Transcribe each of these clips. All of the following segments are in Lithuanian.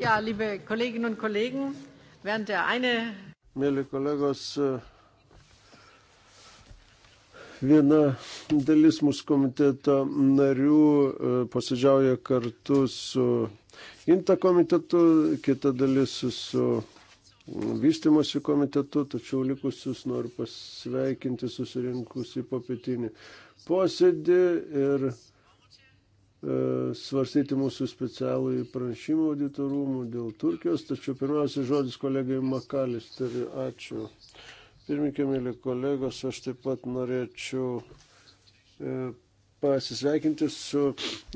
Ja, liebe Kolleginnen und Kollegen, während der eine. Mėly kolegos, viena dalis mūsų komiteto narių e, posėdžiauja kartu su INTA komitetu, kita dalis su vystimosi komitetu, tačiau likusius noriu pasveikinti susirinkusi popietinį posėdį ir E, svarstyti mūsų specialų į pranešimą auditorumų dėl Turkijos, tačiau pirmiausia žodis kolegai Makalisteriui. Ačiū. Pirmininkė, mėly kolegos, aš taip pat norėčiau e, pasisveikinti su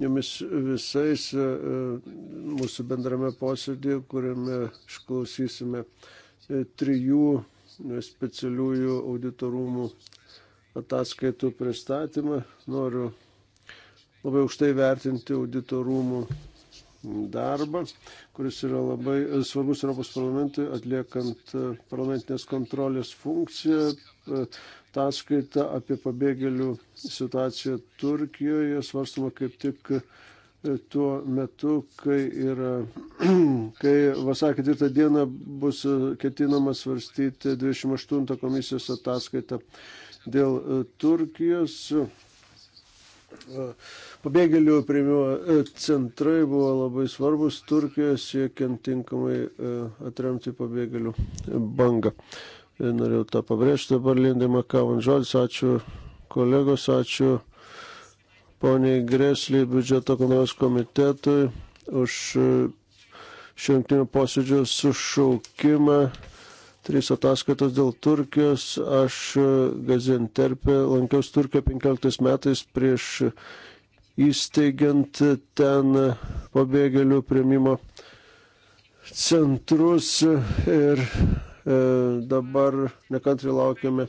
jumis visais e, mūsų bendrame posėdėje, kuriame išklausysime trijų specialiųjų auditorumų ataskaitų pristatymą. Noriu labai aukštai vertinti auditorumų darbą, kuris yra labai svarbus Europos parlamentui, atliekant e, parlamentinės kontrolės funkciją. E, Taskaita apie pabėgėlių situaciją Turkijoje svarstama kaip tik e, tuo metu, kai, yra, kai vasarį 4 dieną bus ketinama svarstyti 28 komisijos ataskaitą dėl Turkijos. Pabėgėlių prieimimo e, centrai buvo labai svarbus Turkijoje siekiant tinkamai e, atremti pabėgėlių bangą. E, norėjau tą pabrėžti dabar Lindimą Kavan žodis. Ačiū kolegos, ačiū poniai Greslį biudžeto ekonomijos komitetui už šimtinių posėdžių sušaukimą trys ataskaitos dėl Turkijos. Aš e, Gazienterpė lankiausi Turkiją 15 metais prieš įsteigiant ten pabėgėlių prieimimo centrus ir e, dabar nekantri laukiame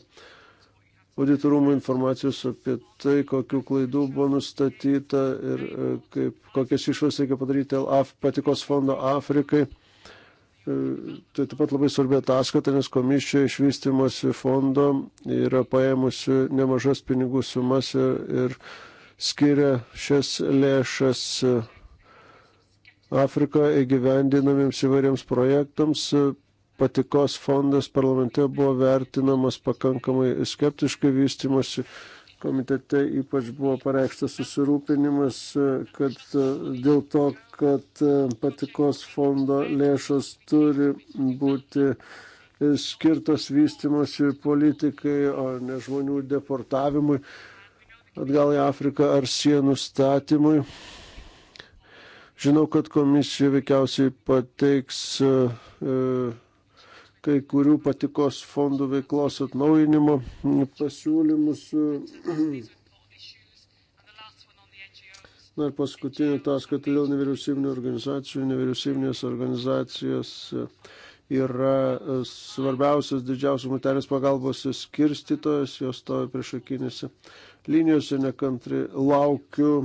auditorumų informacijos apie tai, kokiu klaidų buvo nustatyta ir e, kaip, kokias išvas reikia padaryti LAF patikos fondo Afrikai. Tai taip pat labai svarbi ataskaita, nes komisija iš vystimosi fondo yra paėmusi nemažas pinigų sumas ir, ir skiria šias lėšas Afrikoje įgyvendinamiems įvairiems projektams. Patikos fondas parlamente buvo vertinamas pakankamai skeptiškai vystimosi. Uh, komitete ypač buvo pareikštas susirūpinimas, kad e, dėl to, kad e, patikos fondo lėšos turi būti e, skirtos vystimosi politikai, o ne žmonių deportavimui atgal į Afriką ar sienų statymui. Žinau, kad komisija veikiausiai pateiks e, kai kurių patikos fondų veiklos atnaujinimo pasiūlymus. Na ir paskutinį ataskaitą dėl nevyriausybinio organizacijų. Nevyriausybinės organizacijos yra svarbiausias didžiausias materialinės pagalbos skirstytojas, jos stovi priešakinėse linijose, nekantri laukiu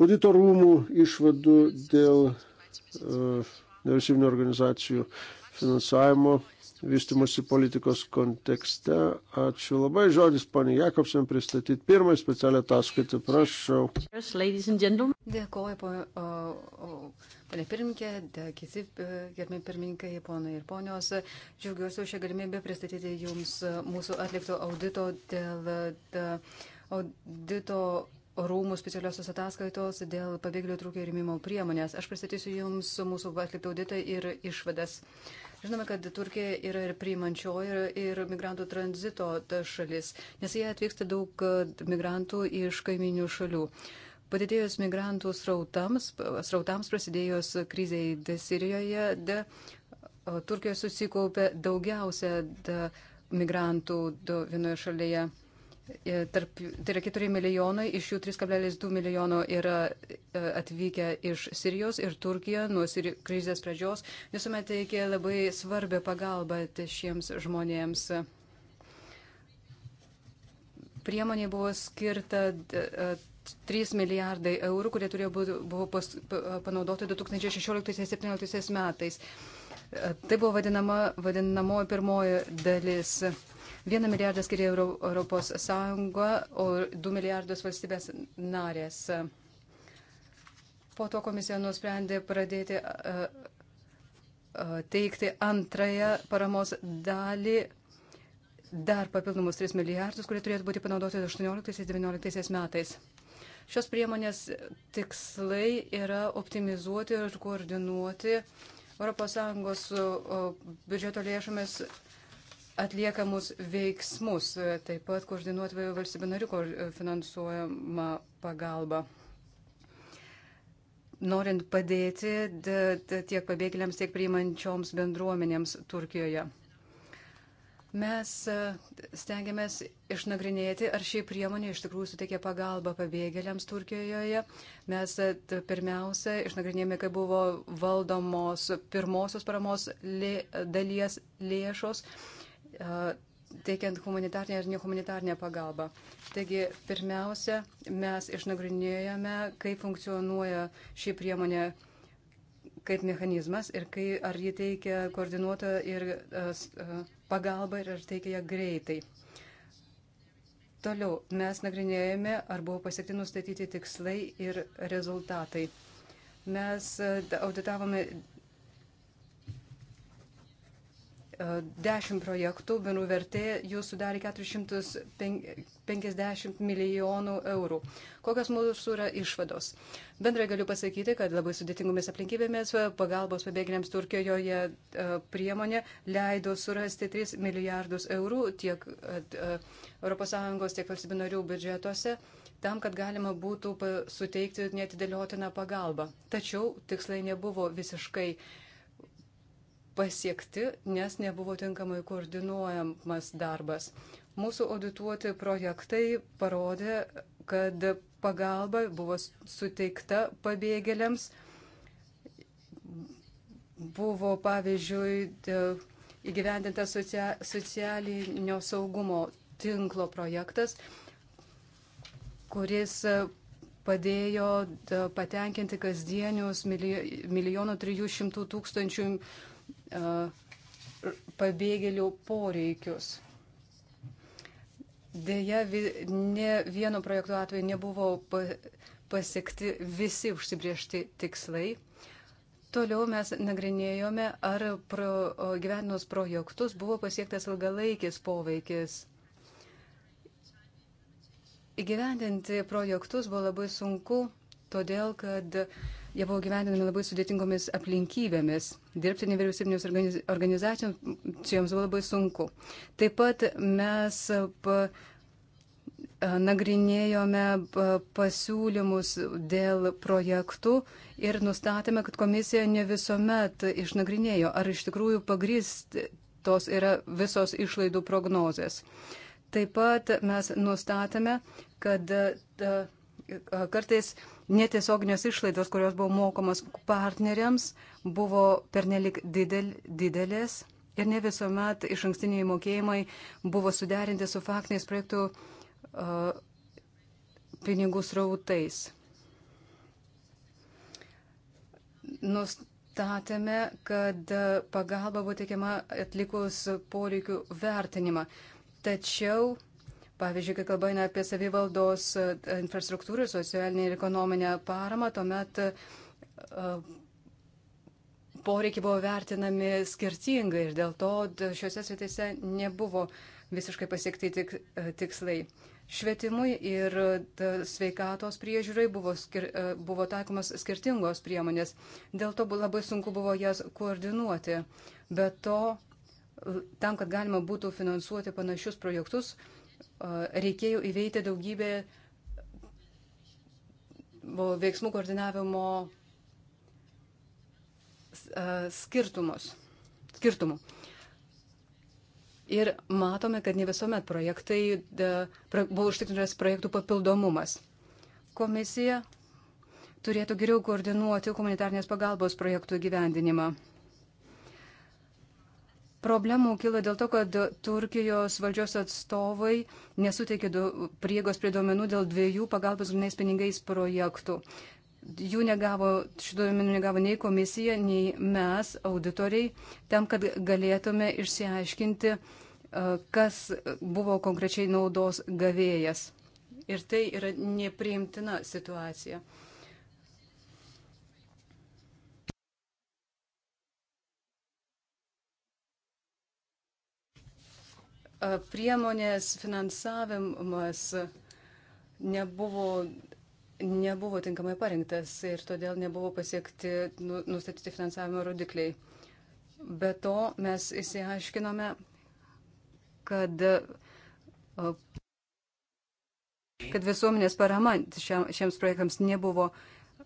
auditorumų išvadų dėl uh, e, nevyriausybinio organizacijų uh, finansavimo vystimosi politikos kontekste. Ačiū labai. Žodis poniai Jakobsen pristatyti pirmąjį specialią ataskaitą. Prašau. Dėkuoju, ponė pirmininkė, kiti e, gerbimi pirmininkai, ponai ir ponios. Džiaugiuosi už šią galimybę pristatyti jums mūsų atlikto audito dėl audito rūmų specialiosios ataskaitos dėl pabėgėlių trūkio ir mimo priemonės. Aš pristatysiu jums mūsų atliktą auditą ir išvadas. Uh, Žinome, kad Turkija yra ir priimančioji, ir, ir migrantų tranzito šalis, nes jie atvyksta daug e, migrantų iš kaiminių šalių. Padidėjus migrantų srautams, srautams prasidėjus kriziai de Sirijoje, de, e, Turkijoje susikaupė daugiausia de, migrantų de, vienoje šalyje. E, tarp, tai yra 4 milijonai, iš jų 3,2 milijono yra e, atvykę iš Sirijos ir Turkija nuo Siri krizės pradžios visuomet teikė labai svarbę pagalbą šiems žmonėms. Priemonė buvo skirta 3 e, milijardai eurų, kurie turėjo būti pas, panaudoti 2016-2017 metais. Tai buvo vadinama, vadinamoji pirmoji dalis. 1 milijardą skiria Europos Sąjunga, o 2 milijardus valstybės narės. Po to komisija nusprendė pradėti teikti antrąją paramos dalį dar papildomus 3 milijardus, kurie turėtų būti panaudoti 18-19 metais. Šios priemonės tikslai yra optimizuoti ir koordinuoti ES biudžeto lėšomis atliekamus veiksmus, taip pat koordinuoti valstybė narių finansuojama pagalba. Norint padėti tiek pabėgėliams, tiek priimančioms bendruomenėms Turkijoje. Mes e, stengiamės išnagrinėti, ar ši priemonė iš tikrųjų suteikė pagalbą pabėgėliams Turkijoje. Mes e, pirmiausia išnagrinėjome, kaip buvo valdomos pirmosios paramos lė, dalies lėšos. Lė, teikiant humanitarnę ir nehumanitarnę pagalbą. Taigi, pirmiausia, mes išnagrinėjome, kaip funkcionuoja ši priemonė kaip mechanizmas ir kai, ar ji teikia koordinuotą ir uh, pagalbą ir ar teikia ją greitai. Toliau mes nagrinėjame, ar buvo pasiekti nustatyti tikslai ir rezultatai. Mes auditavome 10 e, projektų bendrų vertė jų sudarė 450 milijonų eurų. Kokios mūsų yra išvados? Bendrai galiu pasakyti, kad labai sudėtingomis aplinkybėmis e, pagalbos pabėgėliams Turkijoje e, priemonė leido surasti 3 milijardus eurų tiek ES, tiek valstybių narių biudžetuose tam, kad galima būtų suteikti netidėliotiną pagalbą. Tačiau tikslai nebuvo visiškai uh, pasiekti, nes nebuvo tinkamai koordinuojamas darbas. Mūsų audituoti projektai parodė, kad pagalba buvo suteikta pabėgėliams. Buvo, pavyzdžiui, įgyvendinta socia socialinio saugumo tinklo projektas, kuris padėjo patenkinti kasdienius milijono 300 tūkstančių E, pabėgėlių poreikius. Deja, ne vieno projekto atveju nebuvo pasiekti visi užsibriežti tikslai. Toliau mes nagrinėjome, ar pro, gyvenus projektus buvo pasiektas ilgalaikis poveikis. Įgyvendinti projektus buvo labai sunku, todėl kad uh, Jie buvo gyvendinami labai sudėtingomis aplinkybėmis. Dirbti nevyriausybinėms organizacijoms buvo labai sunku. Taip pat mes nagrinėjome pasiūlymus dėl projektų ir nustatėme, kad komisija ne visuomet išnagrinėjo, ar iš tikrųjų pagristos yra visos išlaidų prognozės. Taip pat mes nustatėme, kad kartais netiesioginės išlaidos, kurios buvo mokamos partneriams, buvo pernelik didel, didelės ir ne visuomet iš ankstiniai mokėjimai buvo suderinti su faktiniais projektų uh, pinigų srautais. Nustatėme, kad pagalba buvo teikiama atlikus poreikių vertinimą. Tačiau Pavyzdžiui, kai kalbame apie savivaldos e, infrastruktūrą, socialinę ir ekonominę paramą, tuomet e, poreikiai buvo vertinami skirtingai ir dėl to šiuose sritise nebuvo visiškai pasiekti tik, e, tikslai. Švietimui ir sveikatos priežiūrai buvo, skir, buvo taikomas skirtingos priemonės, dėl to labai sunku buvo jas koordinuoti. Be to, tam, kad galima būtų finansuoti panašius projektus, uh, reikėjo įveikti daugybę veiksmų koordinavimo skirtumus. Skirtumų. Ir matome, kad ne visuomet projektai da, pra, buvo užtikrintas projektų papildomumas. Komisija turėtų geriau koordinuoti humanitarnės pagalbos projektų gyvendinimą. Problemų kilo dėl to, kad Turkijos valdžios atstovai nesuteikė priegos prie duomenų dėl dviejų pagalbos grinais pinigais projektų. Jų negavo, šitų duomenų negavo nei komisija, nei mes, auditoriai, tam, kad galėtume išsiaiškinti, e, kas buvo konkrečiai naudos gavėjas. Ir tai yra nepriimtina situacija. priemonės finansavimas nebuvo, nebuvo tinkamai parinktas ir todėl nebuvo pasiekti nu, nustatyti finansavimo rodikliai. Be to mes įsiaiškinome, kad, kad visuomenės parama šiam, šiems projektams nebuvo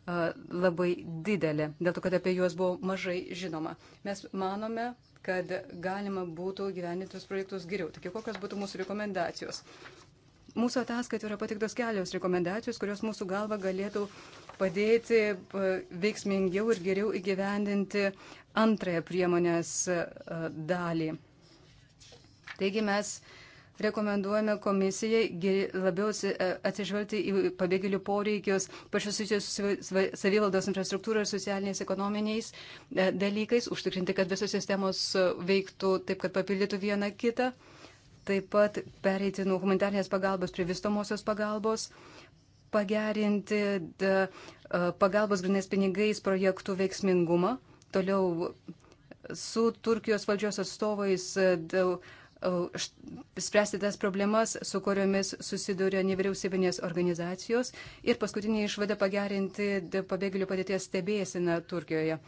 labai didelė, dėl to, kad apie juos buvo mažai žinoma. Mes manome, kad galima būtų gyveninti tuos projektus geriau. Taigi kokios būtų mūsų rekomendacijos? Mūsų ataskaitoje yra patiktos kelios rekomendacijos, kurios mūsų galva galėtų padėti veiksmingiau ir geriau įgyvendinti antrąją priemonės dalį. Taigi mes uh, rekomenduojame komisijai labiau e, atsižvelgti į pabėgėlių poreikius, pašasusius savivaldos infrastruktūrą ir socialiniais ekonominiais e, dalykais, užtikrinti, kad visos sistemos e, veiktų taip, kad papildytų vieną kitą, taip pat pereiti nuo humanitarnės pagalbos prie vystomosios pagalbos, pagerinti pagalbos grinais pinigais projektų veiksmingumą, toliau su Turkijos valdžios atstovais. Dėl, spręsti tas problemas, su kuriomis susiduria nevyriausybinės organizacijos ir paskutinį išvadą pagerinti pabėgėlių padėties stebėsiną Turkijoje.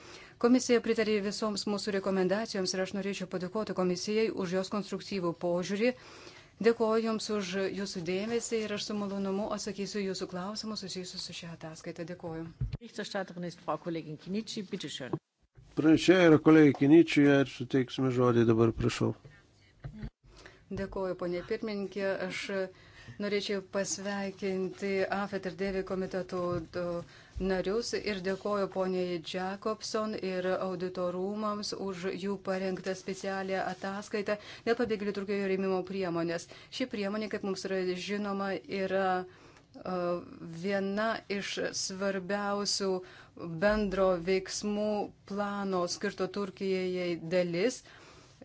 Komisija pritarė visoms mūsų rekomendacijoms ir aš norėčiau padėkoti komisijai už jos konstruktyvų požiūrį. Dėkuoju Jums už Jūsų dėmesį ir aš su malonumu atsakysiu Jūsų klausimus susijusius su šią ataskaitą. Dėkuoju. Pranešėja yra kolegė Kiničiai ir suteiksime žodį dabar, prašau. Dėkuoju, ponė pirmininkė. Aš norėčiau pasveikinti AFET ir DV komitetų narius ir dėkoju poniai Jacobson ir auditorumams už jų parengtą specialią ataskaitą dėl pabėgėlių Turkijoje rėmimo priemonės. Ši priemonė, kaip mums yra žinoma, yra viena iš svarbiausių bendro veiksmų plano skirto Turkijai dalis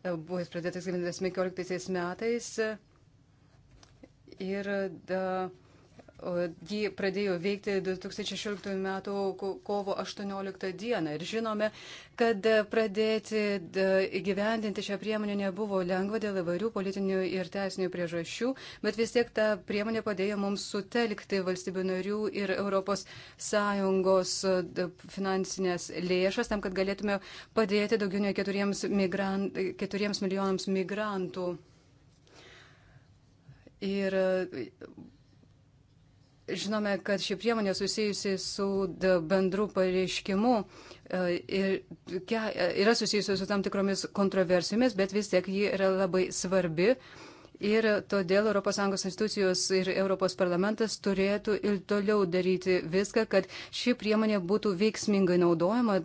buvo pradėtas gamintas 15 metais ir da, Ji pradėjo veikti 2016 m. kovo 18 d. ir žinome, kad pradėti įgyvendinti šią priemonę nebuvo lengva dėl įvairių politinių ir teisinių priežasčių, bet vis tiek ta priemonė padėjo mums sutelkti valstybių narių ir ES finansinės lėšas tam, kad galėtume padėti daugiau nei keturiems, migrant, keturiems milijonams migrantų. Ir Žinome, kad ši priemonė susijusi su bendru pareiškimu e, ir e, yra susijusi su tam tikromis kontroversijomis, bet vis tiek ji yra labai svarbi. Ir todėl ES institucijos ir ES parlamentas turėtų ir toliau daryti viską, kad ši priemonė būtų veiksmingai naudojama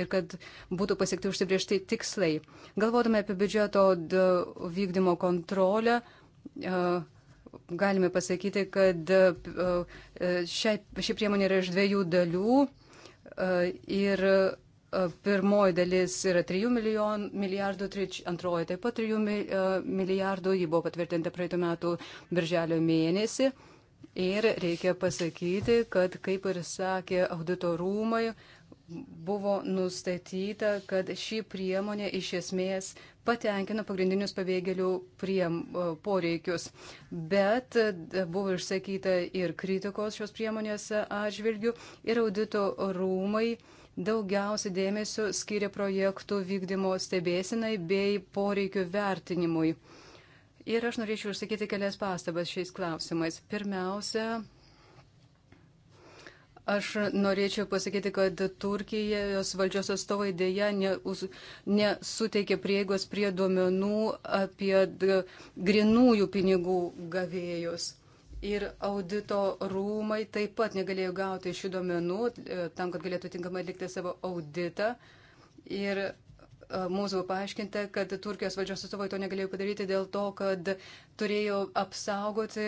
ir kad būtų pasiekti užsibriežti tikslai. Galvodami apie biudžeto vykdymo kontrolę, e, galime pasakyti, kad e, e, šiai, ši priemonė yra iš dviejų dalių e, ir pirmoji dalis yra 3 milijon, milijardų, trič, antroji taip pat 3 milijardų, ji buvo patvirtinta praeitų metų birželio mėnesį. Ir reikia pasakyti, kad kaip ir sakė auditorumai, buvo nustatyta, kad ši priemonė iš esmės patenkino pagrindinius pabėgėlių priem, poreikius, bet e, buvo išsakyta ir kritikos šios priemonės atžvilgių ir audito rūmai daugiausia dėmesio skiria projektų vykdymo stebėsinai bei poreikių vertinimui. Ir aš norėčiau išsakyti kelias pastabas šiais klausimais. Pirmiausia, Aš norėčiau pasakyti, kad Turkijos valdžios atstovai dėja nesuteikė prieigos prie duomenų apie grinųjų pinigų gavėjus. Ir audito rūmai taip pat negalėjo gauti šių duomenų e, tam, kad galėtų tinkamai atlikti savo auditą. Ir mūsų paaiškinta, kad Turkijos valdžios atstovai to negalėjo padaryti dėl to, kad turėjo apsaugoti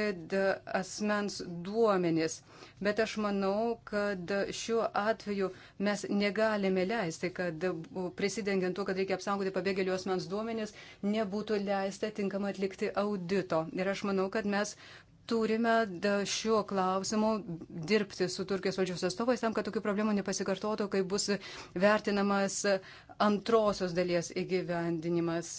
asmens duomenis. Bet aš manau, kad šiuo atveju mes negalime leisti, kad prisidengiant tuo, kad reikia apsaugoti pabėgėlių asmens duomenis, nebūtų leista tinkamai atlikti audito. Ir aš manau, kad mes turime šiuo klausimu dirbti su Turkijos valdžios atstovais tam, kad tokių problemų nepasikartotų, kai bus vertinamas antrosios dalies įgyvendinimas.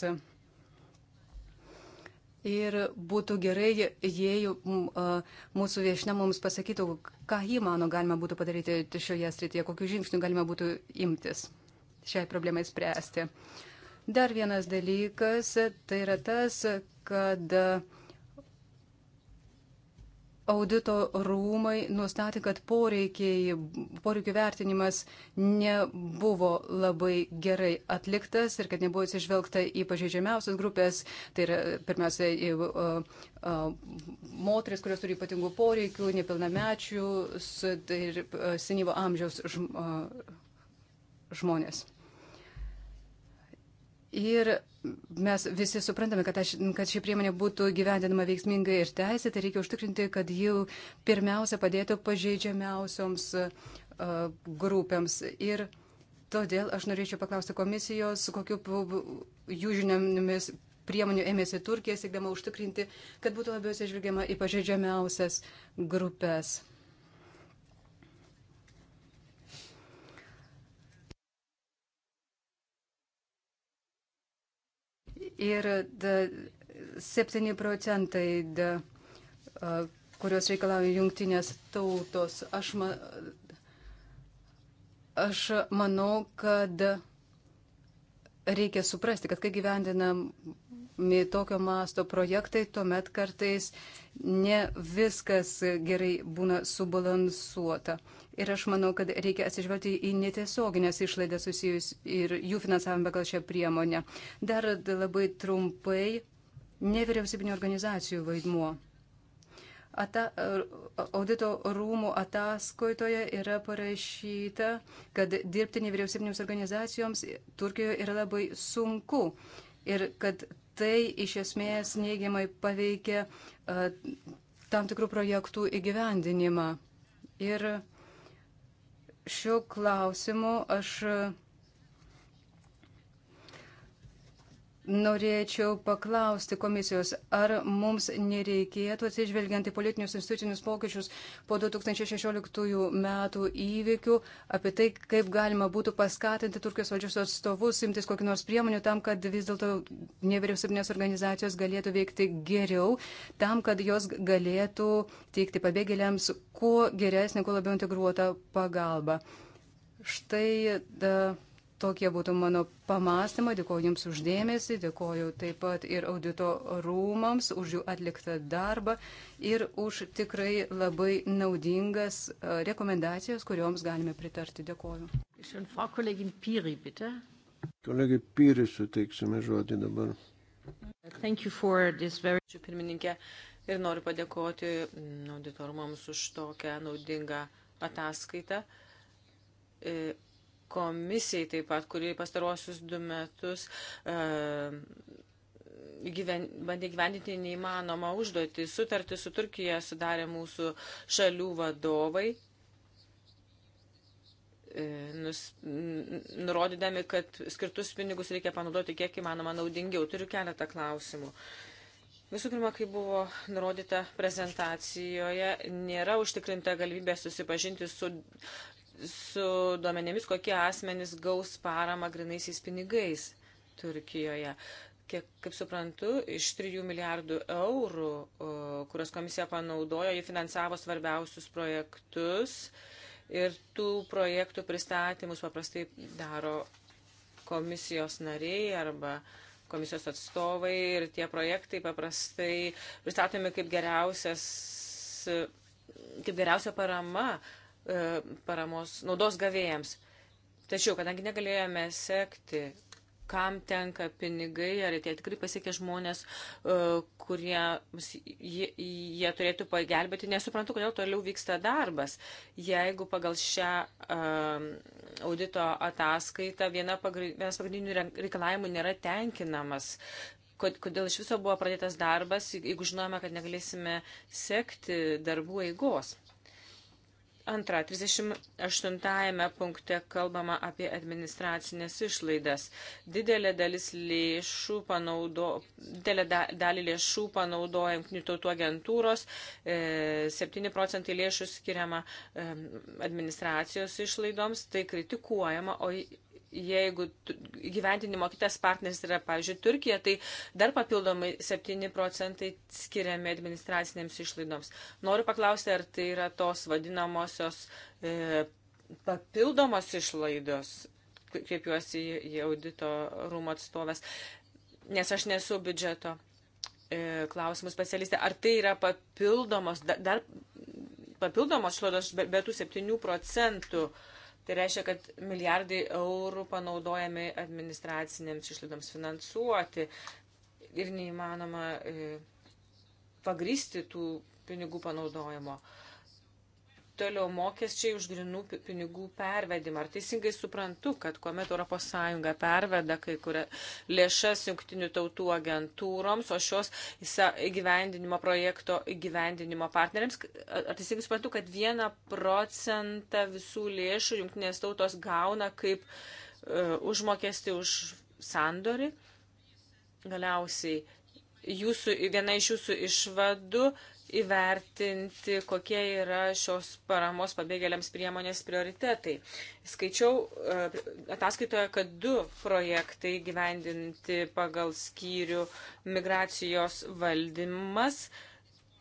Ir būtų gerai, jei mūsų viešne mums pasakytų, ką jį mano galima būtų padaryti šioje srityje, kokiu žingsniu galima būtų imtis šiai problemai spręsti. Dar vienas dalykas, tai yra tas, kad uh, audito rūmai nustatė, kad poreikių vertinimas nebuvo labai gerai atliktas ir kad nebuvo atsižvelgta į pažeidžiamiausias grupės, tai yra pirmiausia į moteris, kurios turi ypatingų poreikių, nepilnamečių tai ir e, senyvo amžiaus žmonės. Ir mes visi suprantame, kad, aš, kad ši priemonė būtų gyvendinama veiksmingai ir teisė, tai reikia užtikrinti, kad jau pirmiausia padėtų pažeidžiamiausioms uh, grupėms. Ir todėl aš norėčiau paklausti komisijos, kokiu jų žiniomis priemonių ėmėsi Turkija, siekdama užtikrinti, kad būtų labiausiai žvelgiama į pažeidžiamiausias grupės. ir 7 procentai, kurios reikalauja jungtinės tautos. Aš, ma, aš manau, kad reikia suprasti, kad kai gyvendinami tokio masto projektai, tuomet kartais ne viskas gerai būna subalansuota. Ir aš manau, kad reikia atsižvelgti į netiesioginės išlaidas susijus ir jų finansavimą pagal šią priemonę. Dar labai trumpai nevyriausybinio organizacijų vaidmuo. Ata, audito rūmų ataskaitoje yra parašyta, kad dirbti nevyriausybinėms organizacijoms Turkijoje yra labai sunku ir kad tai iš esmės neigiamai paveikia tam tikrų projektų įgyvendinimą. Ir uh, šiuo klausimu aš. Uh, Norėčiau paklausti komisijos, ar mums nereikėtų atsižvelgiant į politinius institucinius pokyčius po 2016 metų įvykių, apie tai, kaip galima būtų paskatinti Turkijos valdžios atstovus imtis kokiu nors priemonių tam, kad vis dėlto nevyriausybinės organizacijos galėtų veikti geriau, tam, kad jos galėtų teikti pabėgėliams kuo geresnį, kuo labiau integruotą pagalbą. Štai da, Tokie būtų mano pamastymai. Dėkoju Jums uždėmesi, dėkoju taip pat ir audito rūmams už jų atliktą darbą ir už tikrai labai naudingas e, rekomendacijas, kuriuoms galime pritarti. Dėkoju. Kolegai Pyri suteiksime žodį dabar. Very... Ačiū pirmininkė ir noriu padėkoti mm, auditorumams už tokią naudingą ataskaitą e, komisijai taip pat, kuri pastaruosius du metus uh, gyven, bandė gyvendinti neįmanomą užduotį. Sutartį su Turkija sudarė mūsų šalių vadovai, e, nus, nurodydami, kad skirtus pinigus reikia panaudoti kiek įmanoma naudingiau. Turiu keletą klausimų. Visų pirma, kaip buvo nurodyta prezentacijoje, nėra užtikrinta galimybė susipažinti su su duomenėmis, kokie asmenys gaus paramą grinaisiais pinigais Turkijoje. Kiek, kaip suprantu, iš 3 milijardų eurų, kurias komisija panaudojo, jie finansavo svarbiausius projektus ir tų projektų pristatymus paprastai daro komisijos nariai arba komisijos atstovai ir tie projektai paprastai pristatomi kaip geriausias kaip geriausia parama uh, E, paramos naudos gavėjams. Tačiau, kadangi negalėjome sekti, kam tenka pinigai, ar tie tikrai pasiekia žmonės, e, kurie jie, jie turėtų pagelbėti, nesuprantu, kodėl toliau vyksta darbas. Jeigu pagal šią e, audito ataskaitą viena pagrind, vienas pagrindinių reikalavimų nėra tenkinamas, kodėl iš viso buvo pradėtas darbas, jeigu žinome, kad negalėsime sekti darbų eigos. Antra, 38 punkte kalbama apie administracinės išlaidas. Didelė, dalis lėšų panaudo, didelė da, dalį lėšų panaudoja Junktinių tautų agentūros, e, 7 procentai lėšų skiriama e, administracijos išlaidoms, tai kritikuojama, o jeigu gyventinimo kitas partneris yra, pavyzdžiui, Turkija, tai dar papildomai 7 procentai skiriami administracinėms išlaidoms. Noriu paklausti, ar tai yra tos vadinamosios e, papildomos išlaidos, kreipiuosi į, į audito rūmų atstovės, nes aš nesu biudžeto e, klausimų specialistė. Ar tai yra papildomos, dar, dar papildomos išlaidos be, be tų 7 procentų? E, Tai reiškia, kad milijardai eurų panaudojami administracinėms išlaidoms finansuoti ir neįmanoma e, pagrysti tų pinigų panaudojimo. Uh, Toliau mokesčiai už grinų pinigų pervedimą. Ar teisingai suprantu, kad kuomet ES perveda kai kuria lėšas jungtinių tautų agentūroms, o šios įgyvendinimo projekto įgyvendinimo partneriams, ar teisingai suprantu, kad vieną procentą visų lėšų jungtinės tautos gauna kaip uh, e, užmokesti už sandorį? Galiausiai jūsų, viena iš jūsų išvadų įvertinti, kokie yra šios paramos pabėgėliams priemonės prioritetai. Skaičiau e, ataskaitoje, kad du projektai gyvendinti pagal skyrių migracijos valdymas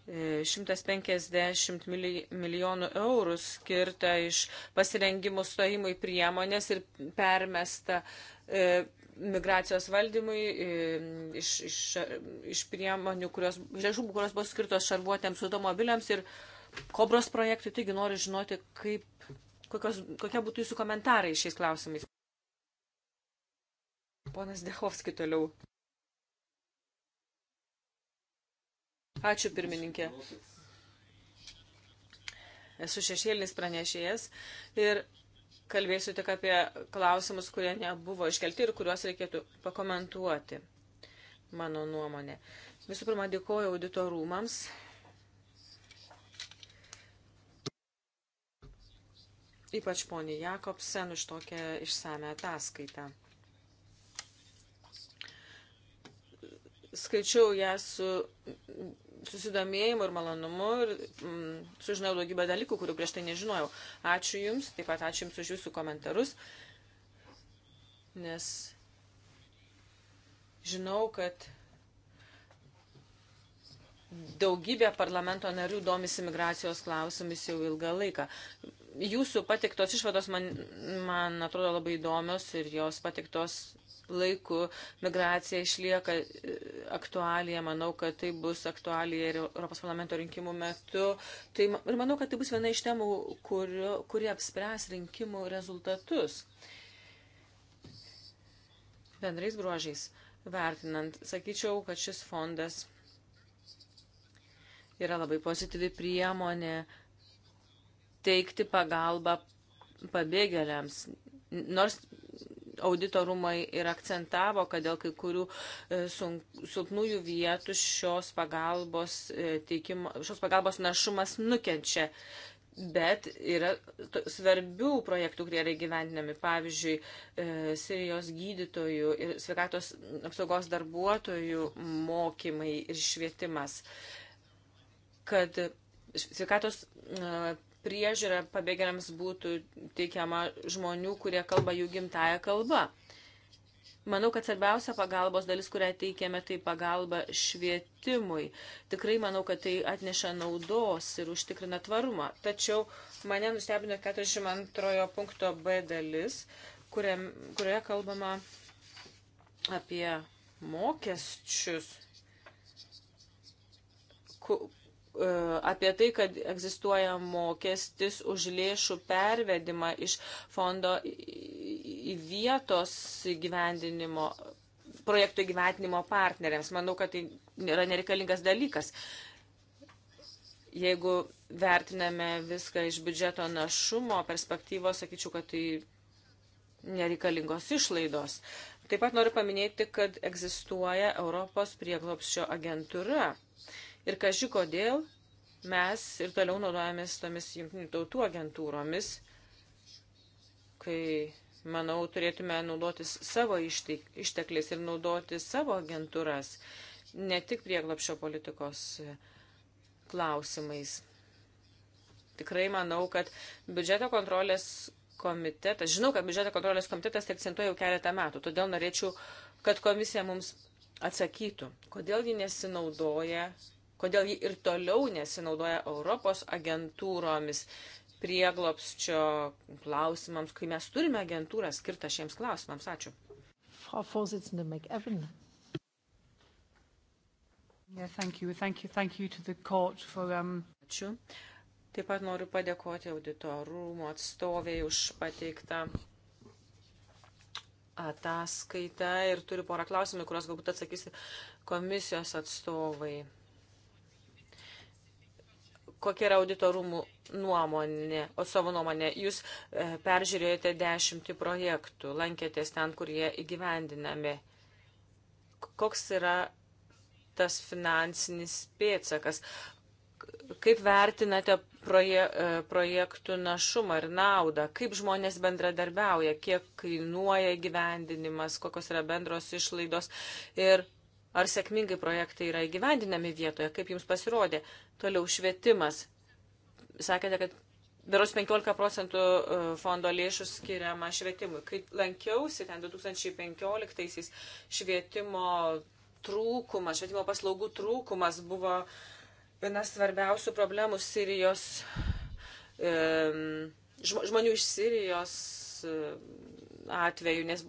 150 e, milijonų eurų skirta iš pasirengimų stojimui priemonės ir permesta e, migracijos valdymui, iš, iš, iš priemonių, kurios, lėšų, kurios buvo skirtos šarvuotėms automobiliams ir kobros projektui, taigi noriu žinoti, kaip, kokios, kokie būtų jūsų komentarai šiais klausimais. Ponas Dehovski toliau. Ačiū pirmininkė. Esu šešėlinis pranešėjas ir kalbėsiu tik apie klausimus, kurie nebuvo iškelti ir kuriuos reikėtų pakomentuoti, mano nuomonė. Visų pirma, dėkoju auditorumams. Ypač poniai Jakobsen už tokią išsame ataskaitą. skaičiau ją su susidomėjimu ir malonumu ir mm, sužinojau daugybę dalykų, kurių prieš tai nežinojau. Ačiū Jums, taip pat ačiū Jums už Jūsų komentarus, nes žinau, kad daugybė parlamento narių domisi migracijos klausimais jau ilgą laiką jūsų patiktos išvados man, man atrodo labai įdomios ir jos patiktos laiku migracija išlieka e, aktualija. Manau, kad tai bus aktualija ir Europos parlamento rinkimų metu. Tai, ir manau, kad tai bus viena iš temų, kurio, kurie apspręs rinkimų rezultatus. Bendrais bruožais vertinant, sakyčiau, kad šis fondas yra labai pozityvi priemonė teikti pagalbą pabėgėliams. Nors audito rūmai ir akcentavo, kad dėl kai kurių e, silpnųjų vietų šios pagalbos, e, teikimo, šios pagalbos našumas nukenčia. Bet yra svarbių projektų, kurie yra įgyvendinami, pavyzdžiui, e, Sirijos gydytojų ir sveikatos apsaugos darbuotojų mokymai ir švietimas, kad sveikatos priežiūra pabėgėliams būtų teikiama žmonių, kurie kalba jų gimtają kalbą. Manau, kad svarbiausia pagalbos dalis, kurią teikėme, tai pagalba švietimui. Tikrai manau, kad tai atneša naudos ir užtikrina tvarumą. Tačiau mane nustebino 42 punkto B dalis, kuriam, kurioje kalbama apie mokesčius, E, apie tai, kad egzistuoja mokestis už lėšų pervedimą iš fondo į vietos gyvendinimo projektų įgyvendinimo partneriams. Manau, kad tai yra nereikalingas dalykas. Jeigu vertiname viską iš biudžeto našumo perspektyvos, sakyčiau, kad tai nereikalingos išlaidos. Taip pat noriu paminėti, kad egzistuoja Europos prieglopščio agentūra. Uh, Ir kažkai kodėl mes ir toliau naudojamės tomis jungtinių tautų agentūromis, kai, manau, turėtume naudotis savo ištekliais ir naudoti savo agentūras, ne tik prieglapšio politikos klausimais. Tikrai manau, kad biudžeto kontrolės komitetas, žinau, kad biudžeto kontrolės komitetas tai akcentuoja jau keletą metų, todėl norėčiau, kad komisija mums atsakytų, kodėl ji nesinaudoja kodėl ji ir toliau nesinaudoja Europos agentūromis prieglopščio klausimams, kai mes turime agentūrą skirtą šiems klausimams. Ačiū. Frau Vorsitzende McEvan. Yeah, thank you. Thank you. Thank you to the court for, um... Ačiū. Taip pat noriu padėkoti auditorumo atstoviai už pateiktą ataskaitą ir turiu porą klausimų, kuriuos galbūt atsakys komisijos atstovai kokia yra auditorumų nuomonė, o savo nuomonė, jūs e, peržiūrėjote dešimtį projektų, lankėtės ten, kur jie įgyvendinami. Koks yra tas finansinis pėtsakas? Kaip vertinate proje, e, projektų našumą ir naudą? Kaip žmonės bendradarbiauja? Kiek kainuoja gyvendinimas? Kokios yra bendros išlaidos? Ir Ar sėkmingai projektai yra įgyvendinami vietoje, kaip jums pasirodė? Toliau švietimas. Sakėte, kad Daros 15 procentų e, fondo lėšų skiriama švietimui. Kai lankiausi ten 2015-aisiais, švietimo trūkumas, švietimo paslaugų trūkumas buvo vienas svarbiausių problemų Sirijos, žmonių iš Sirijos e, atveju, nes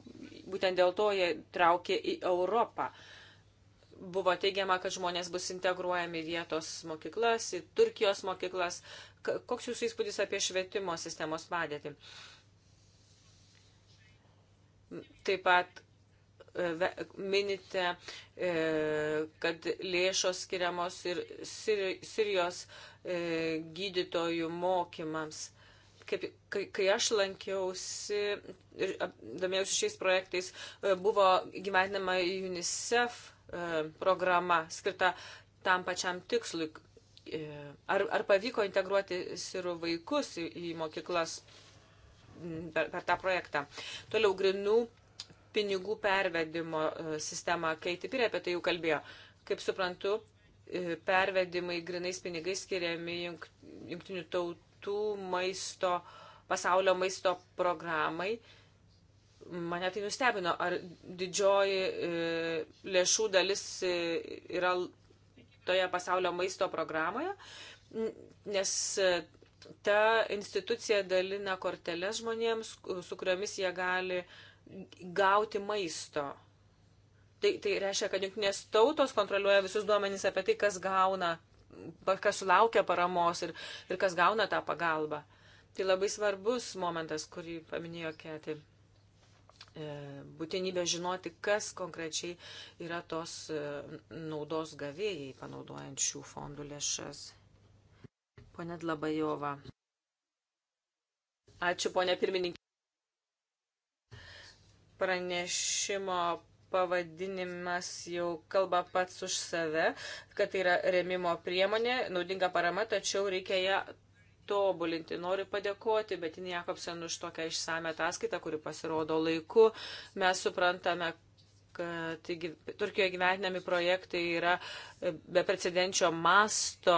būtent dėl to jie traukė į Europą buvo teigiama, kad žmonės bus integruojami vietos mokyklas, į Turkijos mokyklas. Koks jūsų įspūdis apie švietimo sistemos padėtį? Taip pat e, minite, e, kad lėšos skiriamos ir Sirijos e, gydytojų mokymams kaip, kai, kai aš lankiausi ir domėjausi šiais projektais, buvo gyvenama UNICEF E, programa skirta tam pačiam tikslui. E, ar, ar pavyko integruoti sirų vaikus į, į mokyklas per, per tą projektą? Toliau grinų pinigų pervedimo e, sistema, kai tipirė apie tai jau kalbėjo. Kaip suprantu, pervedimai grinais pinigais skiriami jungtinių tautų maisto, pasaulio maisto programai Mane tai nustebino, ar didžioji e, lėšų dalis e, yra toje pasaulio maisto programoje, nes e, ta institucija dalina korteles žmonėms, su kuriomis jie gali gauti maisto. Tai, tai reiškia, kad jungtinės tautos kontroliuoja visus duomenys apie tai, kas gauna, kas sulaukia paramos ir, ir kas gauna tą pagalbą. Tai labai svarbus momentas, kurį paminėjo Keti. E, būtinybė žinoti, kas konkrečiai yra tos e, naudos gavėjai, panaudojant šių fondų lėšas. Pone Dlabajova. Ačiū, ponė pirmininkė. Pranešimo pavadinimas jau kalba pats už save, kad tai yra remimo priemonė, naudinga parama, tačiau reikia ją tobulinti. Noriu padėkoti Betinė Jakobsen už tokią išsame ataskaitą, kuri pasirodo laiku. Mes suprantame, kad Turkijoje gyvenami projektai yra e, beprecedenčio masto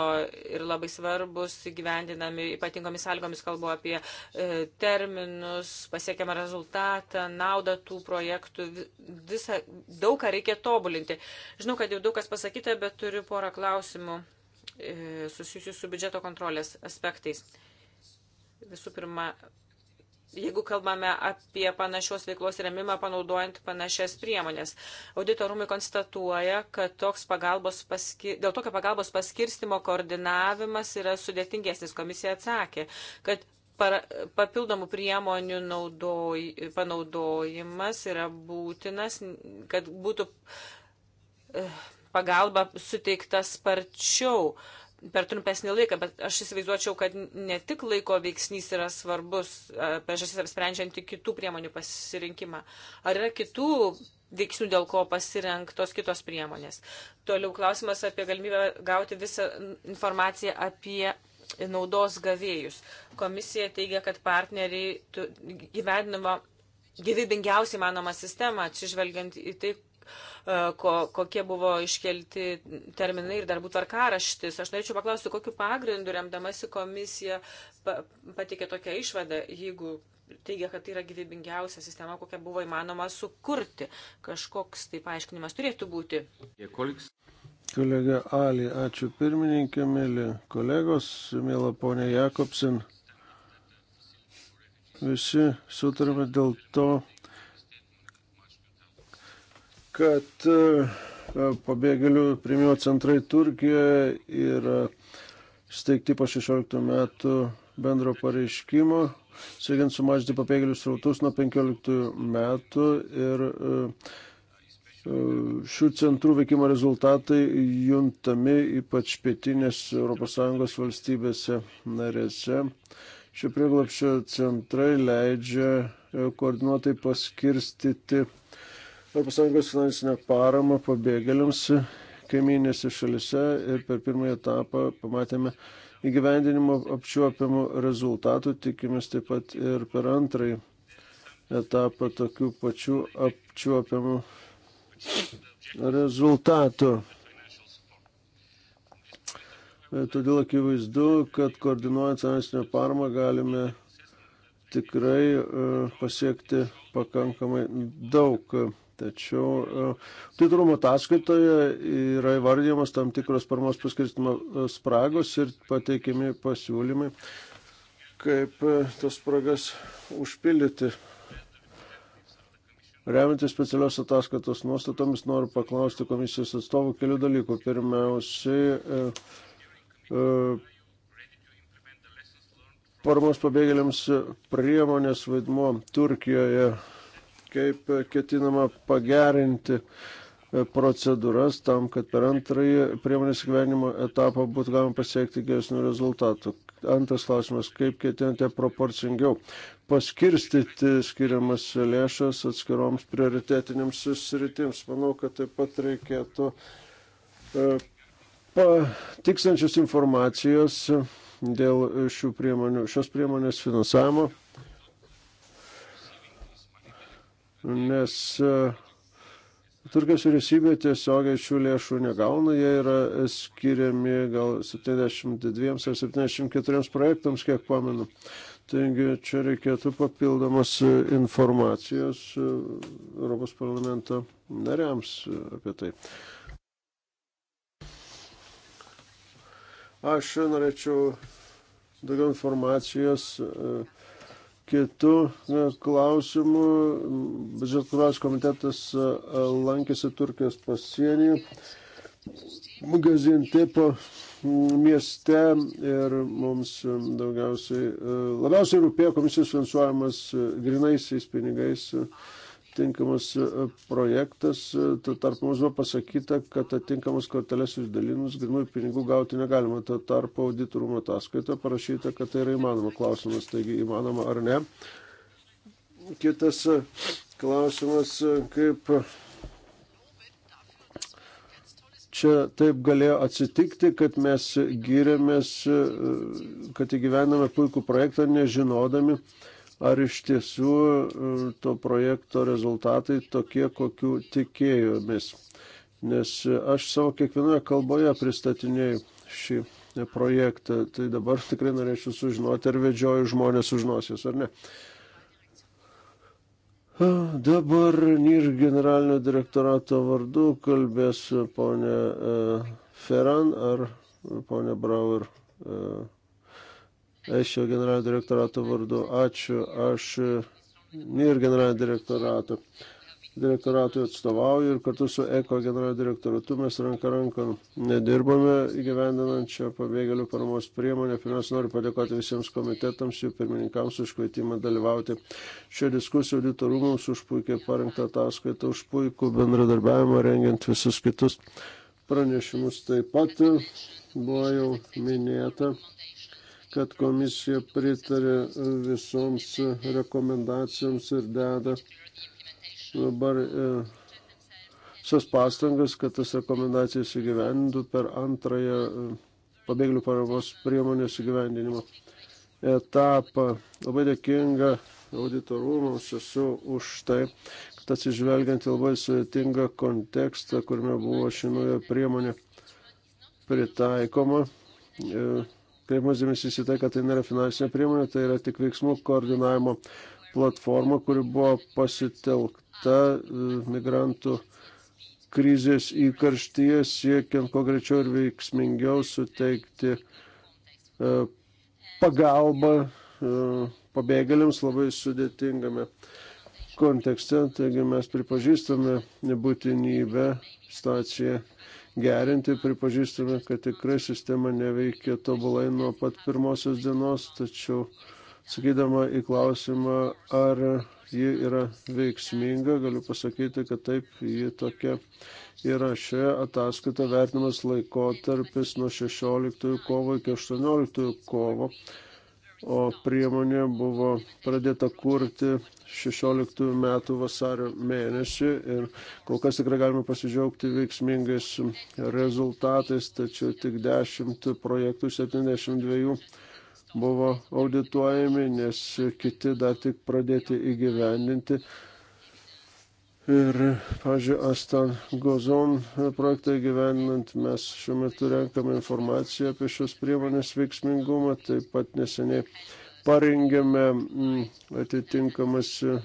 ir labai svarbus gyvendinami ypatingomis sąlygomis, kalbu apie e, terminus, pasiekiamą rezultatą, naudą tų projektų, visą, daug ką reikia tobulinti. Žinau, kad jau daug kas pasakyta, bet turiu porą klausimų E, susijusių su biudžeto kontrolės aspektais. Visų pirma, jeigu kalbame apie panašios veiklos remimą panaudojant panašias priemonės. Auditorumai konstatuoja, kad toks pagalbos paskir... dėl tokio pagalbos paskirstimo koordinavimas yra sudėtingesnis. Komisija atsakė, kad para... papildomų priemonių naudoj... panaudojimas yra būtinas, kad būtų eh, pagalba suteikta sparčiau per trumpesnį laiką, bet aš įsivaizduočiau, kad ne tik laiko veiksnys yra svarbus, e, priežastis apsprendžianti kitų priemonių pasirinkimą. Ar yra kitų veiksnių, dėl ko pasirinktos kitos priemonės? Toliau klausimas apie galimybę gauti visą informaciją apie naudos gavėjus. Komisija teigia, kad partneriai gyvenimo gyvybingiausiai manoma sistema, atsižvelgiant į tai, E, ko, kokie buvo iškelti terminai ir darbų tvarkaraštis. Aš norėčiau paklausti, kokiu pagrindu remdamasi komisija patikė tokią išvadą, jeigu teigia, kad tai yra gyvybingiausia sistema, kokią buvo įmanoma sukurti. Kažkoks tai paaiškinimas turėtų būti. Kolega Ali, ačiū pirmininkė, mėly kolegos, mėla ponė Jakobsen. Visi sutarėme dėl to, kad e, e, pabėgėlių primimo centrai Turkijoje yra steigti po 16 metų bendro pareiškimo, siekiant sumažinti pabėgėlių srautus nuo 15 metų ir e, šių centrų veikimo rezultatai juntami ypač pietinės ES valstybėse narėse. Šie prieglapščio centrai leidžia koordinuotai paskirstyti ES finansinę paramą pabėgėliams kaiminėse šalise ir per pirmąjį etapą pamatėme įgyvendinimo apčiuopiamų rezultatų, tikimės taip pat ir per antrąjį etapą tokių pačių apčiuopiamų rezultatų. Todėl akivaizdu, kad koordinuojant finansinę paramą galime tikrai e, pasiekti pakankamai daug Tačiau e, titrumo ataskaitoje yra įvardyjamas tam tikros paramos paskirstimo e, spragos ir pateikiami pasiūlymai, kaip e, tas spragas užpildyti. Remiantis specialios ataskaitos nuostatomis, noriu paklausti komisijos atstovų kelių dalykų. Pirmiausiai, paramos pabėgėliams priemonės vaidmo Turkijoje kaip ketinama pagerinti procedūras tam, kad per antrąjį priemonės gyvenimo etapą būtų galima pasiekti geresnių rezultatų. Antras klausimas, kaip ketinate proporcingiau paskirstyti skiriamas lėšas atskiroms prioritetinėms sritims. Manau, kad taip pat reikėtų e, patiksančios informacijos dėl šių priemonių, šios priemonės finansavimo nes e, Turkijos vyriausybė tiesiogiai šių lėšų negauna, jie yra skiriami gal 72 ar 74 projektams, kiek pamenu. Taigi čia reikėtų papildomos informacijos e, Europos parlamento nariams apie tai. Aš norėčiau daugiau informacijos. Uh, Kitų e, klausimų, biudžeto klausimų komitetas e, lankėsi Turkijos pasienyje, Gazintepo mieste ir mums daugiausiai, e, labiausiai rūpėjo komisijos finansuojamas grinaisiais pinigais atitinkamas e, projektas, e, tuo tarpu mums buvo pasakyta, kad atitinkamas korteles išdalinus grinųjų pinigų gauti negalima, tuo tarpu auditorumo ataskaita parašyta, kad tai yra įmanoma klausimas, taigi įmanoma ar ne. Kitas e, klausimas, kaip čia taip galėjo atsitikti, kad mes gyrėmės, kad įgyvename puikų projektą, nežinodami, ar iš tiesų e, to projekto rezultatai tokie, kokių tikėjomės. Nes aš savo kiekvienoje kalboje pristatinėjau šį projektą, tai dabar tikrai norėčiau sužinoti, ar vedžioju žmonės už nosies ar ne. Dabar NIR generalinio direktorato vardu kalbės ponė e, Ferran ar ponė Brauer. E, šio generalinio direktorato vardu. Ačiū, aš ir generalinio direktorato direktoratui atstovauju ir kartu su ECO generalinio direktoratu mes ranka rankon nedirbame įgyvendinančią pabėgėlių paramos priemonę. Pirmiausia, noriu padėkoti visiems komitetams, jų pirmininkams už kvietimą dalyvauti šio diskusijų auditorumams, už puikiai parengtą ataskaitą, už puikų bendradarbiavimą rengiant visus kitus pranešimus. Taip pat buvo jau minėta kad komisija pritarė visoms rekomendacijoms ir deda dabar e, visas pastangas, kad tas rekomendacijas įgyvendintų per antrąją e, pabėgėlių paramos priemonės įgyvendinimo etapą. Labai dėkinga auditorumams esu už tai, kad atsižvelgiant į labai sudėtingą kontekstą, kuriame buvo ši nauja priemonė pritaikoma. E, kreipimas dėmesys į tai, kad tai nėra finansinė priemonė, tai yra tik veiksmų koordinavimo platforma, kuri buvo pasitelkta e, migrantų krizės įkarštyje, siekiant kuo greičiau ir veiksmingiau suteikti e, pagalbą e, pabėgėliams labai sudėtingame kontekste. Taigi mes pripažįstame būtinybę situaciją gerinti. Pripažįstame, kad tikrai sistema neveikia tobulai nuo pat pirmosios dienos, tačiau sakydama į klausimą, ar ji yra veiksminga, galiu pasakyti, kad taip, ji tokia yra. Šioje ataskaita vertinamas laikotarpis nuo 16 kovo iki 18 kovo o priemonė buvo pradėta kurti 16 metų vasario mėnesį ir kol kas tikrai galime pasidžiaugti veiksmingais rezultatais, tačiau tik 10 projektų 72 buvo audituojami, nes kiti dar tik pradėti įgyvendinti. Ir, pavyzdžiui, Astan Gozon projektą gyvenant mes šiuo metu renkame informaciją apie šios priemonės veiksmingumą, taip pat neseniai parengėme mm, atitinkamas e,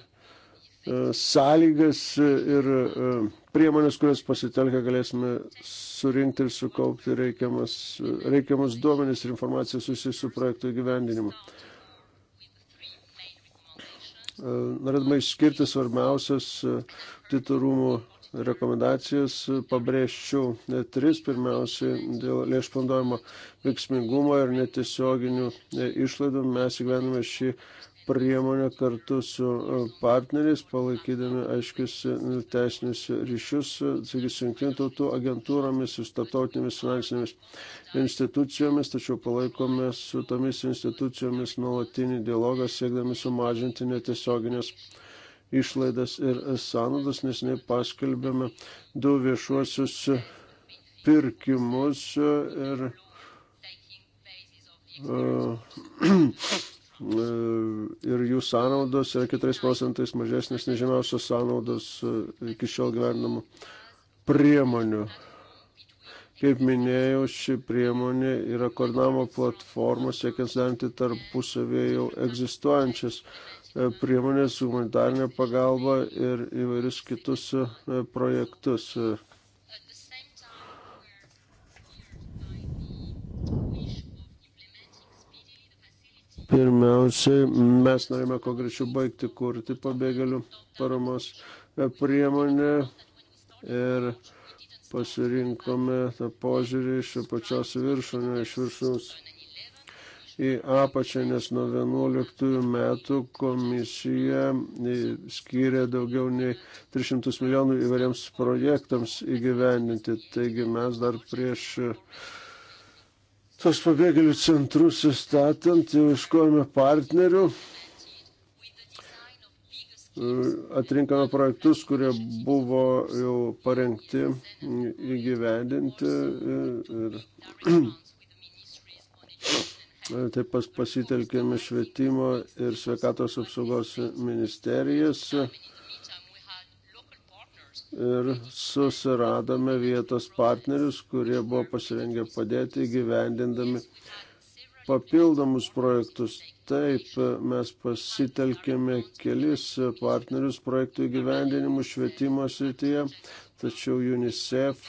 sąlygas ir e, priemonės, kurias pasitelkę galėsime surinkti ir sukaupti reikiamas, reikiamas duomenis ir informaciją susijusiu su projektų gyvendinimu. E, norėdama išskirti svarbiausias e, titurumų rekomendacijas, e, pabrėžčiau tris, pirmiausiai dėl lėšų panaudojimo veiksmingumo ir netiesioginių išlaidų. Mes įgyvename šį priemonę kartu su e, partneriais, palaikydami aiškius e, teisinius ryšius, e, sakysim, jungtinių tautų agentūromis ir tarptautinėmis finansinėmis institucijomis, tačiau palaikome su tomis institucijomis nuolatinį dialogą, siekdami sumažinti netiesioginės išlaidas ir sąnaudas, nes nepaskelbėme du viešuosius pirkimus ir uh, ir jų sąnaudos yra 4 procentais mažesnės nei žemiausios sąnaudos e, iki šiol gyvenamų priemonių. Kaip minėjau, ši priemonė yra koordinavimo platforma siekiant suderinti tarpusavėje jau egzistuojančias e, priemonės, humanitarinę pagalbą ir įvairius kitus e, projektus. Pirmiausiai, mes norime kuo greičiau baigti kurti pabėgėlių paramos priemonę ir pasirinkome tą požiūrį iš pačios viršų, ne iš viršaus į apačią, nes nuo 11 metų komisija skyrė daugiau nei 300 milijonų įvairiems projektams įgyveninti. Taigi mes dar prieš tos pabėgėlių centrus įstatant, jau iškojame partnerių, atrinkame projektus, kurie buvo jau parengti įgyvendinti ir, ir taip pas pasitelkėme švietimo ir sveikatos apsaugos ministerijas ir susiradome vietos partnerius, kurie buvo pasirengę padėti gyvendindami papildomus projektus. Taip, mes pasitelkėme kelis partnerius projektų įgyvendinimų švietimo srityje, tačiau UNICEF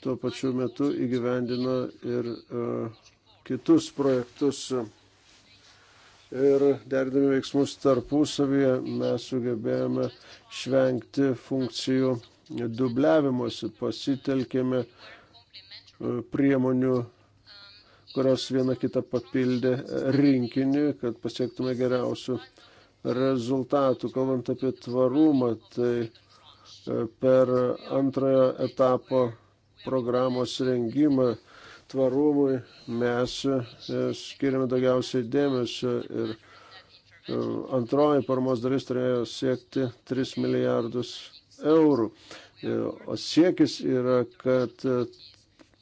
tuo pačiu metu įgyvendino ir uh, kitus projektus. Uh, ir derdami veiksmus tarpusavyje mes sugebėjome švengti funkcijų dubliavimuose, pasitelkėme e, priemonių, kurios viena kitą papildė rinkinį, kad pasiektume geriausių rezultatų. Kalbant apie tvarumą, tai e, per antrojo etapo programos rengimą tvarumui mes e, skiriame daugiausiai dėmesio ir e, antroji paramos dalis turėjo siekti 3 milijardus eurų. E, o siekis yra, kad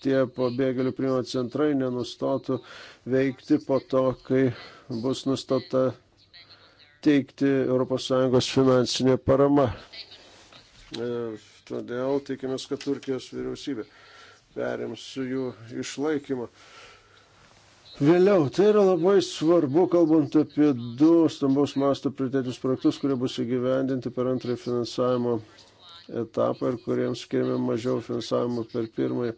tie pabėgėlių priimo centrai nenustotų veikti po to, kai bus nustota teikti ES finansinė parama. Todėl tikimės, kad Turkijos vyriausybė perims jų išlaikymą. Vėliau, tai yra labai svarbu, kalbant apie du stambaus masto prioritėtinius projektus, kurie bus įgyvendinti per antrąjį finansavimo etapą ir kuriems skiriame mažiau finansavimo per pirmąjį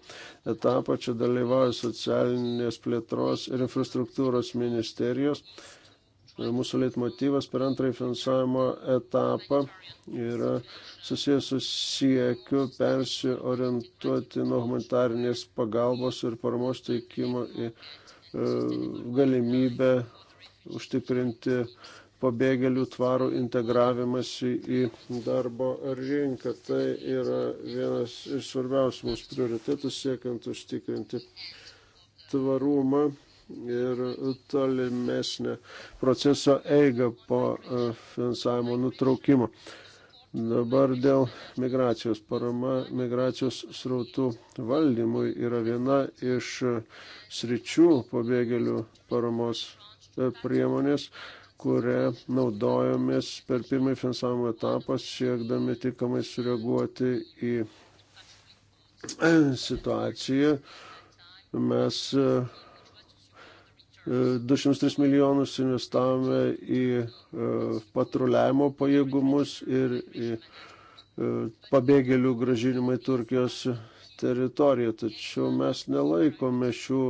etapą. Čia dalyvauja socialinės plėtros ir infrastruktūros ministerijos mūsų leitmotivas per antrąjį finansavimo etapą yra susijęs su siekiu persiorientuoti nuo humanitarnės pagalbos ir paramos teikimo į e, galimybę užtikrinti pabėgėlių tvarų integravimąsi į darbo rinką. Tai yra vienas iš svarbiausių mūsų prioritetų siekiant užtikrinti tvarumą ir tolimesnę proceso eigą po e, finansavimo nutraukimo. Dabar dėl migracijos parama migracijos srautų valdymui yra viena iš sričių pabėgėlių paramos e, priemonės, kurią naudojomės per pirmąjį finansavimo etapą, siekdami tikamai sureaguoti į e, situaciją. Mes 203 e, milijonus investavome į e, patruliavimo pajėgumus ir į e, pabėgėlių gražinimą į Turkijos teritoriją. Tačiau mes nelaikome šių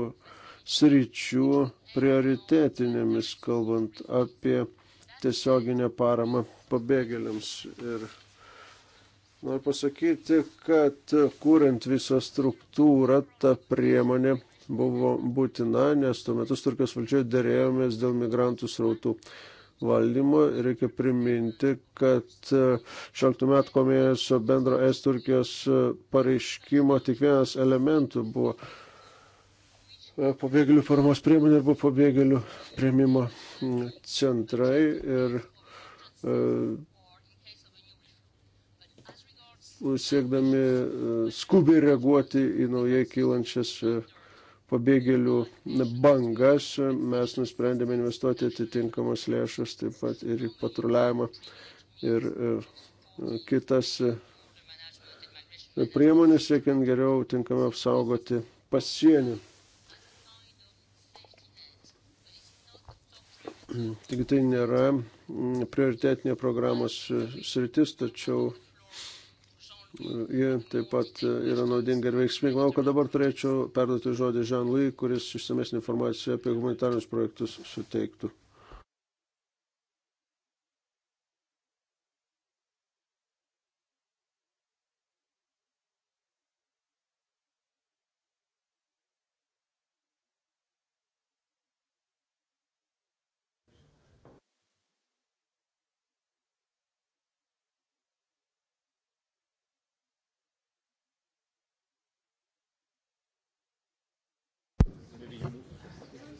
sričių prioritetinėmis, kalbant apie tiesioginę paramą pabėgėliams. Ir noriu pasakyti, kad kuriant visą struktūrą, ta priemonė buvo būtina, nes tuo metu Turkijos valdžioje dėrėjomės dėl migrantų srautų valdymo. Reikia priminti, kad 16 e, metų komėjusio bendro S Turkijos e, pareiškimo tik vienas elementų buvo e, pabėgėlių paramos priemonė arba pabėgėlių prieimimo centrai. Ir, siekdami skubiai reaguoti į naujai kylančias pabėgėlių bangas, mes nusprendėme investuoti atitinkamas lėšas, taip pat ir į patruliavimą ir e, kitas e, priemonės, siekiant geriau tinkamai apsaugoti pasienį. Tik tai nėra prioritetinė programos e, sritis, tačiau Ji taip pat e, yra naudinga ir veiksminga. Manau, kad dabar turėčiau perduoti žodį Žanlui, kuris išsamesnį informaciją apie humanitarinius projektus suteiktų.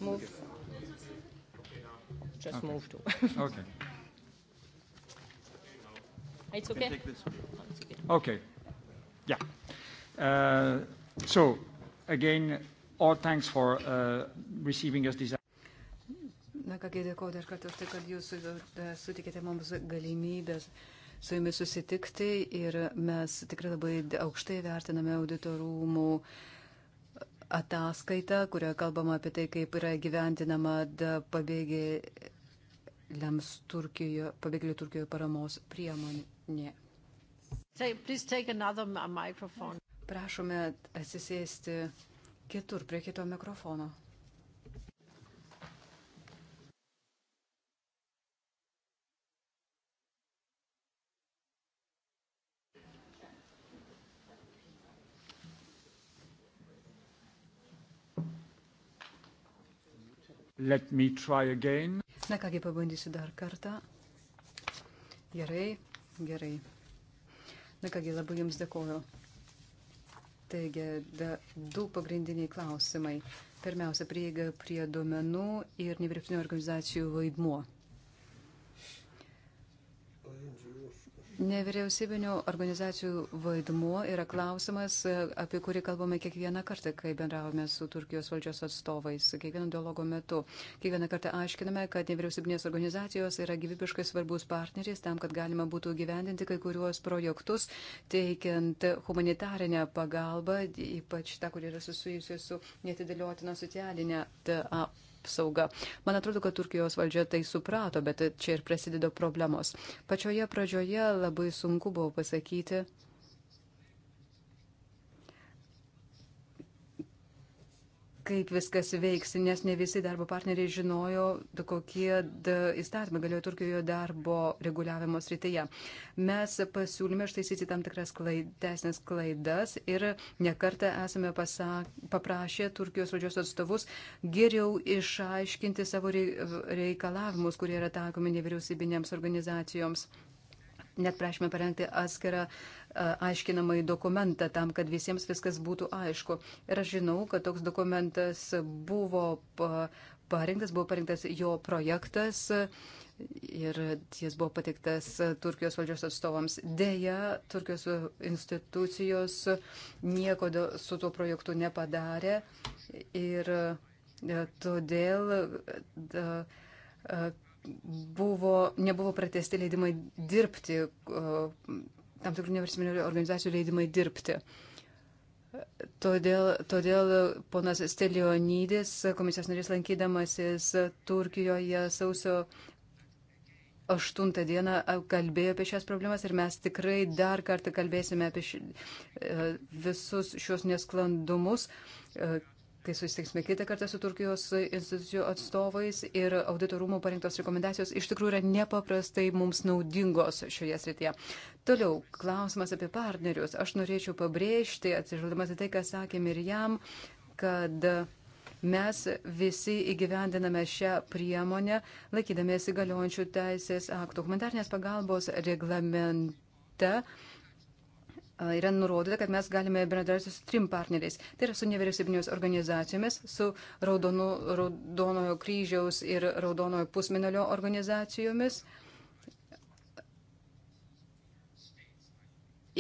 Move. Just okay. move to. okay. Oh, it's okay. Okay. Yeah. Uh, so, again, all thanks for uh, receiving us this. Na kągi, dėkoju dar kartą už tai, kad jūs sutikėte mums galimybės su jumis susitikti ir mes tikrai labai aukštai vertiname auditorumų uh, ataskaitą, kurioje kalbama apie tai, kaip yra gyventinama pabėgėliams Turkijoje, pabėgėlių Turkijoje paramos priemonė. Prašome atsisėsti kitur prie kito mikrofono. Let me try again. Na kągi, pabandysiu dar kartą. Gerai, gerai. Na kągi, labai Jums dėkoju. Taigi, da, du pagrindiniai klausimai. Pirmiausia, prieiga prie duomenų ir nevyriausybinio organizacijų vaidmuo. Nevyriausybinių organizacijų vaidmuo yra klausimas, apie kurį kalbame kiekvieną kartą, kai bendravome su Turkijos valdžios atstovais, kiekvieno dialogo metu. Kiekvieną kartą aiškiname, kad nevyriausybinės organizacijos yra gyvybiškai svarbus partneris tam, kad galima būtų gyvendinti kai kuriuos projektus, teikiant humanitarinę pagalbą, ypač tą, kur yra susijusi su netidėliotina socialinė apsaugą. Man atrodo, kad Turkijos valdžia tai suprato, bet čia ir prasideda problemos. Pačioje pradžioje labai sunku buvo pasakyti, kaip viskas veiks, nes ne visi darbo partneriai žinojo, da, kokie da, įstatymai galioja Turkijoje darbo reguliavimo srityje. Mes pasiūlyme ištaisyti tam tikras klaid, teisinės klaidas ir nekartą esame pasak, paprašę Turkijos valdžios atstovus geriau išaiškinti savo reikalavimus, kurie yra taikomi nevyriausybinėms organizacijoms. Net prašome parengti atskirą uh, E, aiškinamąjį dokumentą tam, kad visiems viskas būtų aišku. Ir aš žinau, kad toks dokumentas buvo parengtas, buvo parengtas jo projektas ir jis buvo patiktas Turkijos valdžios atstovams. Deja, Turkijos institucijos nieko su tuo projektu nepadarė ir e, todėl e, buvo, nebuvo pratesti leidimai dirbti tam tikrų nevalstybinių organizacijų leidimai dirbti. Todėl, todėl ponas Stelionydis, komisijos narys lankydamasis Turkijoje sausio 8 dieną kalbėjo apie šias problemas ir mes tikrai dar kartą kalbėsime apie ši, e, visus šios nesklandumus, e, kai susitiksime kitą kartą su Turkijos institucijų atstovais ir auditorumų parinktos rekomendacijos iš tikrųjų yra nepaprastai mums naudingos šioje srityje. Toliau, klausimas apie partnerius. Aš norėčiau pabrėžti, atsižvelgdamas į tai, ką sakė Mirjam, kad mes visi įgyvendiname šią priemonę, laikydamėsi galiojančių teisės aktų. Humanitarnės pagalbos reglamente yra nurodyta, kad mes galime bendradarbiauti su trim partneriais. Tai yra su nevyriausybinės organizacijomis, su Raudonu, Raudonojo kryžiaus ir Raudonojo pusminalio organizacijomis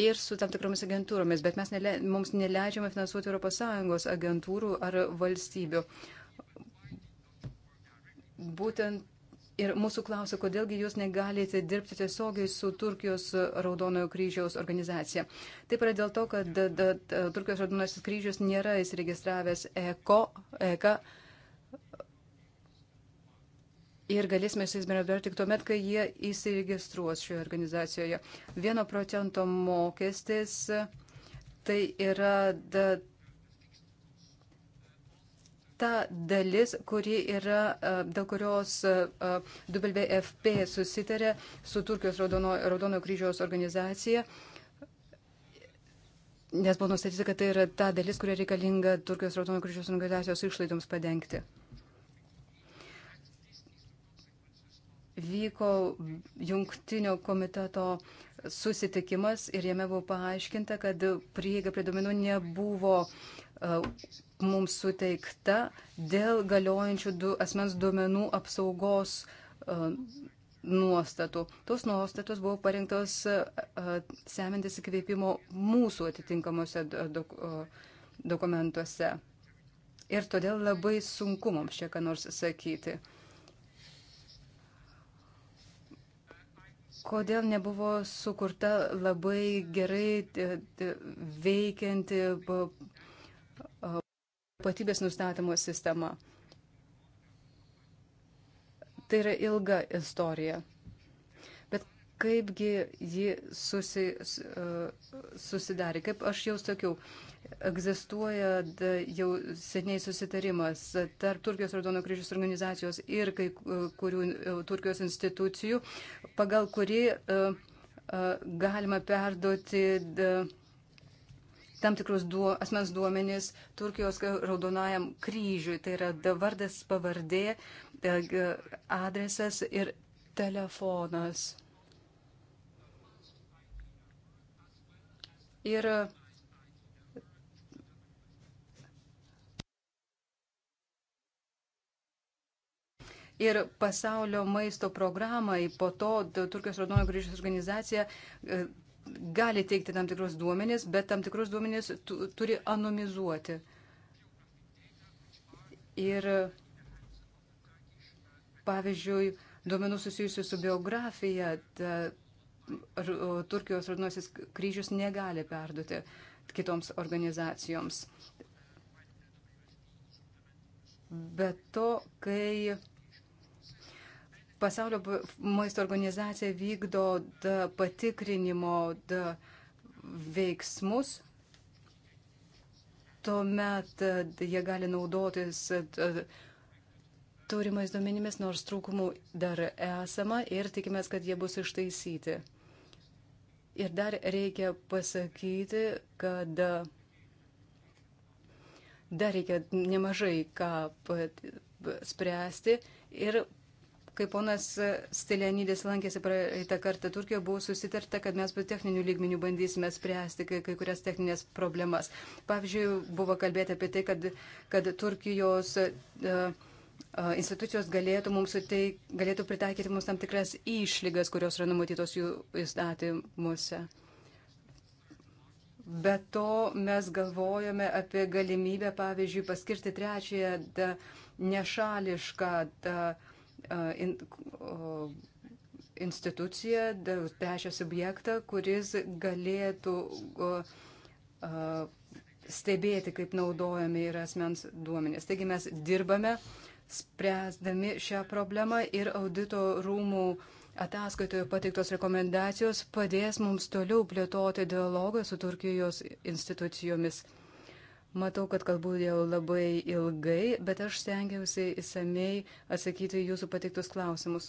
ir su tam tikromis agentūromis, bet mes nele, mums neleidžiame finansuoti ES agentūrų ar valstybių. Būtent Ir mūsų klausia, kodėlgi jūs negalite dirbti tiesiogiai su Turkijos Raudonojo kryžiaus organizacija. Taip yra dėl to, kad da, da, Turkijos Raudonasis kryžius nėra įsiregistravęs ECO, ECA. Ir galėsime su jais bendradarbiauti tik tuomet, kai jie įsiregistruos šioje organizacijoje. Vieno procento mokestis tai yra da, ta dalis, kuri yra, e, dėl kurios e, e, WFP susitarė su Turkijos Raudono, Raudono kryžiaus organizacija. Nes buvo nustatyta, kad tai yra ta dalis, kuria reikalinga Turkijos Raudono kryžiaus organizacijos išlaidoms padengti. Vyko jungtinio komiteto susitikimas ir jame buvo paaiškinta, kad prieiga prie domenų nebuvo uh, mums suteikta dėl galiojančių du, asmens duomenų apsaugos uh, nuostatų. Tos nuostatos buvo parinktos uh, e, e, semintis įkvėpimo mūsų atitinkamuose dok, uh, dokumentuose. Ir todėl labai sunku mums čia ką nors sakyti. Kodėl nebuvo sukurta labai gerai veikianti patybės nustatymo sistema. Tai yra ilga istorija. Bet kaipgi ji susi, e, susidarė, kaip aš jau sakiau, egzistuoja jau seniai susitarimas tarp Turkijos Raudono kryžiaus organizacijos ir kai e, kurių e, Turkijos institucijų, pagal kurį galima perduoti tam tikrus duo, asmens duomenys Turkijos raudonajam kryžiui. Tai yra vardas, pavardė, adresas ir telefonas. Ir Ir pasaulio maisto programai po to Turkijos Raudonojo kryžiaus organizacija gali teikti tam tikrus duomenys, bet tam tikrus duomenys turi anonimizuoti. Ir pavyzdžiui, duomenų susijusių su biografija, ta, Turkijos Raudonasis kryžius negali perduoti kitoms organizacijoms. Bet to, kai Pasaulio maisto organizacija vykdo da, patikrinimo da, veiksmus. Tuomet e, da, jie gali naudotis e, da, turimais duomenimis, nors trūkumų dar esama ir tikimės, kad jie bus ištaisyti. Ir dar reikia pasakyti, kad e, dar reikia nemažai ką spręsti ir Kai ponas Stelianydės lankėsi praeitą kartą Turkijoje, buvo susitarta, kad mes techninių lygmenių bandysime spręsti kai, kai kurias techninės problemas. Pavyzdžiui, buvo kalbėta apie tai, kad, kad Turkijos uh, institucijos galėtų, mums suteik, galėtų pritaikyti mums tam tikras išlygas, kurios yra numatytos jų įstatymuose. Be to mes galvojame apie galimybę, pavyzdžiui, paskirti trečiąją da, nešališką da, uh, in, instituciją, trečią subjektą, kuris galėtų stebėti, kaip naudojami yra asmens duomenės. Taigi mes dirbame, spręsdami šią problemą ir audito rūmų ataskaitoje pateiktos rekomendacijos padės mums toliau plėtoti dialogą su Turkijos institucijomis. Matau, kad kalbu jau labai ilgai, bet aš stengiausi įsamei atsakyti jūsų pateiktus klausimus.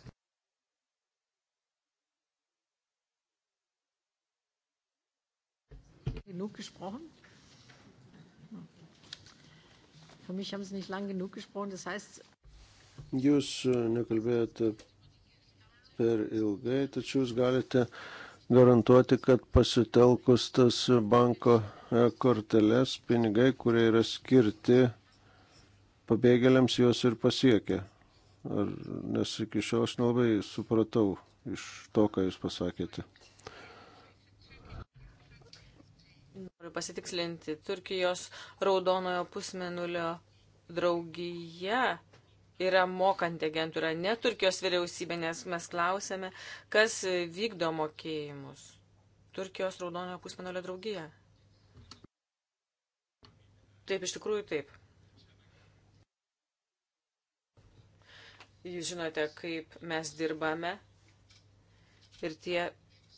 Genug gesprochen? Für mich haben Sie nicht lang genug gesprochen, das heißt. Jūs nekalbėjote per ilgai, tačiau jūs galite uh, garantuoti, kad pasitelkus tas banko e, korteles pinigai, kurie yra skirti pabėgėliams, juos ir pasiekia. Ar, nes iki šiol aš nelabai supratau iš to, ką jūs pasakėte. Noriu pasitikslinti, Turkijos raudonojo pusmenulio draugija yra mokanti agentūra, ne Turkijos vyriausybė, nes mes klausėme, kas vykdo mokėjimus. Turkijos raudonojo pusmenolio draugija. Taip, iš tikrųjų taip. Jūs žinote, kaip mes dirbame ir tie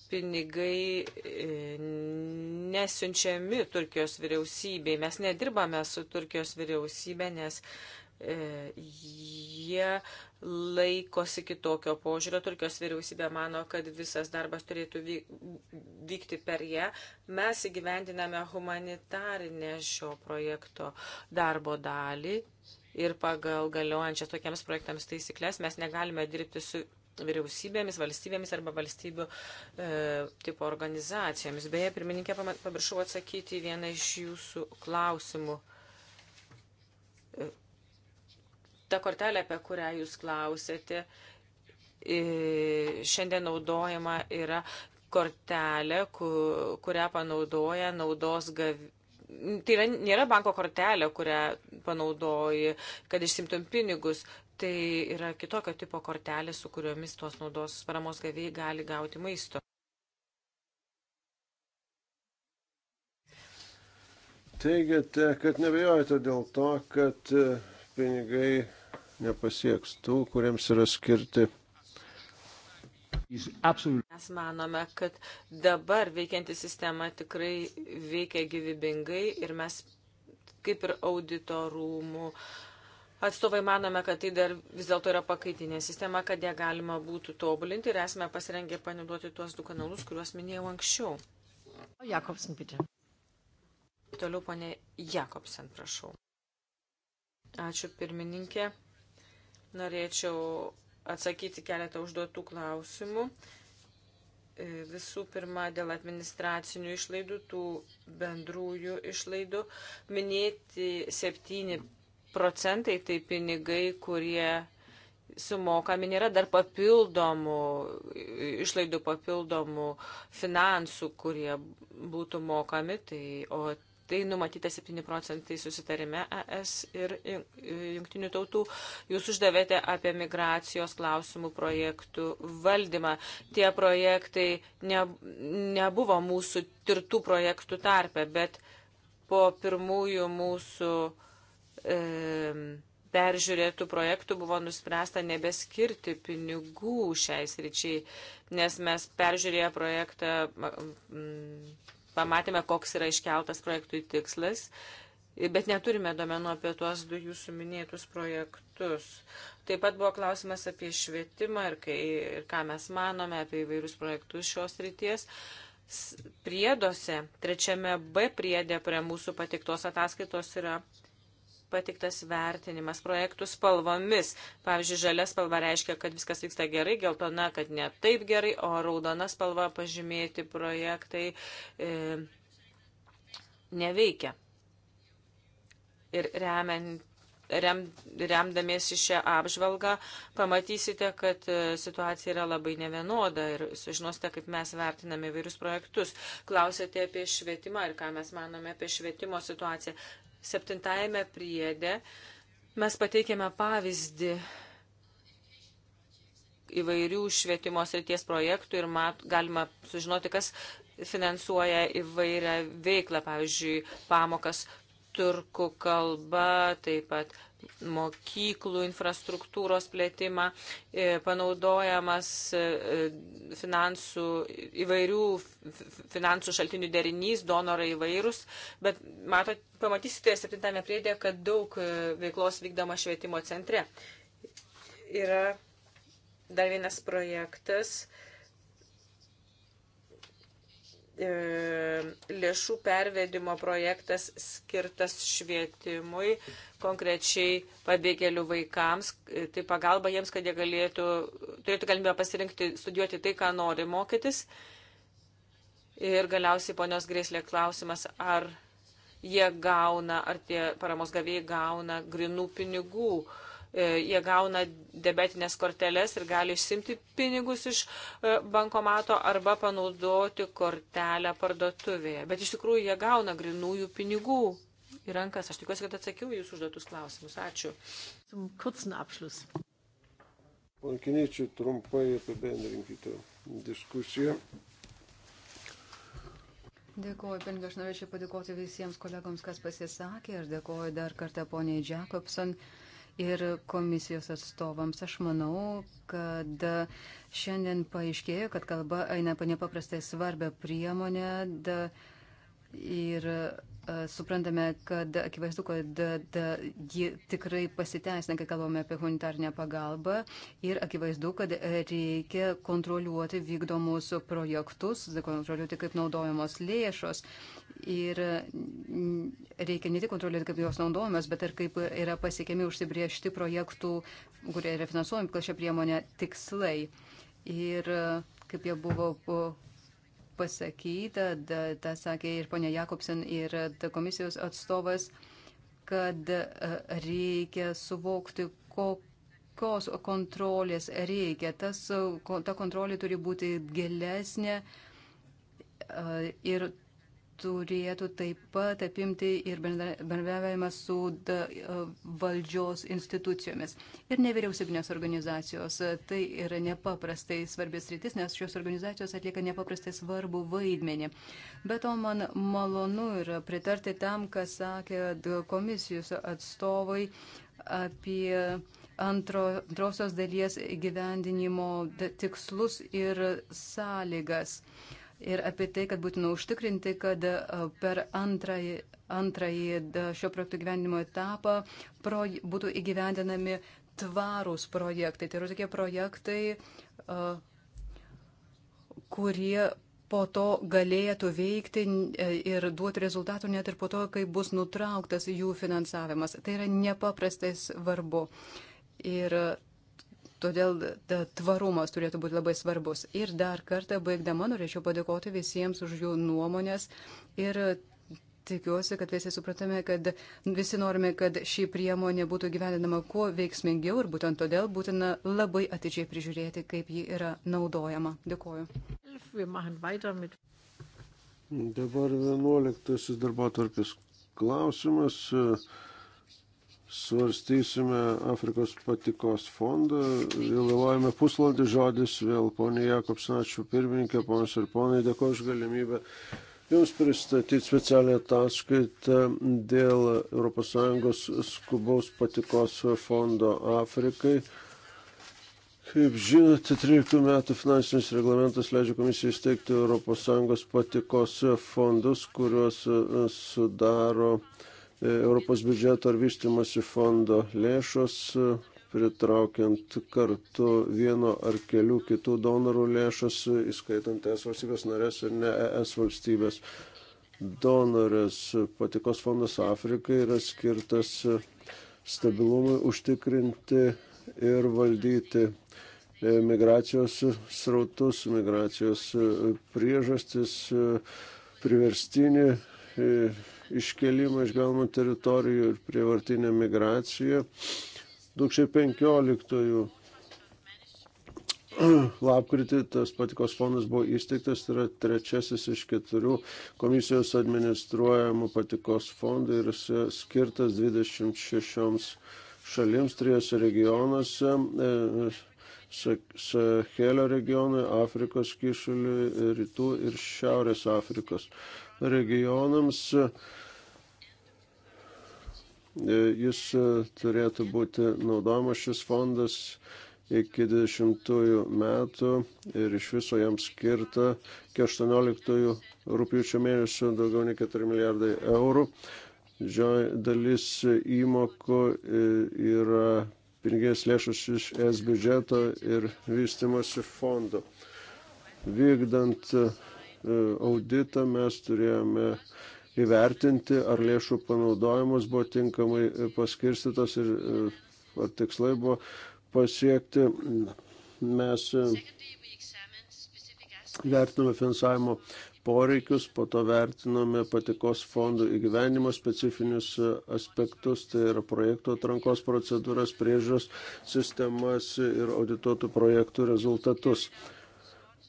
pinigai e, nesiunčiami Turkijos vyriausybei. Mes nedirbame su Turkijos vyriausybė, nes E, jie laikosi kitokio požiūrio. Turkijos vyriausybė mano, kad visas darbas turėtų vykti per ją. Mes įgyvendiname humanitarinę šio projekto darbo dalį ir pagal galiojančias tokiems projektams taisyklės mes negalime dirbti su vyriausybėmis, valstybėmis arba valstybių e, tipo organizacijomis. Beje, pirmininkė, pamiršau atsakyti į vieną iš jūsų klausimų e, ta kortelė, apie kurią jūs klausėte, šiandien naudojama yra kortelė, kurią panaudoja naudos gavėjai. Tai yra, nėra banko kortelė, kurią panaudoji, kad išsimtum pinigus. Tai yra kitokio tipo kortelė, su kuriomis tos naudos paramos gavėjai gali gauti maisto. Teigiate, kad nebejojate dėl to, kad e, pinigai nepasieks tų, kuriems yra skirti. Mes manome, kad dabar veikianti sistema tikrai veikia gyvybingai ir mes, kaip ir auditorumų atstovai, manome, kad tai dar vis dėlto yra pakaitinė sistema, kad ją galima būtų tobulinti ir esame pasirengę panaudoti tuos du kanalus, kuriuos minėjau anksčiau. Jakobsen, bitte. Toliau, ponė Jakobsen, prašau. Ačiū pirmininkė. Norėčiau atsakyti keletą užduotų klausimų. E, visų pirma, dėl administracinių išlaidų, tų bendrųjų išlaidų. Minėti 7 procentai tai pinigai, kurie sumokami, nėra dar papildomų išlaidų, papildomų finansų, kurie būtų mokami, tai, o Tai numatyta 7 procentai susitarime ES ir jungtinių tautų. Jūs uždavėte apie migracijos klausimų projektų valdymą. Tie projektai ne, nebuvo mūsų tirtų projektų tarpe, bet po pirmųjų mūsų e, peržiūrėtų projektų buvo nuspręsta nebeskirti pinigų šiais ryčiai, nes mes peržiūrėję projektą pamatėme, koks yra iškeltas projektui tikslas, bet neturime domenų apie tuos du jūsų minėtus projektus. Taip pat buvo klausimas apie švietimą ir, kai, ir ką mes manome apie įvairius projektus šios ryties. Prieduose, trečiame B priedė prie mūsų patiktos ataskaitos yra patiktas vertinimas projektų spalvomis. Pavyzdžiui, žalia spalva reiškia, kad viskas vyksta gerai, geltona, kad ne taip gerai, o raudona spalva pažymėti projektai e, neveikia. Ir remiant rem, remdamiesi šią apžvalgą, pamatysite, kad e, situacija yra labai nevienoda ir sužinosite, kaip mes vertiname įvairius projektus. Klausėte apie švietimą ir ką mes manome apie švietimo situaciją septintajame priede mes pateikėme pavyzdį įvairių švietimo srities projektų ir mat, galima sužinoti, kas finansuoja įvairią veiklą, pavyzdžiui, pamokas turkų kalba, taip pat mokyklų infrastruktūros plėtimą, e, panaudojamas e, finansų, įvairių finansų šaltinių derinys, donorai įvairūs, bet matot, pamatysite septintame priedė, kad daug e, veiklos vykdoma švietimo centre. Yra dar vienas projektas, uh, E, lėšų pervedimo projektas skirtas švietimui, konkrečiai pabėgėlių vaikams, tai pagalba jiems, kad jie galėtų, turėtų galimybę pasirinkti studijuoti tai, ką nori mokytis. Ir galiausiai ponios grėslė klausimas, ar jie gauna, ar tie paramos gavėjai gauna grinų pinigų. Uh, E, jie gauna debetinės korteles ir gali išsimti pinigus iš e, bankomato arba panaudoti kortelę parduotuvėje. Bet iš tikrųjų jie gauna grinųjų pinigų į rankas. Aš tikiuosi, kad atsakiau jūsų užduotus klausimus. Ačiū. Lankiniečiai trumpai apibendrinkite diskusiją. Dėkuoju, Pinga, aš norėčiau padėkoti visiems kolegoms, kas pasisakė ir dėkuoju dar kartą poniai Jacobson. Uh, ir komisijos atstovams. Aš manau, kad šiandien paaiškėjo, kad kalba eina apie nepaprastai svarbę priemonę. Da, de Ir e, suprantame, kad akivaizdu, kad ji tikrai pasiteisina, kai kalbame apie humanitarnę pagalbą ir akivaizdu, kad reikia kontroliuoti vykdomus projektus, kontroliuoti, kaip naudojamos lėšos. Ir reikia ne tik kontroliuoti, kaip jos naudojamos, bet ir kaip yra pasiekiami užsibriežti projektų, kurie yra finansuojami, kad šią priemonę tikslai. Ir kaip jau buvo pasakyta, tą sakė ir ponia Jakobsen, ir komisijos atstovas, kad e, reikia suvokti, kokios kontrolės reikia. Tas, ta kontrolė turi būti gilesnė e, ir turėtų taip pat apimti ir bendravimą su da, e, valdžios institucijomis ir nevyriausybinės organizacijos. Tai yra nepaprastai svarbis rytis, nes šios organizacijos atlieka nepaprastai svarbų vaidmenį. Bet o man malonu yra pritarti tam, kas sakė komisijos atstovai apie antro, antrosios dalies gyvendinimo tikslus ir sąlygas. Uh, ir apie tai, kad būtina užtikrinti, kad e, per antrąjį, antrąjį šio projekto gyvenimo etapą pro, būtų įgyvendinami tvarūs projektai. Tai yra tokie projektai, e, kurie po to galėtų veikti e, ir duoti rezultatų net ir po to, kai bus nutrauktas jų finansavimas. Tai yra nepaprastai svarbu. Ir Todėl tvarumas turėtų būti labai svarbus. Ir dar kartą baigdama norėčiau padėkoti visiems už jų nuomonės. Ir tikiuosi, kad visi supratome, kad visi norime, kad ši priemonė būtų gyveninama kuo veiksmingiau ir būtent todėl būtina labai atidžiai prižiūrėti, kaip ji yra naudojama. Dėkuoju. Dabar 11 darbo tvarkės klausimas svarstysime Afrikos patikos fondą. Vėl vėluojame pusvalandį žodis, vėl ponė Jakobsen, ačiū pirmininkė, ponas ir ponai, dėkoju už galimybę Jums pristatyti specialią ataskaitą dėl ES skubaus patikos fondo Afrikai. Kaip žinote, 13 metų finansinis reglamentas leidžia komisijai įsteigti ES patikos fondus, kuriuos sudaro uh, Europos biudžeto ar vystimosi fondo lėšos, pritraukiant kartu vieno ar kelių kitų donorų lėšas, įskaitant ES valstybės narės ir ne ES valstybės donorės. Patikos fondas Afrikai yra skirtas stabilumui užtikrinti ir valdyti migracijos srautus, migracijos priežastis, priverstinį iškelimą iš galimų teritorijų ir prievartinę migraciją. 2015 lapkritį tas patikos fondas buvo įsteigtas, tai yra trečiasis iš keturių komisijos administruojamų patikos fondų ir skirtas 26 šalims, trijose regionuose. E, Sahelio regionui, Afrikos kišuliui, rytų ir šiaurės Afrikos regionams. E, jis e, turėtų būti naudojamas šis fondas iki 20 metų ir iš viso jam skirta iki 18 rūpiučio mėnesio daugiau nei 4 milijardai eurų. Didžioji dalis įmokų e, yra piniginės lėšos iš S biudžeto ir vystimosi fondo. Vykdant auditą mes turėjome įvertinti, ar lėšų panaudojimas buvo tinkamai paskirstytas ir e, ar tikslai buvo pasiekti. Mes e, vertiname finansavimo poreikius, po to vertiname patikos fondų įgyvenimo specifinius e, aspektus, tai yra projektų atrankos procedūras, priežos sistemas ir audituotų projektų rezultatus.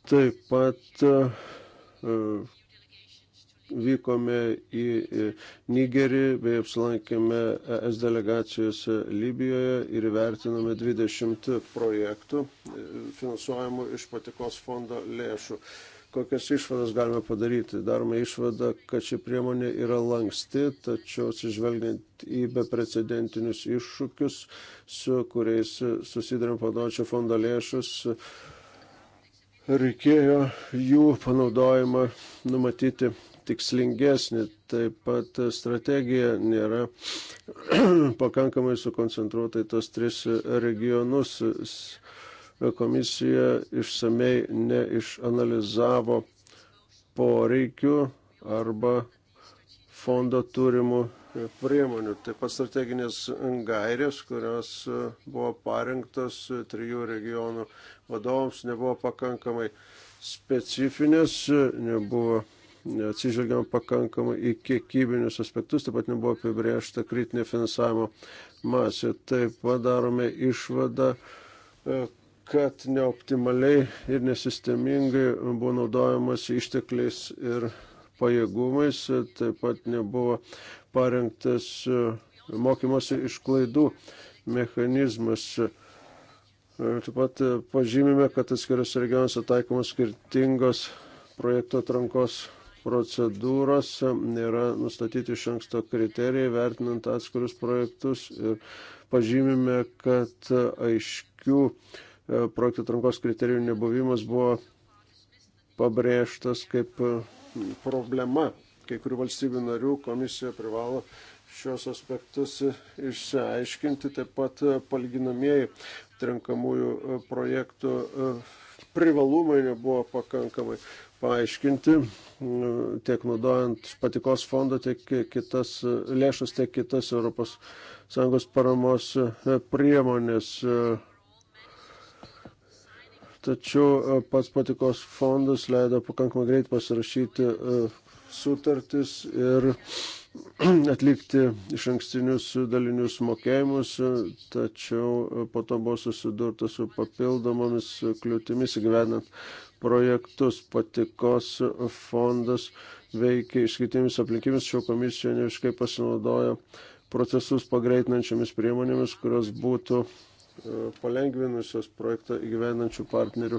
Taip pat vykome į Nigerį bei apsilankėme ES delegacijose Libijoje ir vertinome 20 projektų e, finansuojamų iš patikos fondo lėšų. Kokias išvadas galime padaryti? Darome išvadą, kad ši priemonė yra lanksti, tačiau atsižvelgiant į beprecedentinius iššūkius, su kuriais susidarėm panaudoti fondo lėšus, reikėjo jų panaudojimą numatyti tikslingesnį. Taip pat strategija nėra pakankamai sukoncentruota į tos tris regionus. Komisija išsamei neišanalizavo poreikių arba fondo turimų priemonių. Taip pat strateginės gairės, kurios buvo parengtos trijų regionų vadovams, nebuvo pakankamai specifinės, nebuvo atsižvelgiama pakankamai į kiekybinius aspektus, taip pat nebuvo apibriežta kritinė finansavimo masė. Taip padarome išvadą, e, kad neoptimaliai ir nesistemingai buvo naudojamas ištekliais ir pajėgumais, taip pat nebuvo parengtas e, mokymosi iš klaidų mechanizmas. E, taip pat pažymime, kad atskiriuose regionuose taikomos skirtingos projekto atrankos procedūros, nėra nustatyti iš anksto kriterijai, vertinant atskirius projektus ir pažymime, kad aiškių e, projektų atrankos kriterijų nebuvimas buvo pabrėžtas kaip e, problema. Kai kurių valstybių narių komisija privalo šios aspektus išsiaiškinti, taip pat e, palginamieji atrenkamųjų projektų privalumai nebuvo pakankamai paaiškinti, nu, tiek naudojant patikos fondą, tiek kitas lėšas, tiek kitas ES paramos e, priemonės. E. Tačiau e, pats patikos fondas leido pakankamai greit pasirašyti sutartis ir atlikti iš ankstinius dalinius mokėjimus, tačiau po to buvo susidurta su papildomomis kliūtimis įgyvenant projektus. Patikos fondas veikia išskirtinėmis aplinkimis, šio komisija neiškai pasinaudojo procesus pagreitinančiomis priemonėmis, kurios būtų palengvinusios projektą įgyvenančių partnerių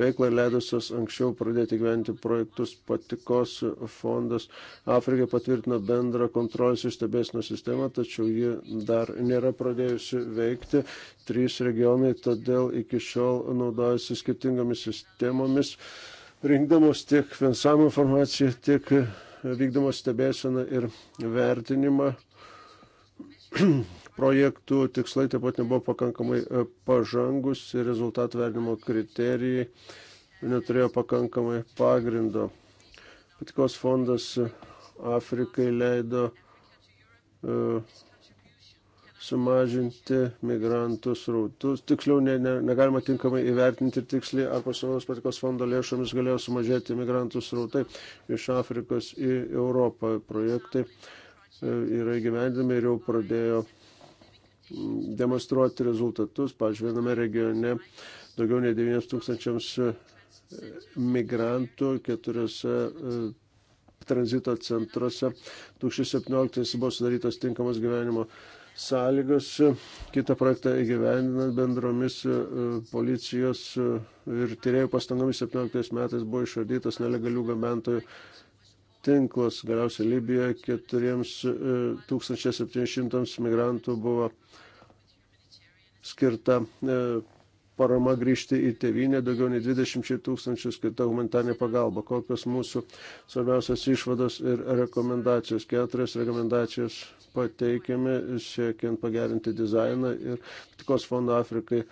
veiklą ir leidusios anksčiau pradėti gyventi projektus. Patikos fondas Afrikai patvirtino bendrą kontrolės ir stebėsino sistemą, tačiau ji dar nėra pradėjusi veikti. Trys regionai todėl iki šiol naudojasi skirtingomis sistemomis, rinkdamos tiek finansavimo informaciją, tiek vykdamos stebėsiną ir vertinimą projektų tikslai taip pat nebuvo pakankamai e, pažangus ir rezultatų vertinimo kriterijai neturėjo pakankamai pagrindo. Patikos fondas e, Afrikai leido e, sumažinti migrantų srautus. Tiksliau, ne, ne, negalima tinkamai įvertinti ir tiksliai, ar pasaulios patikos fondo lėšomis galėjo sumažėti migrantų srautai iš Afrikos į Europą. Projektai yra įgyvendami ir jau pradėjo demonstruoti rezultatus. Pavyzdžiui, viename regione daugiau nei 9 tūkstančiams e, migrantų keturiose e, tranzito centruose 2017 buvo sudarytos tinkamos gyvenimo sąlygos. E, kitą projektą įgyvendinant bendromis policijos ir tyriejų pastangomis 17 metais buvo išardytas nelegalių gabentojų tinklas. Galiausiai Libijoje 4700 migrantų buvo skirta e, parama grįžti į tėvynę, daugiau nei 20 tūkstančių skirta humanitarinė pagalba. Kokios mūsų svarbiausios išvados ir rekomendacijos? Keturias rekomendacijos pateikėme, siekiant pagerinti dizainą ir tikos fondo Afrikai.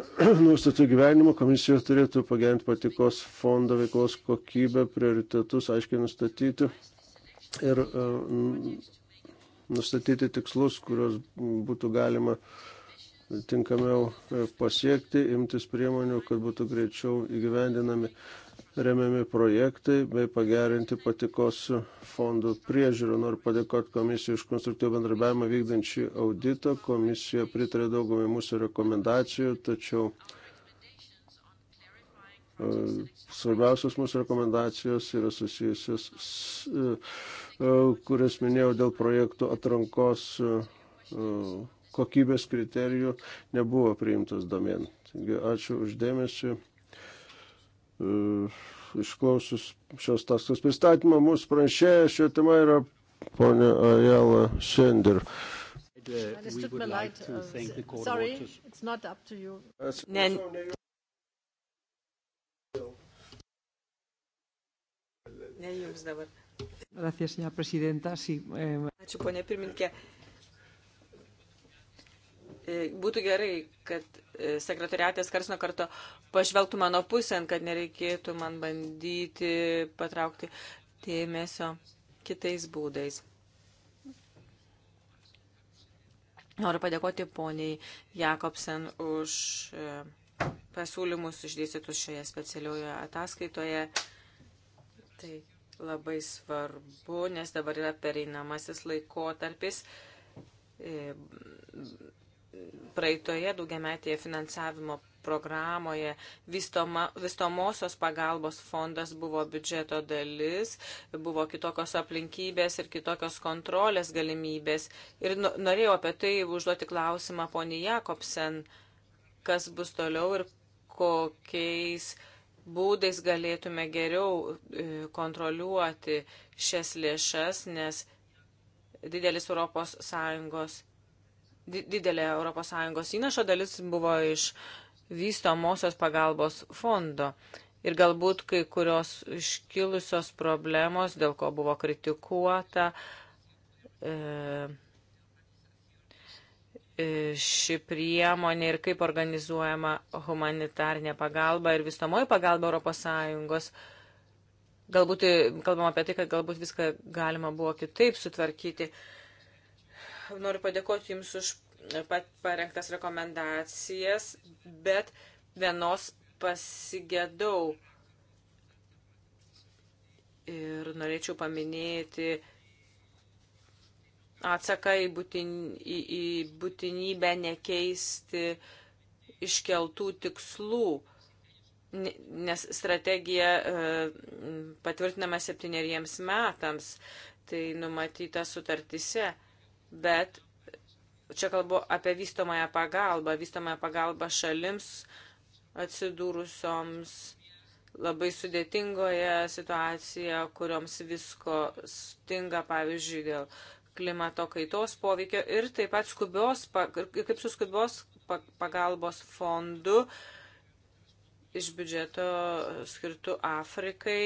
Nustatų gyvenimo komisija turėtų pagerinti patikos fondo veiklos kokybę, prioritetus aiškiai nustatyti ir uh, nustatyti tikslus, kuriuos būtų galima tinkamiau e, pasiekti, imtis priemonių, kad būtų greičiau įgyvendinami remiami projektai bei pagerinti patikos fondų priežiūrą. Noriu padėkoti komisijai už konstruktyvų bendrabiavimą vykdančią auditą. Komisija pritarė daugumai mūsų rekomendacijų, tačiau e, svarbiausios mūsų rekomendacijos yra susijusios e, E, kurias minėjau dėl projektų atrankos e, e, kokybės kriterijų, nebuvo priimtas domen. Taigi ačiū uždėmesi. Išklausus šios taskos pristatymą, mūsų pranešėja šio tema yra ponia Ajala Sender. Uh, ne, ne jums dabar. Gracias, señora prezidenta. Sí, eh... Ačiū, ponė pirmininkė. E, būtų gerai, kad e, sekretariatės karsino karto pažvelgtų mano pusėn, kad nereikėtų man bandyti patraukti dėmesio kitais būdais. Noriu padėkoti poniai Jakobsen už e, pasiūlymus išdėstytus šioje specialioje ataskaitoje. Tai labai svarbu, nes dabar yra pereinamasis laikotarpis. E, praeitoje daugiametėje finansavimo programoje vystoma, vystomosios pagalbos fondas buvo biudžeto dalis, buvo kitokios aplinkybės ir kitokios kontrolės galimybės. Ir norėjau apie tai užduoti klausimą poniai Jakobsen, kas bus toliau ir kokiais uh, būdais galėtume geriau e, kontroliuoti šias lėšas, nes didelis Europos Sąjungos, didelė Europos Sąjungos įnašo dalis buvo iš vystomosios pagalbos fondo. Ir galbūt kai kurios iškilusios problemos, dėl ko buvo kritikuota, e, E, ši priemonė ir kaip organizuojama humanitarinė pagalba ir visamoji pagalba ES. Galbūt e, kalbam apie tai, kad galbūt viską galima buvo kitaip sutvarkyti. Noriu padėkoti Jums už pat parengtas rekomendacijas, bet vienos pasigėdau. Ir norėčiau paminėti atsaką į, būtin, į, į būtinybę nekeisti iškeltų tikslų, nes strategija e, patvirtinama septyneriems metams, tai numatyta sutartise, bet čia kalbu apie vystomąją pagalbą, vystomąją pagalbą šalims atsidūrusioms labai sudėtingoje situacijoje, kurioms visko stinga, pavyzdžiui, dėl klimato kaitos poveikio ir taip pat skubios, kaip su skubios pagalbos fondu iš biudžeto skirtų Afrikai.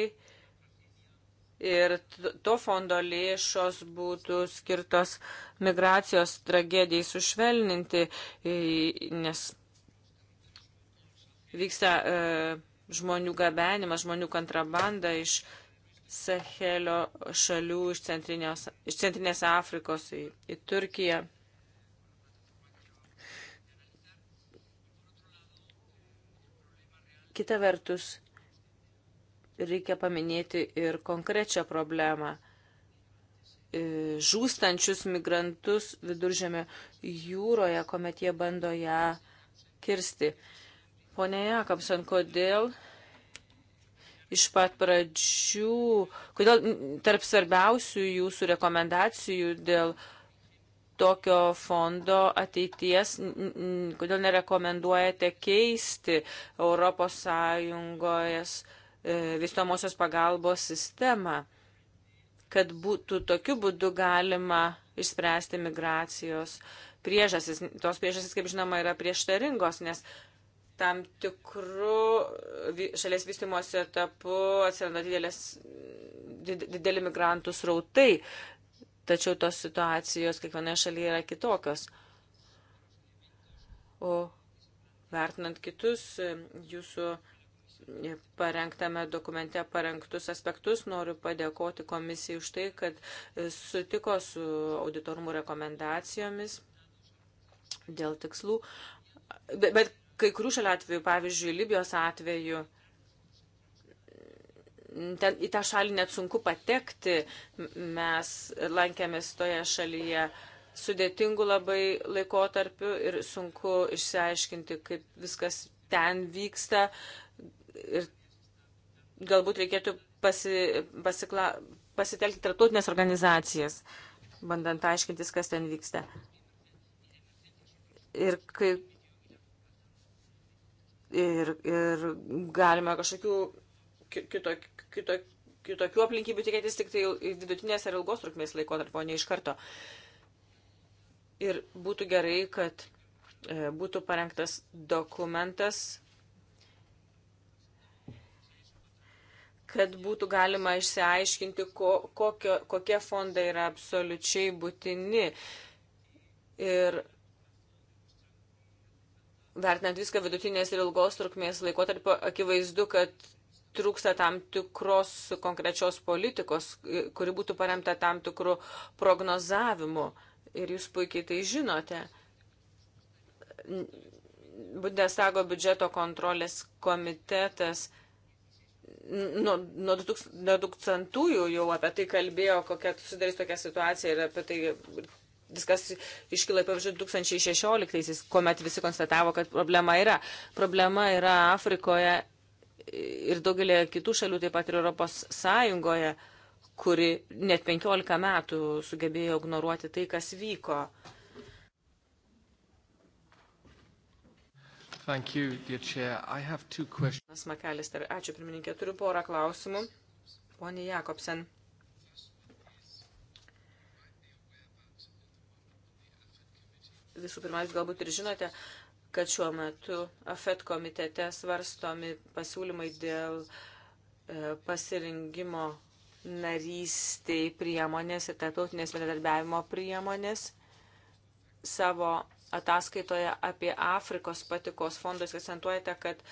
Ir to fondo lėšos būtų skirtos migracijos tragedijai sušvelninti, nes vyksta e, žmonių gabenimas, žmonių kontrabanda iš Sahelio šalių iš, iš centrinės Afrikos į, į Turkiją. Kita vertus, reikia paminėti ir konkrečią problemą e, žūstančius migrantus viduržėme jūroje, kuomet jie bando ją kirsti. Pone Jakobson, kodėl iš pat pradžių, kodėl tarp svarbiausių jūsų rekomendacijų dėl tokio fondo ateities, kodėl nerekomenduojate keisti ES e, vystomosios pagalbos sistemą, kad būtų tokiu būdu galima išspręsti migracijos priežasis. Tos priežasis, kaip žinoma, yra prieštaringos, nes tam tikrų šalies vystimuose etapu atsiranda didelės, dideli migrantų srautai, tačiau tos situacijos kiekvienoje šalyje yra kitokios. O vertinant kitus jūsų parengtame dokumente parengtus aspektus. Noriu padėkoti komisijai už tai, kad sutiko su auditorumų rekomendacijomis dėl tikslų. Bet, bet kai kurių šalia atveju, pavyzdžiui, Libijos atveju, ten, į tą šalį net sunku patekti. Mes lankėmės toje šalyje sudėtingų labai laikotarpių ir sunku išsiaiškinti, kaip viskas ten vyksta. Ir galbūt reikėtų pasi, pasikla, pasitelkti tarptautinės organizacijas, bandant aiškintis, kas ten vyksta. Ir kaip ir, ir galime kažkokių kitok, kitok, kitokių aplinkybių tikėtis tik tai vidutinės ar ilgos trukmės laikotarpio, ne iš karto. Ir būtų gerai, kad e, būtų parengtas dokumentas, kad būtų galima išsiaiškinti, ko, kokio, kokie fondai yra absoliučiai būtini. Ir vertinant viską vidutinės ir ilgos trukmės laikotarpio, akivaizdu, kad trūksta tam tikros konkrečios politikos, kuri būtų paremta tam tikrų prognozavimu. Ir jūs puikiai tai žinote. Bundestago biudžeto kontrolės komitetas nuo, nuo 2000-ųjų jau apie tai kalbėjo, kokia susidarys tokia situacija ir apie tai viskas iškilo į pavyzdžių 2016, kuomet visi konstatavo, kad problema yra. Problema yra Afrikoje ir daugelį kitų šalių, taip pat ir Europos Sąjungoje, kuri net 15 metų sugebėjo ignoruoti tai, kas vyko. Thank you, dear chair. I have two questions. Ačiū, pirmininkė. Turiu porą klausimų. Pone Jakobsen. visų pirma, jūs galbūt ir žinote, kad šiuo metu AFET komitete svarstomi pasiūlymai dėl e, pasirinkimo narystiai priemonės ir tarptautinės bendradarbiavimo priemonės. Savo ataskaitoje apie Afrikos patikos fondus akcentuojate, kad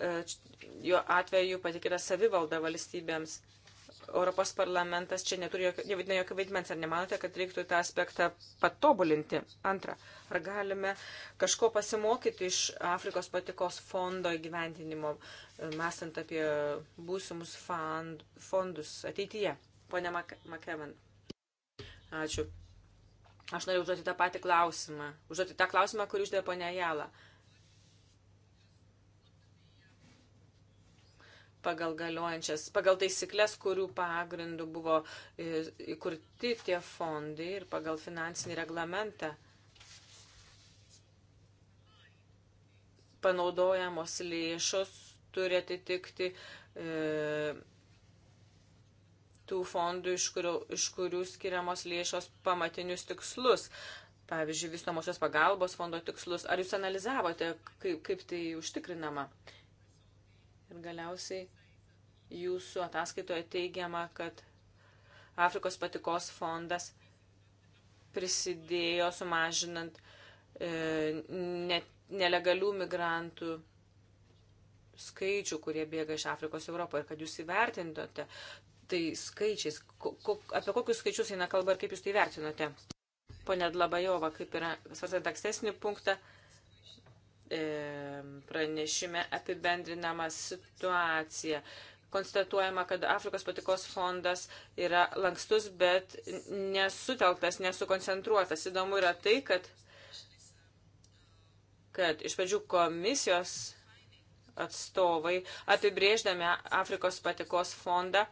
e, jo atveju patikėta savivalda valstybėms Europos parlamentas čia neturi jokio, nevaidina jokio vaidmens. Ar nemanote, kad reiktų tą aspektą patobulinti? Antra, ar galime kažko pasimokyti iš Afrikos patikos fondo įgyvendinimo, mąstant apie būsimus fond, fondus ateityje? Pone Makevan. Ačiū. Aš noriu užduoti tą patį klausimą. Užduoti tą klausimą, kurį uždėjo ponia Jala. Uh, pagal galiojančias, pagal taisyklės, kurių pagrindų buvo įkurti tie fondai ir pagal finansinį reglamentą panaudojamos lėšos turi atitikti e, tų fondų, iš kurių, iš kurių skiriamos lėšos pamatinius tikslus pavyzdžiui, vystomosios pagalbos fondo tikslus. Ar jūs analizavote, kaip, kaip tai užtikrinama? E, Ir galiausiai jūsų ataskaitoje teigiama, kad Afrikos patikos fondas prisidėjo sumažinant e, ne, nelegalių migrantų skaičių, kurie bėga iš Afrikos Europą ir kad jūs įvertintote tai skaičiais, ko, ko, apie kokius skaičius eina kalba ir kaip jūs tai vertinote. Pone Dlabajova, kaip yra svarstant ankstesnį punktą, E, pranešime apibendrinama situacija. Konstatuojama, kad Afrikos patikos fondas yra lankstus, bet nesutelktas, nesukoncentruotas. Įdomu yra tai, kad, kad iš pradžių komisijos atstovai apibrėždami Afrikos patikos fondą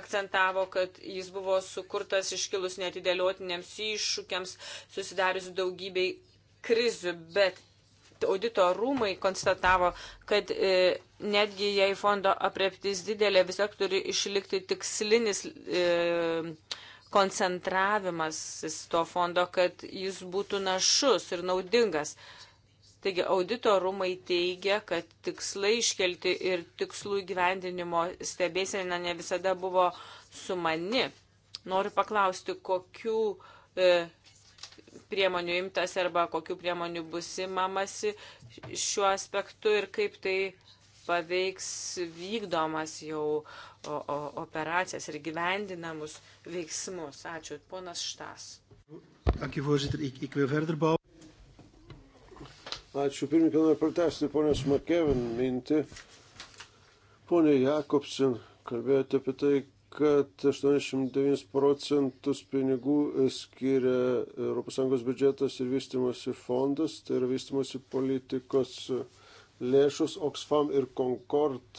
akcentavo, kad jis buvo sukurtas iškilus netidėliotinėms iššūkiams, susidarius daugybei krizių, bet audito rūmai konstatavo, kad e, netgi jei fondo apreptis didelė, vis tiek turi išlikti tikslinis e, koncentravimas to fondo, kad jis būtų našus ir naudingas. Taigi audito rūmai teigia, kad tikslai iškelti ir tikslų įgyvendinimo stebėsena ne visada buvo sumani. Noriu paklausti, kokių e, priemonių imtas arba kokių priemonių bus imamasi šiuo aspektu ir kaip tai paveiks vykdomas jau o, o, operacijas ir gyvendinamus veiksmus. Ačiū, ponas Štas. Ačiū, pirmininkai, noriu pratesti ponios Makevin mintį. Pone Jakobsin, kalbėjote apie tai, kad 89 procentus pinigų skiria ES biudžetas ir vystimosi fondas, tai yra vystimosi politikos lėšus Oxfam ir Concord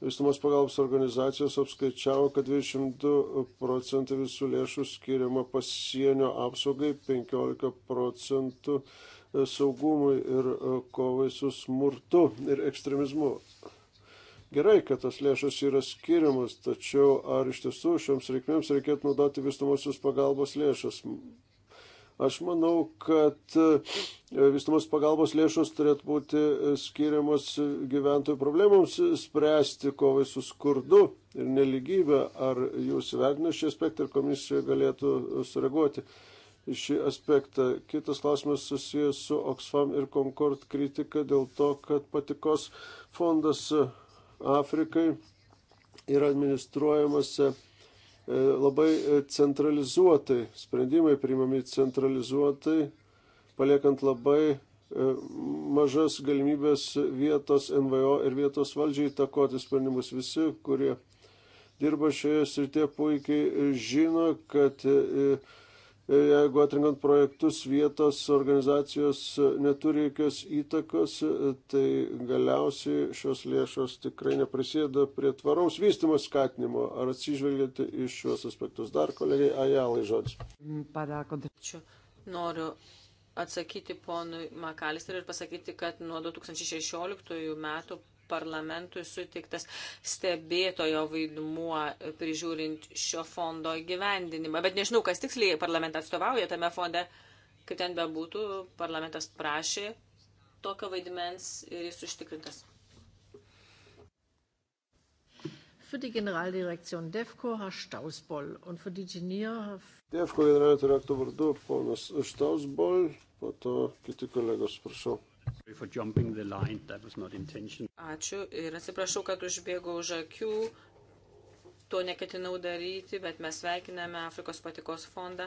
Visumos pagalbos organizacijos apskaičiavo, kad 22 procentai visų lėšų skiriama pasienio apsaugai, 15 procentų saugumui ir kovai su smurtu ir ekstremizmu. Gerai, kad tas lėšas yra skiriamas, tačiau ar iš tiesų šioms reikmėms reikėtų naudoti vystamosios pagalbos lėšas? Aš manau, kad e, vystumos pagalbos lėšos turėtų būti e, skiriamos gyventojų problemams spręsti kovai su skurdu ir neligybė. Ar jūs vertinate šį aspektą ir komisija galėtų e, sureaguoti į šį aspektą? Kitas klausimas susijęs su Oxfam ir Concord kritika dėl to, kad patikos fondas Afrikai yra administruojamas e, labai e, centralizuotai, sprendimai priimami centralizuotai, paliekant labai e, mažas galimybės vietos NVO ir vietos valdžiai įtakoti sprendimus. Visi, kurie dirba šioje srityje, puikiai žino, kad jeigu atrinkant projektus vietos organizacijos neturi jokios įtakos, tai galiausiai šios lėšos tikrai neprisėda prie tvaraus vystimo skatinimo. Ar atsižvelgiate iš šios aspektus? Dar kolegiai Ajalai žodis. Padėkodačiu. Noriu atsakyti ponui Makalister ir pasakyti, kad nuo 2016 metų parlamentui sutiktas stebėtojo vaidmuo prižiūrint šio fondo gyvendinimą. Bet nežinau, kas tiksliai parlamentą atstovauja tame fonde, kaip ten bebūtų, parlamentas prašė tokio vaidmens ir jis užtikrintas. Für die Generaldirektion DEFCO Herr Stausboll und für die Genier DEFCO generalinio direktoriaus vardu ponas Stausboll, po to kiti kolegos, prašau. Ačiū ir atsiprašau, kad užbėgau už akių. To neketinau daryti, bet mes sveikiname Afrikos patikos fondą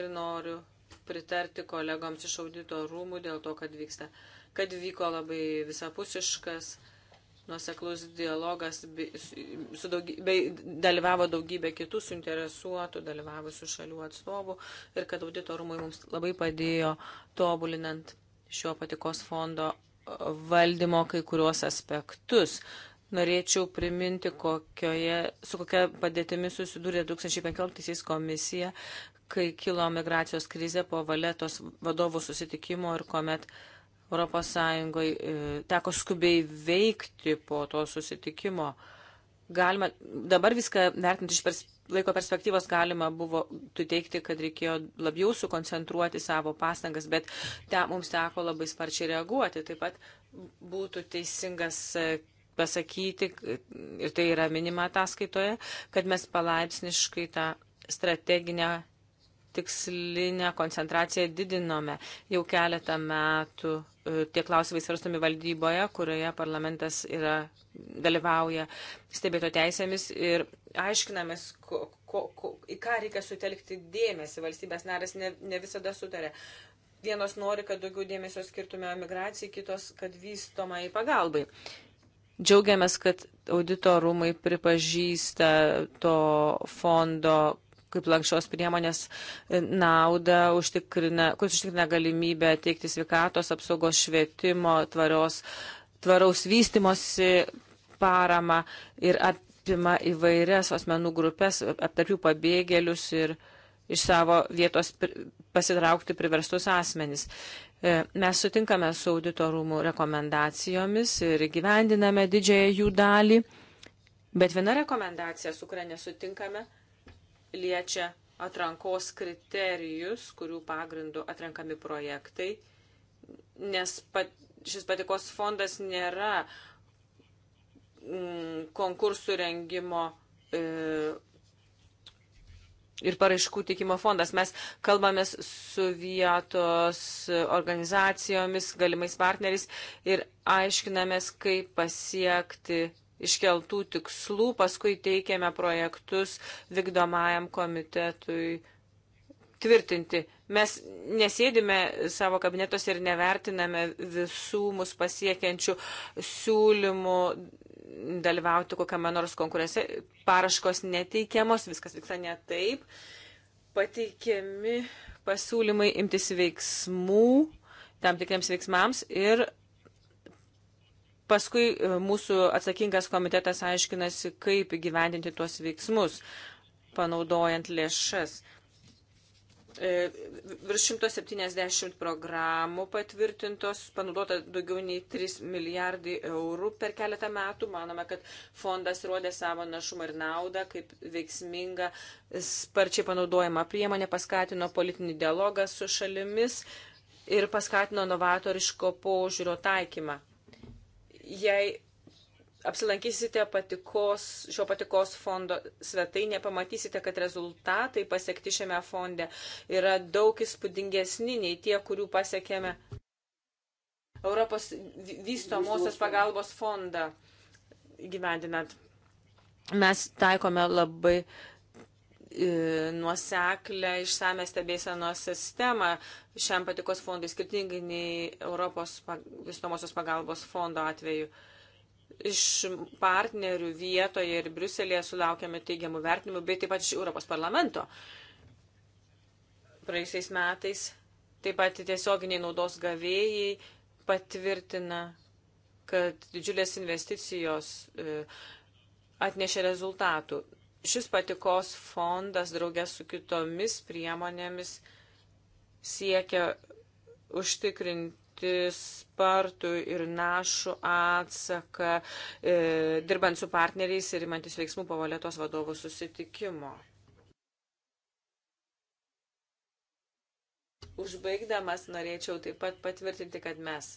ir noriu pritarti kolegoms iš audito rūmų dėl to, kad vyksta, kad vyko labai visapusiškas nuoseklus dialogas, bei, su daugy, bei dalyvavo daugybė kitų suinteresuotų, dalyvavusių šalių atstovų ir kad auditorumai mums labai padėjo tobulinant šio patikos fondo valdymo kai kuriuos aspektus. Norėčiau priminti, kokioje, su kokia padėtimi susidūrė 2015 komisija, kai kilo migracijos krizė po valetos vadovų susitikimo ir kuomet ES e, teko skubiai veikti po to susitikimo. Galima dabar viską vertinti iš pers laiko perspektyvos galima buvo teikti, kad reikėjo labiau sukoncentruoti savo pastangas, bet te, mums teko labai sparčiai reaguoti. Taip pat būtų teisingas e, pasakyti, ir tai yra minima ataskaitoje, kad mes palaipsniškai tą strateginę tikslinę koncentraciją didinome jau keletą metų tie klausimai svarstomi valdyboje, kurioje parlamentas yra, dalyvauja stebėto teisėmis ir aiškinamės, ko, ko, ko, į ką reikia sutelkti dėmesį. Valstybės narės ne, ne visada sutarė. Vienos nori, kad daugiau dėmesio skirtume migracijai, kitos, kad vystoma į pagalbai. Džiaugiamės, kad audito rūmai pripažįsta to fondo kaip lankščios priemonės e, naudą, užtikrina, kuris užtikrina galimybę teikti sveikatos apsaugos švietimo, tvarios, tvaraus vystimosi paramą ir apima įvairias asmenų grupės, aptarpių pabėgėlius ir iš savo vietos pasitraukti priverstus asmenys. E, mes sutinkame su auditorumų rekomendacijomis ir gyvendiname didžiąją jų dalį, bet viena rekomendacija, su kuria nesutinkame, liečia atrankos kriterijus, kurių pagrindų atrenkami projektai, nes pat, šis patikos fondas nėra mm, konkursų rengimo e, ir paraiškų teikimo fondas. Mes kalbame su vietos organizacijomis, galimais partneriais ir aiškinamės, kaip pasiekti iškeltų tikslų, paskui teikėme projektus vykdomajam komitetui tvirtinti. Mes nesėdime savo kabinetuose ir nevertiname visų mus pasiekiančių siūlymų dalyvauti kokiame nors konkurse. Paraškos neteikiamos, viskas vyksta ne taip. Pateikiami pasiūlymai imtis veiksmų tam tikriems veiksmams ir Paskui e, mūsų atsakingas komitetas aiškinasi, kaip įgyvendinti tuos veiksmus, panaudojant lėšas. E, virš 170 programų patvirtintos, panaudota daugiau nei 3 milijardai eurų per keletą metų. Manome, kad fondas rodė savo našumą ir naudą, kaip veiksminga, sparčiai panaudojama priemonė, paskatino politinį dialogą su šalimis ir paskatino novatoriško požiūrio taikymą jei apsilankysite patikos, šio patikos fondo svetainė, pamatysite, kad rezultatai pasiekti šiame fonde yra daug įspūdingesni nei tie, kurių pasiekėme Europos vystomosios pagalbos fondą gyvendinant. Mes taikome labai uh, nuoseklę išsame stebėsenos sistemą šiam patikos fondui skirtingai nei Europos vystomosios pagalbos fondo atveju. Iš partnerių vietoje ir Briuselėje sulaukėme teigiamų vertinimų, bei taip pat iš Europos parlamento. Praėjusiais metais taip pat tiesioginiai naudos gavėjai patvirtina, kad didžiulės investicijos e, atnešė rezultatų. Šis patikos fondas draugės su kitomis priemonėmis siekia užtikrinti spartų ir našų atsaką, e, dirbant su partneriais ir imantis veiksmų po valėtos vadovų susitikimo. Užbaigdamas norėčiau taip pat patvirtinti, kad mes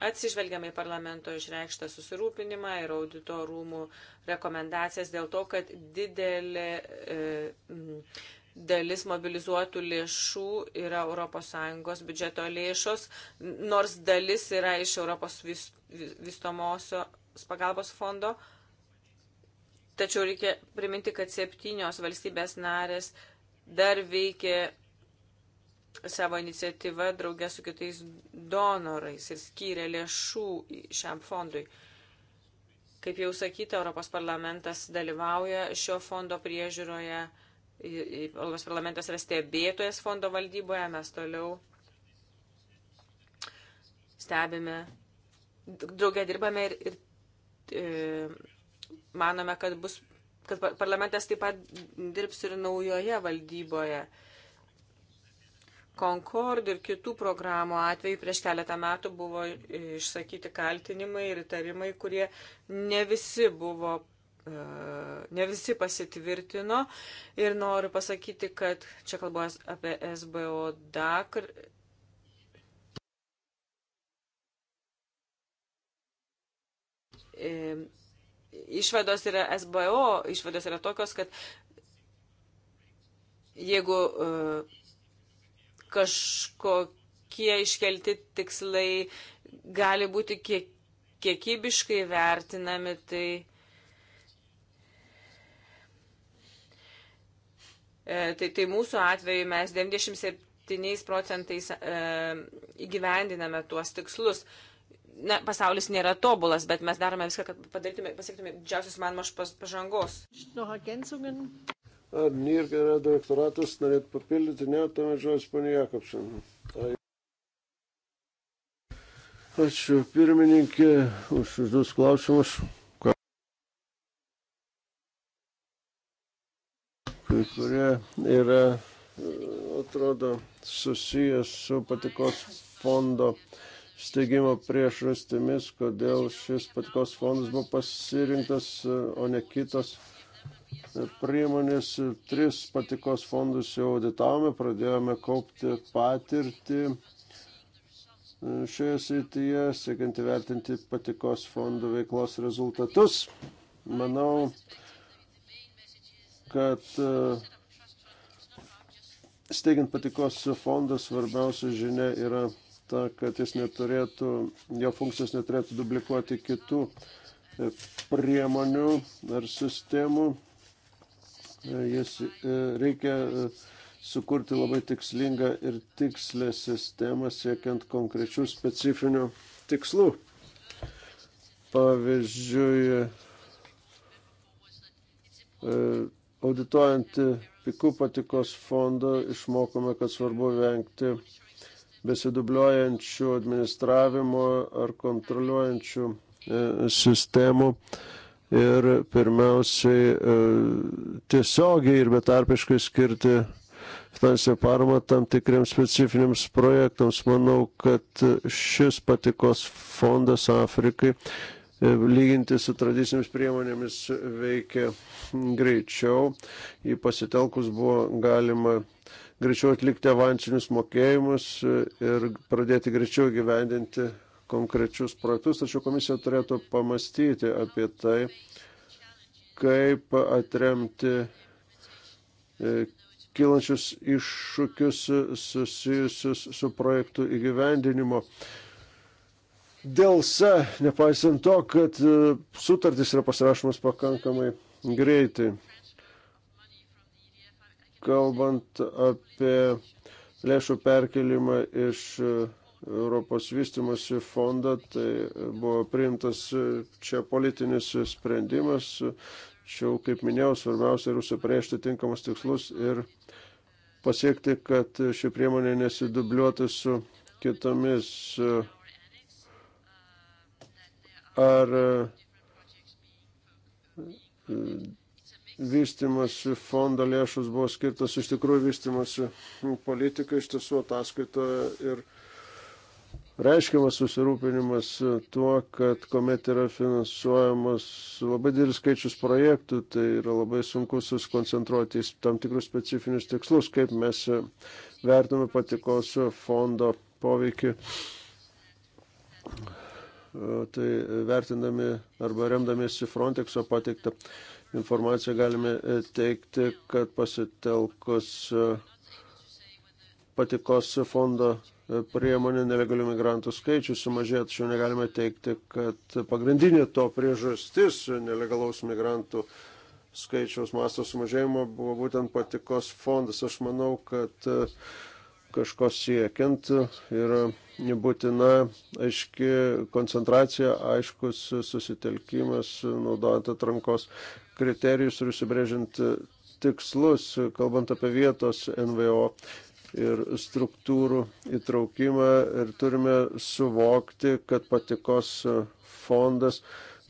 atsižvelgiame į parlamento išreikštą susirūpinimą ir audito rūmų rekomendacijas dėl to, kad didelė e, dalis mobilizuotų lėšų yra ES biudžeto lėšos, nors dalis yra iš ES vis, vystomosios pagalbos fondo. Tačiau reikia priminti, kad septynios valstybės narės dar veikia savo iniciatyvą draugę su kitais donorais ir skyrė lėšų šiam fondui. Kaip jau sakyta, Europos parlamentas dalyvauja šio fondo priežiūroje, Europos parlamentas yra stebėtojas fondo valdyboje, mes toliau stebime, draugę dirbame ir, ir e, manome, kad bus, kad parlamentas taip pat dirbs ir naujoje valdyboje. E, Concord ir kitų programų atveju prieš keletą metų buvo išsakyti kaltinimai ir įtarimai, kurie ne visi buvo, e, ne visi pasitvirtino. Ir noriu pasakyti, kad čia kalbu apie SBO DAC. E, išvados yra SBO, išvados yra tokios, kad jeigu uh, kažkokie iškelti tikslai gali būti kiek, kiekybiškai vertinami, tai e, Tai, tai mūsų atveju mes 97 procentais e, įgyvendiname tuos tikslus. Na, pasaulis nėra tobulas, bet mes darome viską, kad padarytume, pasiektume didžiausius manomas pažangos. Ar NIR generalinio direktoratas norėtų papildyti? Ne, tuomet žodis ponė Jakobsen. Ačiū pirmininkė už užduos klausimus. Kai kurie yra, atrodo, susijęs su patikos fondo steigimo priežastimis, kodėl šis patikos fondas buvo pasirinktas, o ne kitas priemonės. Tris patikos fondus jau auditavome, pradėjome kaupti patirtį šioje srityje, siekiant įvertinti patikos fondų veiklos rezultatus. Manau, kad e, steigiant patikos fondą svarbiausia žinia yra ta, kad jis neturėtų, jo funkcijos neturėtų duplikuoti kitų e, priemonių ar sistemų. E, jis e, reikia e, sukurti labai tikslingą ir tikslę sistemą siekiant konkrečių specifinių tikslų. Pavyzdžiui, audituojant pikų patikos fondą išmokome, kad svarbu vengti besidubliuojančių administravimo ar kontroliuojančių sistemų. E, ir pirmiausiai e, tiesiogiai ir betarpiškai skirti finansinę paramą tam tikriems specifiniams projektams. Manau, kad šis patikos fondas Afrikai e, lyginti su tradicinėmis priemonėmis veikia greičiau. Jį pasitelkus buvo galima greičiau atlikti avansinius mokėjimus e, ir pradėti greičiau gyvendinti konkrečius projektus, tačiau komisija turėtų pamastyti apie tai, kaip atremti e, kilančius iššūkius susijusius su projektų įgyvendinimo. Dėl se, nepaisant to, kad e, sutartys yra pasirašomas pakankamai greitai. Kalbant apie lėšų perkelimą iš e, Europos vystimosi fondą, tai buvo priimtas čia politinis sprendimas, tačiau, kaip minėjau, svarbiausia yra užsipriešti tinkamus tikslus ir pasiekti, kad ši priemonė nesidubliuotų su kitomis. Ar vystimosi fondo lėšus buvo skirtas iš tikrųjų vystimosi politikai, iš tiesų ataskaitoje ir reiškiamas susirūpinimas tuo, kad kuomet yra finansuojamas labai didelis skaičius projektų, tai yra labai sunku susikoncentruoti į tam tikrus specifinius tikslus, kaip mes vertiname patikos fondo poveikį. Tai vertindami arba remdamiesi Frontexo pateiktą informaciją galime teikti, kad pasitelkus patikos fondo priemonė nelegalių migrantų skaičius sumažėjo, tačiau negalime teikti, kad pagrindinė to priežastis nelegalaus migrantų skaičiaus masto sumažėjimo buvo būtent patikos fondas. Aš manau, kad kažko siekiant yra būtina aiški koncentracija, aiškus susitelkimas, naudojant atrankos kriterijus ir užsibrėžint tikslus, kalbant apie vietos NVO ir struktūrų įtraukimą ir turime suvokti, kad patikos fondas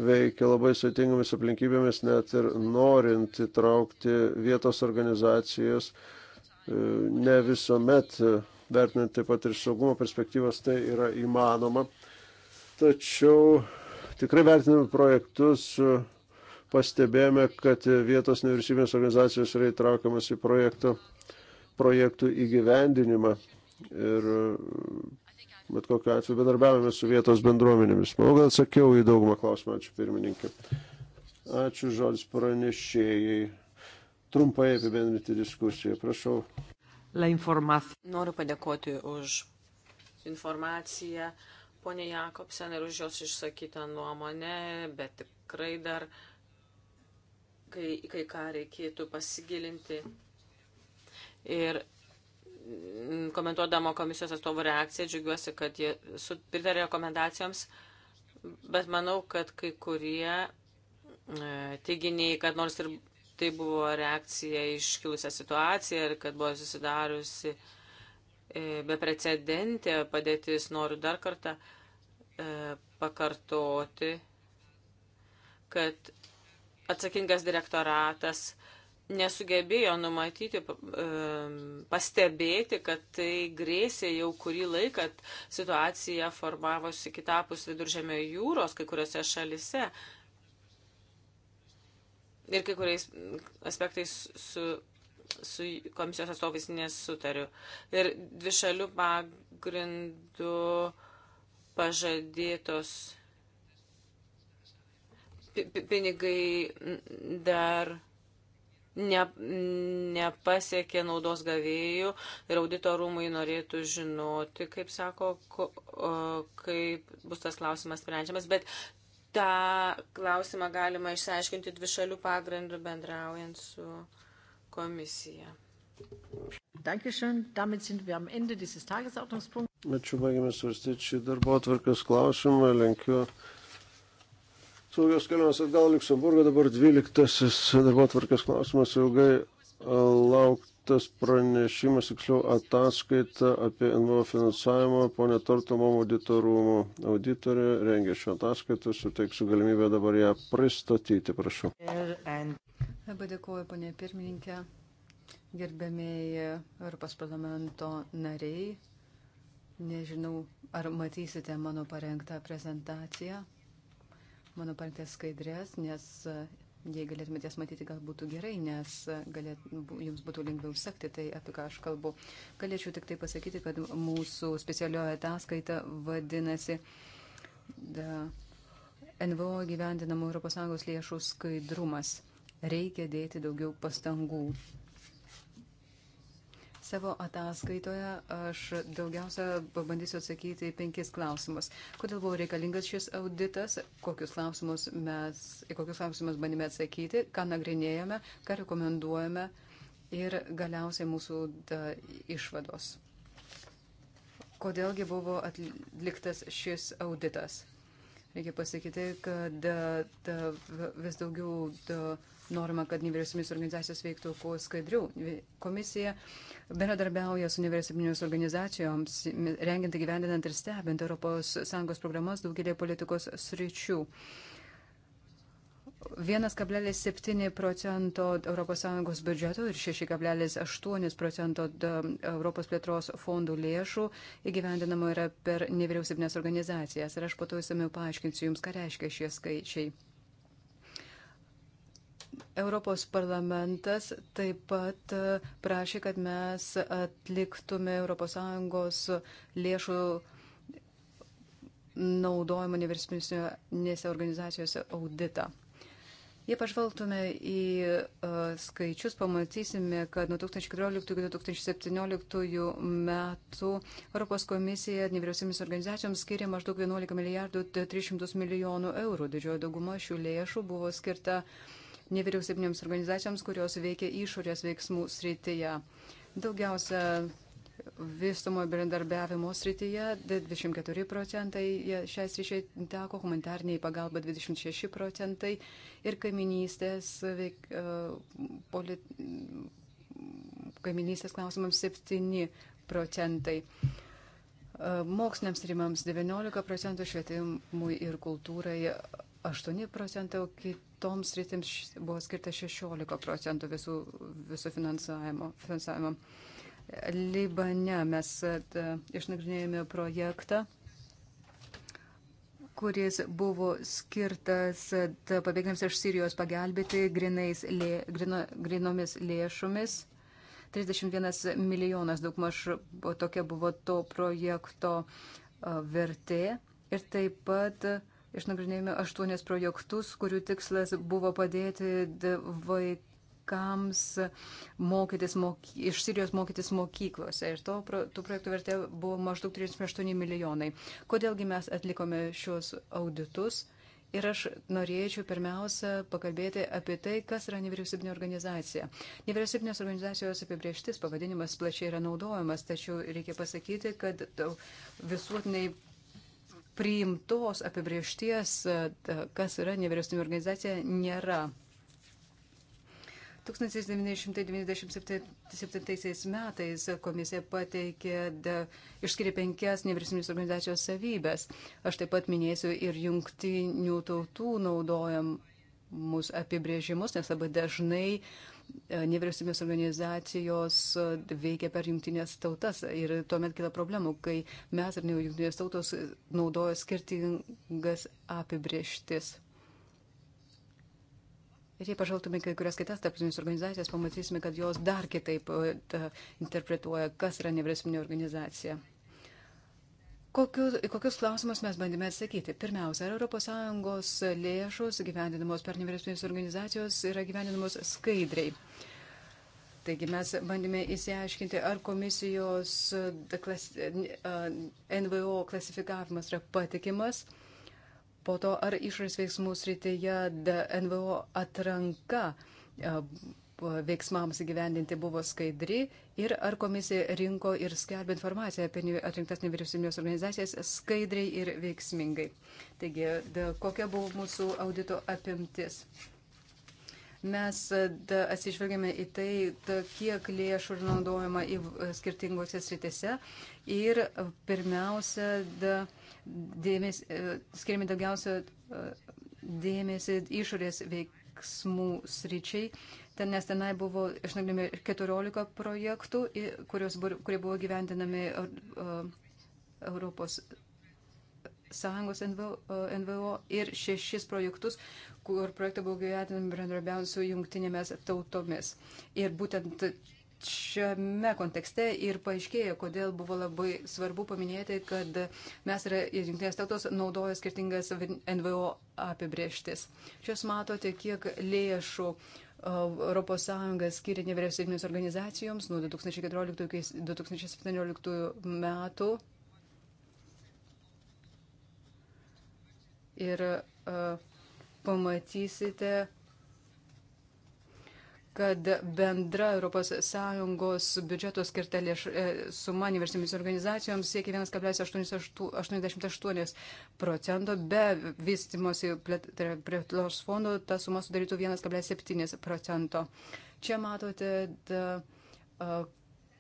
veikia labai sudėtingomis aplinkybėmis, net ir norint įtraukti vietos organizacijas, e, ne visuomet, e, vertinant taip pat ir saugumo perspektyvas, tai yra įmanoma. Tačiau tikrai vertinami projektus e, pastebėjome, kad vietos nevyriausybinės organizacijos yra įtraukiamas į projekto projektų įgyvendinimą ir bet kokiu atveju bendarbiavame su vietos bendruomenėmis. Manau, gal atsakiau į daugumą klausimą, ačiū pirmininkė. Ačiū žodis pranešėjai. Trumpai apibendrinti diskusiją, prašau. Noriu padėkoti už informaciją, ponė Jakobsen, ir už jos išsakytą nuomonę, bet tikrai dar kai, kai ką reikėtų pasigilinti Ir mm, komentuodama komisijos atstovų reakciją, džiugiuosi, kad jie pritarė rekomendacijoms, bet manau, kad kai kurie e, teiginiai, kad nors ir tai buvo reakcija iškilusią situaciją ir kad buvo susidariusi e, beprecedentė padėtis, noriu dar kartą e, pakartoti, kad atsakingas direktoratas nesugebėjo numatyti, pastebėti, kad tai grėsė jau kurį laiką, kad situacija formavosi kitapus viduržėmio jūros kai kuriuose šalise. Ir kai kuriais aspektais su, su komisijos atstovais nesutariu. Ir dvišalių pagrindų pažadėtos pinigai dar ne, nepasiekė naudos gavėjų ir auditorumai norėtų žinoti, kaip sako, kaip bus tas klausimas sprendžiamas, bet tą klausimą galima išsiaiškinti dvi šalių pagrindų bendraujant su komisija. Ačiū, baigėme svarstyti šį darbo atvarkės klausimą. Lenkiu saugios kelionės atgal Luksemburgą. Dabar 12 darbo tvarkės klausimas ilgai e, lauktas pranešimas, tiksliau ataskaita apie NVO finansavimą. Pone Tartomo auditorumo auditorė rengė šią ataskaitą, suteiksiu galimybę dabar ją pristatyti, prašau. Labai dėkuoju, ponė pirmininkė, gerbėmėjai Europos parlamento nariai. Nežinau, ar matysite mano parengtą prezentaciją mano parengtas skaidrės, nes e, jei galėtumėte jas matyti, gal būtų gerai, nes e, galėt, nu, jums būtų lengviau sekti tai, apie ką aš kalbu. Galėčiau tik tai pasakyti, kad mūsų specialioje ataskaita vadinasi da, NVO gyvendinamų ES lėšų skaidrumas. Reikia dėti daugiau pastangų. Savo ataskaitoje aš daugiausia pabandysiu atsakyti į penkis klausimus. Kodėl buvo reikalingas šis auditas, kokius klausimus mes, į kokius klausimus bandėme atsakyti, ką nagrinėjome, ką rekomenduojame ir galiausiai mūsų da, išvados. Kodėlgi buvo atliktas šis auditas? Reikia pasakyti, kad e, ta, vis daugiau ta, norima, kad nevyriausybinės organizacijos veiktų kuo skaidriau. Komisija bendradarbiauja su nevyriausybinės organizacijoms, rengiant, gyvendinant ir stebint ES programas daugelį politikos sričių. Uh, 1,7 procento ES biudžeto ir 6,8 procento Europos plėtros fondų lėšų įgyvendinama yra per nevyriausybinės organizacijas. Ir aš po to įsamiau paaiškinsiu Jums, ką reiškia šie skaičiai. Europos parlamentas taip pat e, prašė, kad mes atliktume ES lėšų naudojimo nevyriausybinėse organizacijose auditą. Jei pažvelgtume į uh, skaičius, pamatysime, kad nuo 2014-2017 metų Europos komisija nevyriausybės organizacijoms skiria maždaug 11 milijardų 300 milijonų eurų. Didžioji dauguma šių lėšų buvo skirta nevyriausybinėms organizacijoms, kurios veikia išorės veiksmų srityje. Daugiausia vystumo bendradarbiavimo srityje 24 procentai šiai sričiai teko, humanitarniai pagalba 26 procentai ir kaiminystės, veik, e, polit, kaiminystės klausimams 7 procentai. E, moksliniams tyrimams 19 procentų, švietimui ir kultūrai 8 procentai, o kitoms rytims buvo skirta 16 procentų visų, visų finansavimo. finansavimo. Libane mes e, išnagrinėjome projektą kuris buvo skirtas e, pabėgams iš Sirijos pagelbėti grinais, lė, grino, grinomis lėšomis. 31 milijonas daugmaž tokia buvo to projekto e, vertė. Ir taip pat išnagrinėjome aštuonis projektus, kurių tikslas buvo padėti vaikams vaikams mokytis moky, iš Sirijos mokytis mokyklose. Ir to, tų projektų vertė buvo maždaug 38 milijonai. Kodėlgi mes atlikome šios auditus? Ir aš norėčiau pirmiausia pakalbėti apie tai, kas yra nevyriausybinė organizacija. Nevyriausybinės organizacijos apibrieštis pavadinimas plačiai yra naudojamas, tačiau reikia pasakyti, kad visuotiniai priimtos apibriešties, kas yra nevyriausybinė organizacija, nėra. 1997 metais komisija pateikė, išskiria penkias nevyriausybinės organizacijos savybės. Aš taip pat minėsiu ir jungtinių tautų naudojamus apibrėžimus, nes labai dažnai e, nevyriausybinės organizacijos e, veikia per jungtinės tautas ir tuomet kila problemų, kai mes ir ne jungtinės tautos naudoja skirtingas apibrieštis. Ir jei pažaltume kai kurias kitas tarptautinės organizacijas, pamatysime, kad jos dar kitaip e, interpretuoja, kas yra nevyriausybinė organizacija. Kokius, kokius klausimus mes bandėme atsakyti? Pirmiausia, ar ES lėšos gyvendinamos per nevyriausybinės organizacijos yra gyvendinamos skaidriai? Taigi mes bandėme įsiaiškinti, ar komisijos e, klasi, e, NVO klasifikavimas yra patikimas po to ar išorės veiksmų srityje NVO atranka e, veiksmams įgyvendinti buvo skaidri ir ar komisija rinko ir skelbė informaciją apie atrinktas nevyriausybinės organizacijas skaidriai ir veiksmingai. Taigi, da, kokia buvo mūsų audito apimtis? Mes da, atsižvelgėme į tai, da, kiek lėšų naudojama į skirtingose sritise ir pirmiausia, da, dėmesį, e, skiriame daugiausia e, dėmesį išorės veiksmų sričiai, ten, nes tenai buvo išnagrinami 14 projektų, kurios, kurie buvo gyvendinami e, Europos Sąjungos NVO, NVO ir šešis projektus, kur projektai buvo gyvendinami bendrabiausių jungtinėmis tautomis. Ir būtent šiame kontekste ir paaiškėjo, kodėl buvo labai svarbu paminėti, kad mes ir jungtinės tautos naudoja skirtingas NVO apibrieštis. Šios matote, kiek lėšų ES skiria nevyriausybinės organizacijoms nuo 2014 iki 2017 metų. Ir uh, pamatysite, kad bendra ES biudžeto skirta lėš, e, suma universitėmis organizacijoms siekia 1,88 procento, be vystimosi tai plėtros fondo ta suma sudarytų 1,7 procento. Čia matote, da,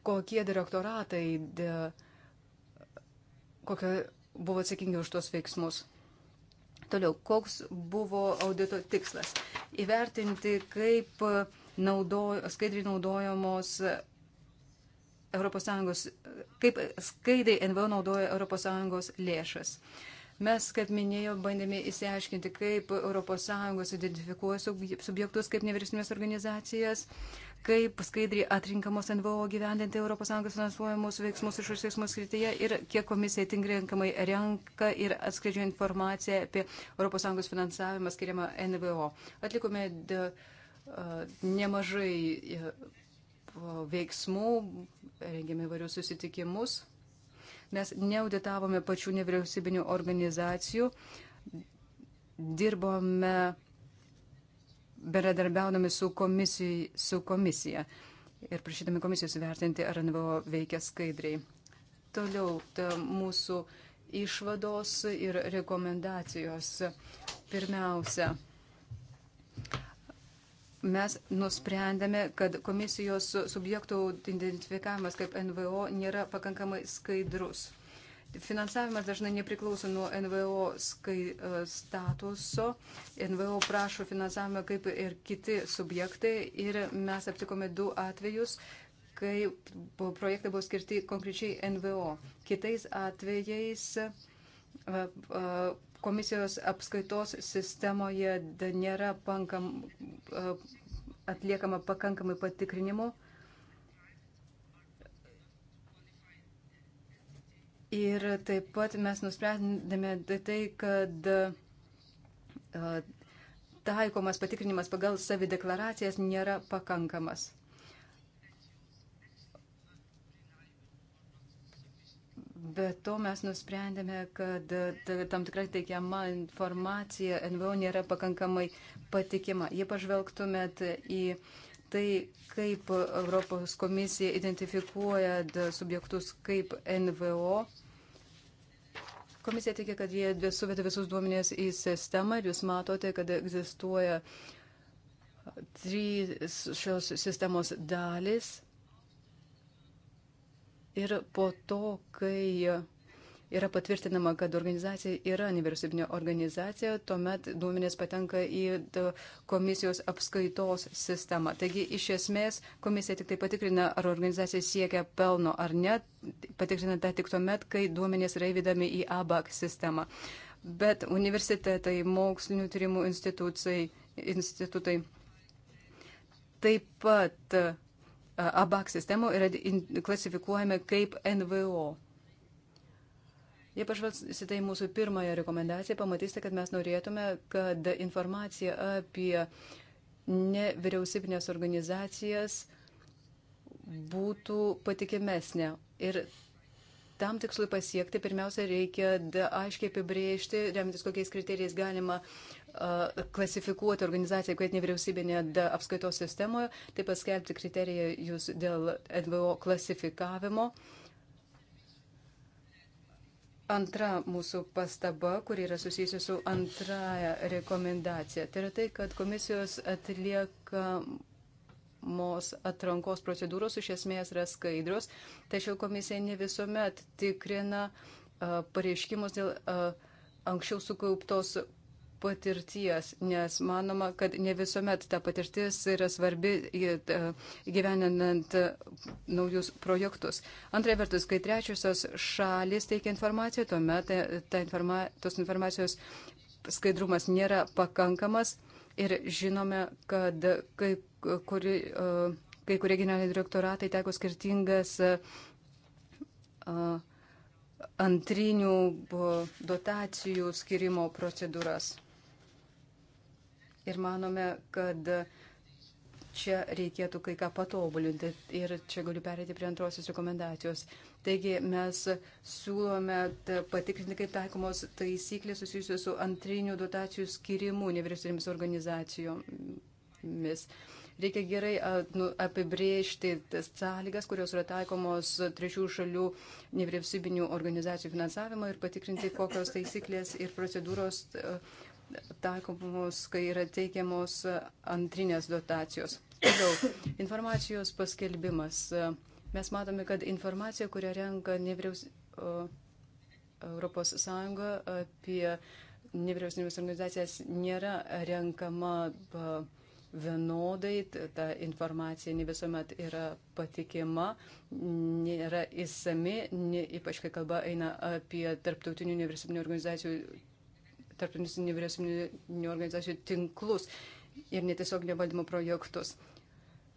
kokie direktoratai da, kokie buvo atsakingi už tuos veiksmus. Toliau, koks buvo audito tikslas? Įvertinti, kaip uh, naudojo, skaidriai naudojamos ES, kaip skaidriai NVO naudoja ES lėšas. Mes, kaip minėjau, bandėme įsiaiškinti, kaip ES identifikuoja subjektus kaip nevyriausybinės organizacijas, kaip skaidriai atrinkamos NVO gyvendinti ES finansuojamus veiksmus iš užsiksmų skrityje ir kiek komisija tinkrinkamai renka ir atskleidžia informaciją apie ES finansavimą skiriamą NVO. Atlikome. De, dė E, nemažai e, veiksmų, rengėme įvairius susitikimus. Mes neauditavome pačių nevyriausybinių organizacijų, dirbome beradarbiaudami su, komisijai, su komisija ir prašydami komisijos vertinti, ar NVO veikia skaidriai. Toliau ta mūsų išvados ir rekomendacijos. Pirmiausia, mes nusprendėme, kad komisijos subjektų identifikavimas kaip NVO nėra pakankamai skaidrus. Finansavimas dažnai nepriklauso nuo NVO skai, e, statuso. NVO prašo finansavimą kaip ir kiti subjektai ir mes aptikome du atvejus, kai projektai buvo skirti konkrečiai NVO. Kitais atvejais e, e, komisijos apskaitos sistemoje nėra pankam, atliekama pakankamai patikrinimų. Ir taip pat mes nusprendėme tai, tai kad taikomas patikrinimas pagal savideklaracijas nėra pakankamas. Bet to mes nusprendėme, kad e, tam tikrai teikiama informacija NVO nėra pakankamai patikima. Jei pažvelgtumėt į tai, kaip Europos komisija identifikuoja subjektus kaip NVO, komisija teikia, kad jie suveda visus duomenės į sistemą ir jūs matote, kad egzistuoja trys šios sistemos dalis Ir po to, kai yra patvirtinama, kad organizacija yra nevyriausybinė organizacija, tuomet duomenės patenka į komisijos apskaitos sistemą. Taigi, iš esmės, komisija tik tai patikrina, ar organizacija siekia pelno ar ne, patikrina tą tik tuomet, kai duomenės yra įvidami į ABAC sistemą. Bet universitetai, mokslinių tyrimų institutai taip pat ABAC sistemų yra klasifikuojami kaip NVO. Jei pažvelgsite į mūsų pirmąją rekomendaciją, pamatysite, kad mes norėtume, kad informacija apie nevyriausybinės organizacijas būtų patikimesnė. Ir tam tikslui pasiekti, pirmiausia, reikia aiškiai apibriežti, remtis kokiais kriterijais galima uh, klasifikuoti organizaciją kaip nevyriausybinė apskaitos sistemoje, taip paskelbti kriterijus dėl NVO klasifikavimo. Antra mūsų pastaba, kuri yra susijusi su antraja rekomendacija, tai yra tai, kad komisijos atliekamos atrankos procedūros iš esmės yra skaidrios, tačiau komisija ne visuomet tikrina pareiškimus dėl anksčiau sukauptos patirties, nes manoma, kad ne visuomet ta patirtis yra svarbi e, gyveninant e, naujus projektus. Antrai vertus, kai trečiosios šalis teikia informaciją, tuomet e, ta informa, tos informacijos skaidrumas nėra pakankamas ir žinome, kad kai, kuri, kai kurie generaliniai direktoratai teko skirtingas antrinių dotacijų skirimo procedūras ir manome, kad čia reikėtų kai ką patobulinti. Ir čia galiu perėti prie antrosios rekomendacijos. Taigi mes siūlome patikrinti, kaip taikomos taisyklės susijusios su antrinių dotacijų skirimu nevyriausybėms organizacijomis. Reikia gerai nu, apibriežti sąlygas, kurios yra taikomos trečių šalių nevyriausybinių organizacijų finansavimo ir patikrinti, kokios taisyklės ir procedūros taikomos, kai yra teikiamos antrinės dotacijos. Toliau, informacijos paskelbimas. Mes matome, kad informacija, kurią renka nevriaus, Europos Sąjunga apie nevyriausybinės organizacijas, nėra renkama vienodai, ta informacija ne visuomet yra patikima, nėra įsami, ypač kai kalba eina apie tarptautinių nevyriausybinių organizacijų tarptautinius nevyriausybinių organizacijų tinklus ir netiesioginio valdymo projektus.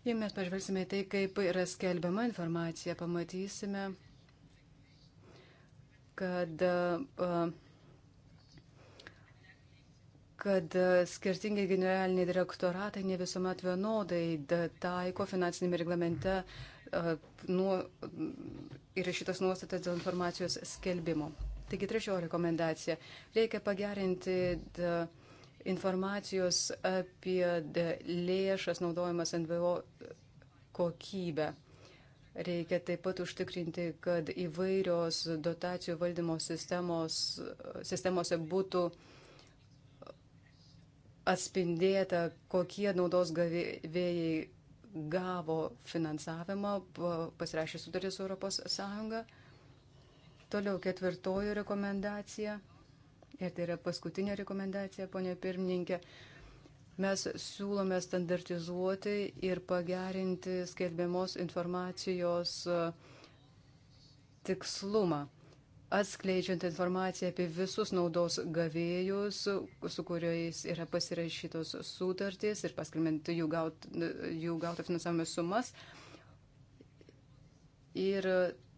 Jei mes pažvelgsime į tai, kaip yra skelbiama informacija, pamatysime, kad, kad skirtingi generaliniai direktoratai ne visuomet vienodai taiko finansinėme reglamente nuo, ir šitas nuostatas dėl informacijos skelbimo. Taigi trečioji rekomendacija. Reikia pagerinti informacijos apie lėšas naudojamas NVO kokybę. Reikia taip pat užtikrinti, kad įvairios dotacijų valdymo sistemos, sistemose būtų atspindėta, kokie naudos gavėjai gavo finansavimą, pasirašė sutartį su ES Toliau ketvirtoji rekomendacija, ir tai yra paskutinė rekomendacija, ponė pirmininkė, mes siūlome standartizuoti ir pagerinti skelbiamos informacijos e, tikslumą atskleidžiant informaciją apie visus naudos gavėjus, su kuriais yra pasirašytos sutartys ir paskelbint jų, gaut, jų gautą finansavimo sumas. Ir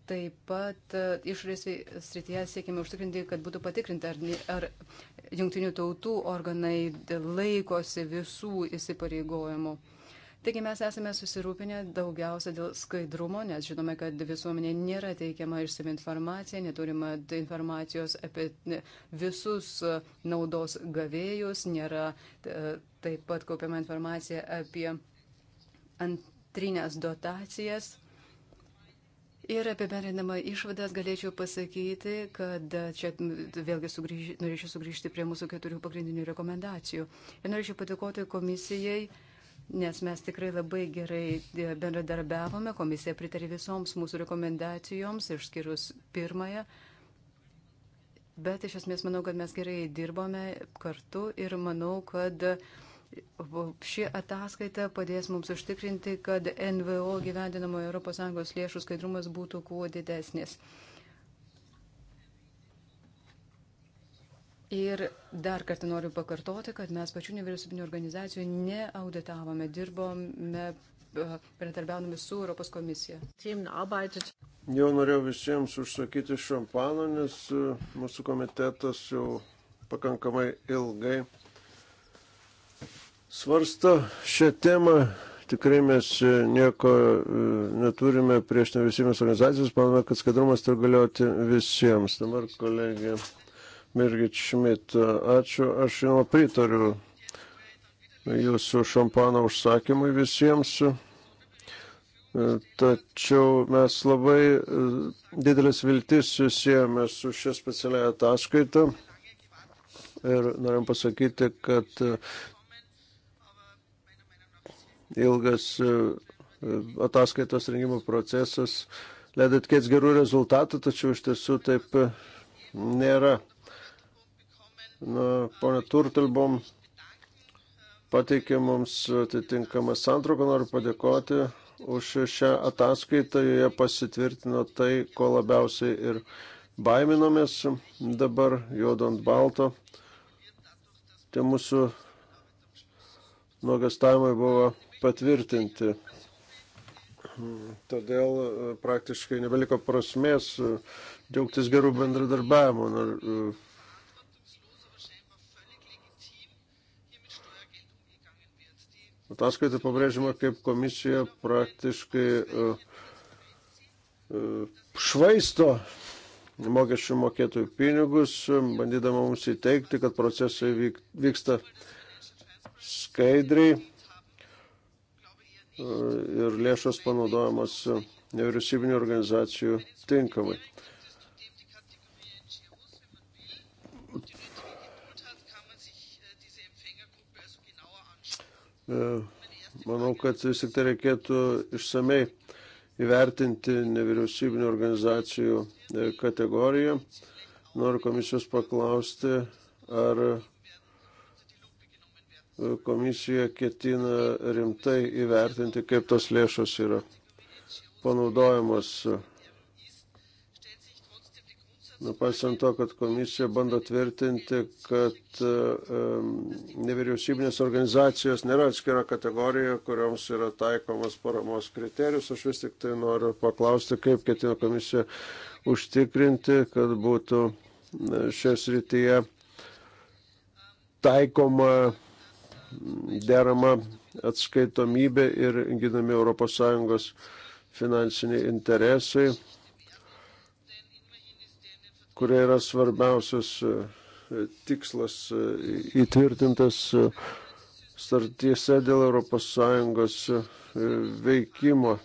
Taip pat e, išorės srityje siekime užtikrinti, kad būtų patikrinta, ar, ar jungtinių tautų organai laikosi visų įsipareigojimų. Taigi mes esame susirūpinę daugiausia dėl skaidrumo, nes žinome, kad visuomenė nėra teikiama išsami informacija, neturima informacijos apie visus e, naudos gavėjus, nėra e, taip pat kaupiama informacija apie antrinės dotacijas. Ir apibendrinama išvadas galėčiau pasakyti, kad čia vėlgi sugrįž, norėčiau sugrįžti prie mūsų keturių pagrindinių rekomendacijų. Ir norėčiau patikoti komisijai, nes mes tikrai labai gerai e, bendradarbiavome, komisija pritarė visoms mūsų rekomendacijoms, išskyrus pirmąją. Bet iš esmės manau, kad mes gerai dirbome kartu ir manau, kad uh, Ši ataskaita padės mums užtikrinti, kad NVO gyvendinamo ES lėšų skaidrumas būtų kuo didesnis. Ir dar kartą noriu pakartoti, kad mes pačių nevyriausybinio organizacijų neauditavome, dirbome, e, bendradarbiaudami su Europos komisija. Jau norėjau visiems užsakyti šampaną, nes e, mūsų komitetas jau pakankamai ilgai svarsto šią temą. Tikrai mes e, nieko e, neturime prieš nevyriausybinės organizacijas, manome, kad skaidrumas turi galioti visiems. Dabar kolegė Mirgit Šmit, ačiū, aš žinoma pritariu jūsų šampano užsakymui visiems. E, tačiau mes labai didelis viltis susijame su šią specialią ataskaitą. Ir norim pasakyti, kad ilgas e, e, ataskaitos rengimo procesas leido tikėtis gerų rezultatų, tačiau iš tiesų taip e, nėra. Na, ponė Turtelbom pateikė mums atitinkamą santrauką, noriu padėkoti už šią ataskaitą, joje pasitvirtino tai, ko labiausiai ir baiminomės dabar, juodant balto. Tie mūsų nuogastavimai buvo patvirtinti. Todėl e, praktiškai nebeliko prasmės e, džiaugtis gerų bendradarbiavimų. E, Ataskaita pabrėžima, kaip komisija praktiškai švaisto mokesčių mokėtojų pinigus, bandydama mums įteikti, kad procesai vyksta skaidriai ir lėšos panaudojamos nevyriausybinio organizacijų tinkamai. E, manau, kad vis tik tai reikėtų išsamei įvertinti nevyriausybinio organizacijų e, kategoriją. Noriu komisijos paklausti, ar komisija ketina rimtai įvertinti, kaip tos lėšos yra panaudojamos. Nepaisant to, kad komisija bando tvirtinti, kad um, nevyriausybinės organizacijos nėra atskira kategorija, kuriams yra taikomas paramos kriterijus, aš vis tik tai noriu paklausti, kaip ketina komisija užtikrinti, kad būtų e, šios rytyje taikoma deramą atskaitomybę ir ginami ES finansiniai interesai, kurie yra svarbiausias e, tikslas e, įtvirtintas e, startyse dėl ES veikimo.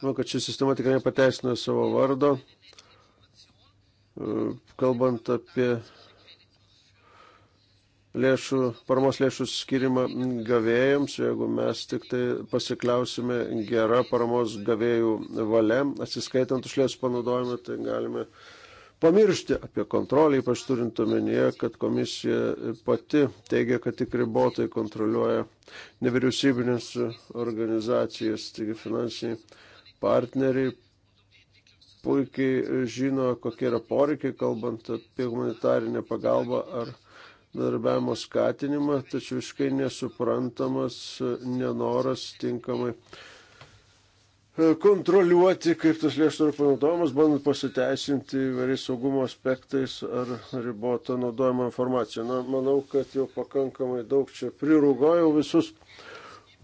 Manau, kad ši sistema tikrai pateisina savo vardo. Kalbant apie lėšų, paramos lėšų skirimą gavėjams, jeigu mes tik tai pasikliausime gerą paramos gavėjų valia, atsiskaitant už lėšų panaudojimą, tai galime pamiršti apie kontrolę, ypač turint omenyje, kad komisija pati teigia, kad tik ribotai kontroliuoja nevyriausybinės organizacijas, taigi finansiniai partneriai puikiai žino, kokie yra poreikiai, kalbant apie humanitarinę pagalbą ar darbiavimo skatinimą, tačiau visiškai nesuprantamas nenoras tinkamai e, kontroliuoti, kaip tas lėšas yra panaudojamas, bandant pasiteisinti įvairiais saugumo aspektais ar ribotą naudojimą informaciją. Na, manau, kad jau pakankamai daug čia prirūgojau visus,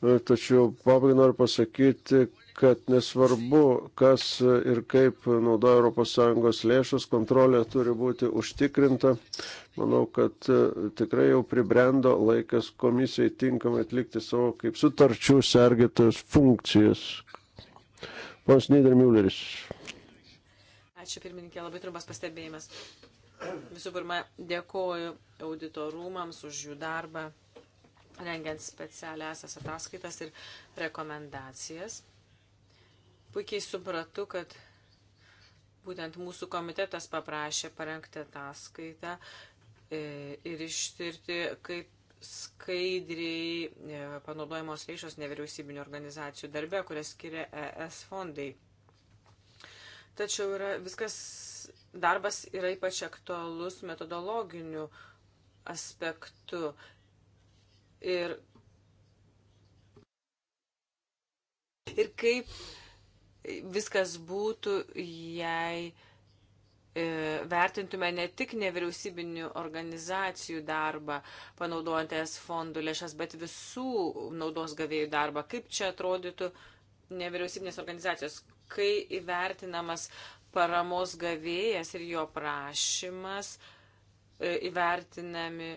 e, tačiau pabaigai noriu pasakyti, kad nesvarbu, kas ir kaip naudoja ES lėšas, kontrolė turi būti užtikrinta. Manau, kad e, tikrai jau pribrendo laikas komisijai tinkamai atlikti savo kaip sutarčių sergėtos funkcijas. Pons Niedermülleris. Ačiū pirmininkė, labai trumpas pastebėjimas. Visų pirma, dėkoju auditorumams už jų darbą, rengiant specialiasias ataskaitas ir rekomendacijas puikiai supratau, kad būtent mūsų komitetas paprašė parengti ataskaitą e, ir ištirti, kaip skaidriai e, panaudojamos lėšos nevyriausybinio organizacijų darbe, kurias skiria ES fondai. Tačiau yra, viskas darbas yra ypač aktualus metodologiniu aspektu. Ir, ir kaip viskas būtų, jei e, vertintume ne tik nevyriausybinių organizacijų darbą, panaudojant es fondų lėšas, bet visų naudos gavėjų darbą. Kaip čia atrodytų nevyriausybinės organizacijos, kai įvertinamas paramos gavėjas ir jo prašymas, e, įvertinami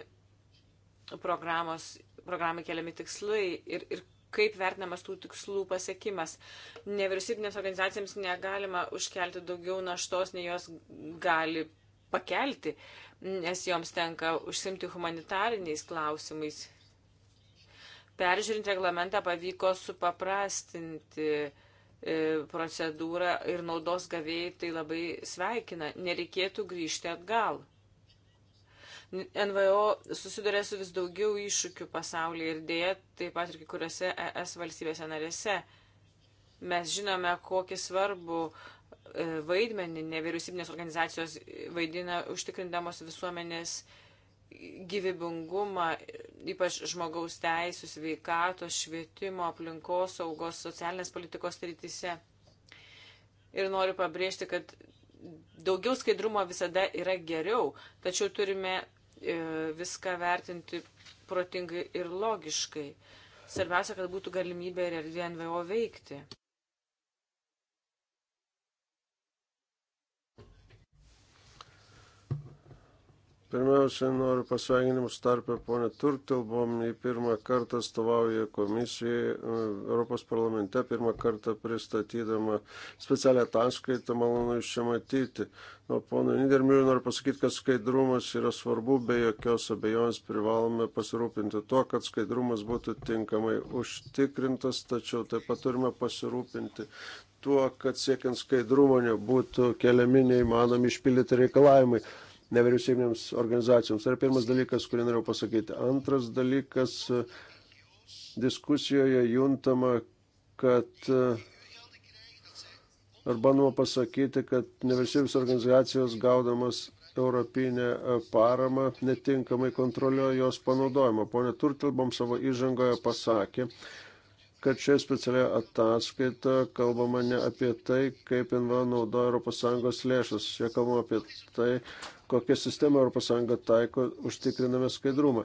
programos, programai keliami tikslai ir, ir kaip vertinamas tų tikslų pasiekimas. Nevyriausybinėms organizacijams negalima užkelti daugiau naštos, nei jos gali pakelti, nes joms tenka užsimti humanitariniais klausimais. Peržiūrint reglamentą pavyko supaprastinti e, procedūrą ir naudos gavėjai tai labai sveikina. Nereikėtų grįžti atgal. NVO susiduria su vis daugiau iššūkių pasaulyje ir dėja taip pat ir kai kuriuose ES valstybėse narėse. Mes žinome, kokį svarbų e, vaidmenį nevyriausybinės organizacijos vaidina užtikrindamos visuomenės gyvybingumą, ypač žmogaus teisų, sveikatos, švietimo, aplinkos saugos, socialinės politikos rytise. Ir noriu pabrėžti, kad daugiau skaidrumo visada yra geriau, tačiau turime E, viską vertinti protingai ir logiškai. Svarbiausia, kad būtų galimybė ir erdvė NVO veikti. Pirmiausia, noriu pasveikinimus tarpę ponę Turtilbom, jį pirmą kartą atstovauja komisijai e, Europos parlamente, pirmą kartą pristatydama specialią ataskaitą, malonu iš čia matyti. Nuo pono Nidermiųjų noriu pasakyti, kad skaidrumas yra svarbu, be jokios abejonės privalome pasirūpinti tuo, kad skaidrumas būtų tinkamai užtikrintas, tačiau taip pat turime pasirūpinti tuo, kad siekiant skaidrumo nebūtų keliami neįmanomi išpildyti reikalavimai nevyriausybinėms organizacijoms. Tai yra pirmas dalykas, kurį norėjau pasakyti. Antras dalykas, diskusijoje juntama, kad ar bandoma pasakyti, kad nevyriausybės organizacijos gaudamas europinę paramą netinkamai kontroliuoja jos panaudojimą. Pone Turtilbom savo įžangoje pasakė, kad šioje specialioje ataskaitoje kalbama ne apie tai, kaip NVO naudoja ES lėšas. Čia kalbama apie tai, kokią sistemą ES taiko, užtikriname skaidrumą.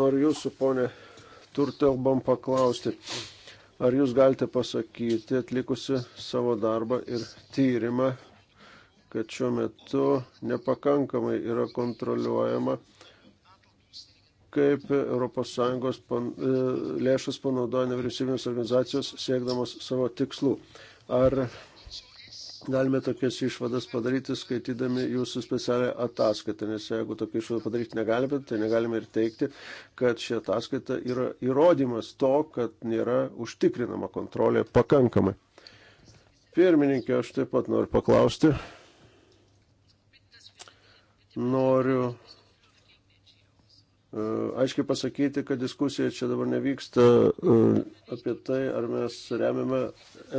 Noriu jūsų, ponė Turtelbom, paklausti, ar jūs galite pasakyti, atlikusi savo darbą ir tyrimą, kad šiuo metu nepakankamai yra kontroliuojama, kaip ES pan, e, lėšas panaudoja nevyriausybinės organizacijos siekdamas savo tikslų. Ar Galime tokias išvadas padaryti, skaitydami jūsų specialią ataskaitą, nes jeigu tokia išvada padaryti negalime, tai negalime ir teikti, kad ši ataskaita yra įrodymas to, kad nėra užtikrinama kontrolė pakankamai. Pirmininkė, aš taip pat noriu paklausti. Noriu aiškiai pasakyti, kad diskusija čia dabar nevyksta apie tai, ar mes remiame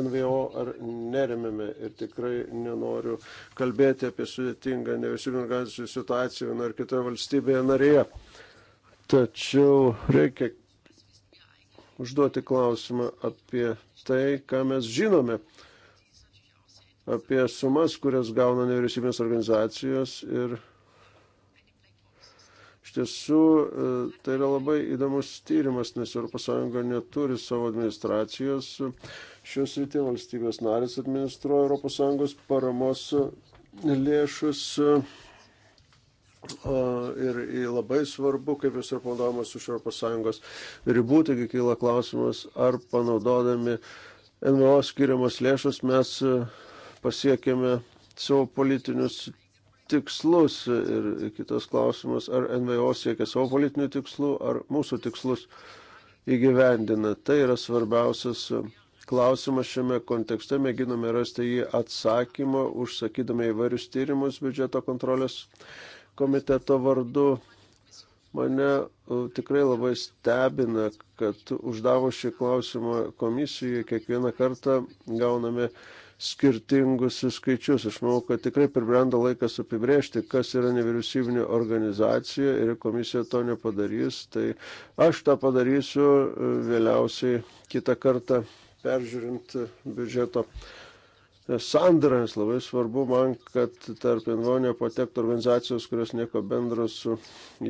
NVO ar neremiame. Ir tikrai nenoriu kalbėti apie sudėtingą nevisybinio organizacijų situaciją vienoje ar kitoje valstybėje narėje. Tačiau reikia užduoti klausimą apie tai, ką mes žinome apie sumas, kurias gauna nevyriausybinės organizacijos ir tiesų e, tai yra labai įdomus tyrimas, nes ES neturi savo administracijos. Šios rytį valstybės narės administruoja ES paramos lėšus. Ir labai svarbu, kaip jis yra panaudojamas už ES ribų, taigi kyla klausimas, ar panaudodami NVO skiriamas lėšas mes e, pasiekėme savo politinius tikslus ir kitas klausimas, ar NVO siekia savo politinių tikslų, ar mūsų tikslus įgyvendina. Tai yra svarbiausias klausimas šiame kontekste, mėginame rasti jį atsakymą, užsakydami įvairius tyrimus biudžeto kontrolės komiteto vardu. Mane e, tikrai labai stebina, kad uždavo šį klausimą komisijai, kiekvieną kartą gauname skirtingus skaičius. Aš manau, kad tikrai pribrendo laikas apibrėžti, kas yra nevyriausybinė organizacija ir komisija to nepadarys, tai aš tą padarysiu vėliausiai kitą kartą peržiūrint biudžeto sandaras. Labai svarbu man, kad tarp NVO nepatektų organizacijos, kurios nieko bendro su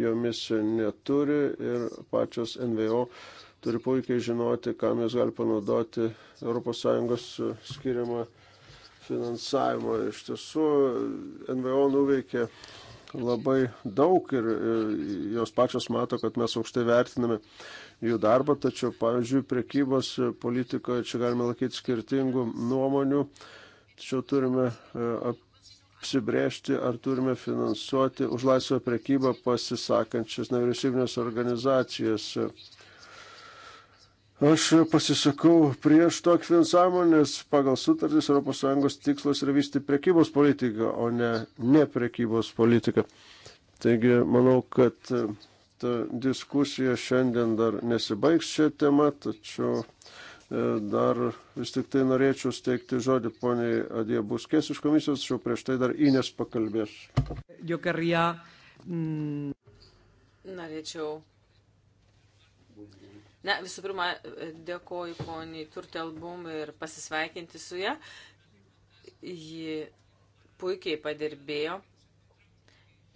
jomis neturi ir pačios NVO turi puikiai žinoti, kam jos gali panaudoti ES skiriamą finansavimo. Iš tiesų, NVO nuveikė labai daug ir jos pačios mato, kad mes aukštai vertiname jų darbą, tačiau, pavyzdžiui, priekybos politikoje čia galime laikyti skirtingų nuomonių, tačiau turime e, apsibriežti, ar turime finansuoti už laisvą priekybą pasisakančias nevyriausybinės organizacijas. Aš pasisakau prieš tokį finansavimą, nes pagal sutartis ES tikslas yra vysti prekybos politiką, o ne ne prekybos politiką. Taigi manau, kad e, ta diskusija šiandien dar nesibaigs šią temą, tačiau e, dar vis tik tai norėčiau steigti žodį poniai Adie Buskės iš komisijos, tačiau prieš tai dar Ines pakalbės. Mm, norėčiau Na, visų pirma, dėkoju poniai Turtelbum ir pasisveikinti su ją. Ji puikiai padirbėjo,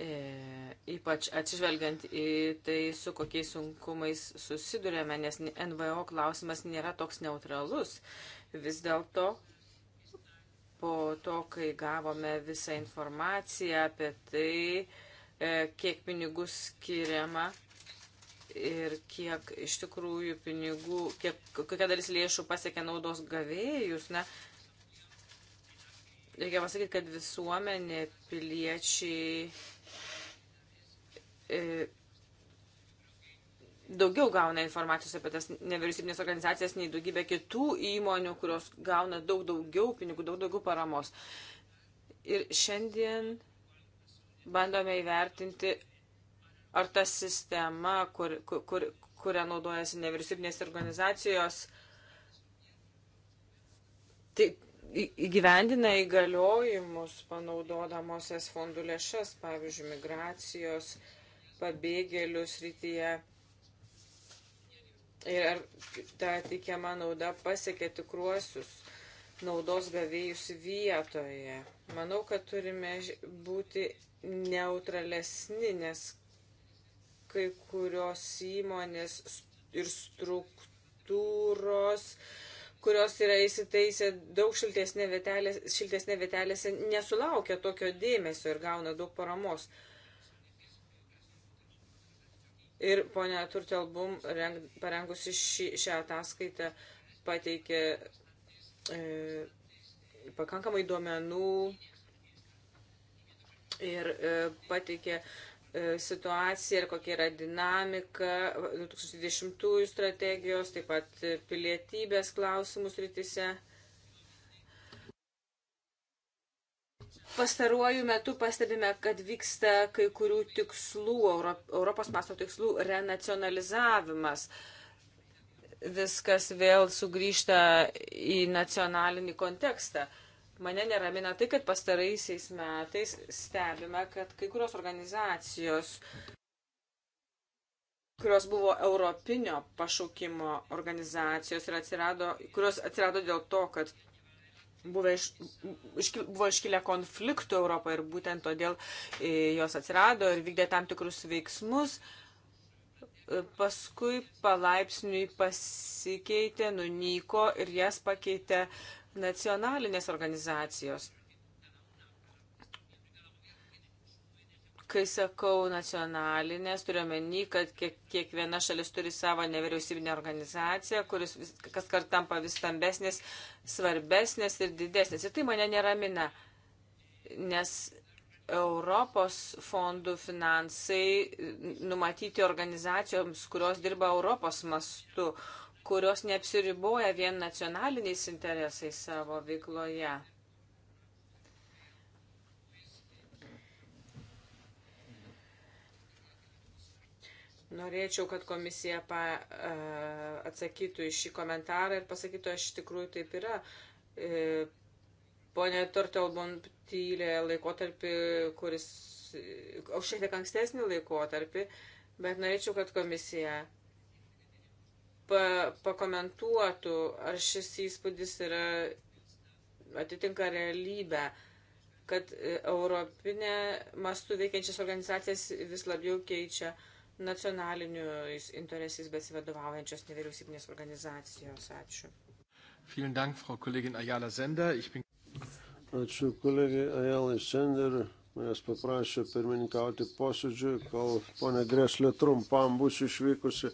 e, ypač atsižvelgiant į tai, su kokiais sunkumais susidurėme, nes NVO klausimas nėra toks neutralus. Vis dėlto po to, kai gavome visą informaciją apie tai, e, kiek pinigų skiriama ir kiek iš tikrųjų pinigų, kiek, kokia dalis lėšų pasiekia naudos gavėjus, na, reikia pasakyti, kad visuomenė, piliečiai e, daugiau gauna informacijos apie tas nevyriausybinės organizacijas nei daugybė kitų įmonių, kurios gauna daug daugiau pinigų, daug daugiau paramos. Ir šiandien bandome įvertinti, ar ta sistema, kur, kur, kur, kurią naudojasi nevyriausybinės organizacijos, tai įgyvendina įgaliojimus panaudodamosias fondų lėšas, pavyzdžiui, migracijos, pabėgėlių srityje. Ir ar ta tikiama nauda pasiekia tikruosius naudos gavėjus vietoje. Manau, kad turime būti neutralesni, nes kai kurios įmonės ir struktūros kurios yra įsitaisę daug šiltesnė vietelės, šiltesnė vietelėse, nesulaukia tokio dėmesio ir gauna daug paramos. Ir ponia Turtelbum, parengusi šį, šią ataskaitę, pateikė e, pakankamai duomenų ir e, pateikė E, situacija ir kokia yra dinamika 2020 strategijos, taip pat pilietybės klausimus rytise. Pastaruoju metu pastebime, kad vyksta kai kurių tikslų, Europos masto tikslų renacionalizavimas. Viskas vėl sugrįžta į nacionalinį kontekstą. Uh, Mane neramina tai, kad pastaraisiais metais stebime, kad kai kurios organizacijos, kurios buvo europinio pašaukimo organizacijos ir atsirado, kurios atsirado dėl to, kad buvo, iš, iški, buvo iškilę konfliktų Europoje ir būtent todėl e, jos atsirado ir vykdė tam tikrus veiksmus. Paskui palaipsniui pasikeitė, nunyko ir jas pakeitė nacionalinės organizacijos. Kai sakau nacionalinės, turiuomenį, kad kiek, kiekviena šalis turi savo nevyriausybinę organizaciją, kuris vis, kas kart tampa vis stambesnės, svarbesnės ir didesnės. Ir tai mane neramina, nes Europos fondų finansai numatyti organizacijoms, kurios dirba Europos mastu, kurios neapsiriboja vien nacionaliniais interesais savo veikloje. Norėčiau, kad komisija pa, e, atsakytų į šį komentarą ir pasakytų, aš tikrųjų taip yra. E, Pone Tortelbund tylė laikotarpį, kuris, e, o šiek tiek ankstesnį laikotarpį, bet norėčiau, kad komisija pa, pakomentuotų, ar šis įspūdis yra atitinka realybę, kad e, europinė mastų veikiančias organizacijas vis labiau keičia nacionalinius interesais besivadovaujančios nevyriausybinės organizacijos. Ačiū. Vielen Dank, Frau Kollegin Ayala Sender. Ich bin... Ačiū kolegai Ajalai Sender. Manęs paprašė pirmininkauti posėdžiui, kol ponė Greslė trumpam bus išvykusi.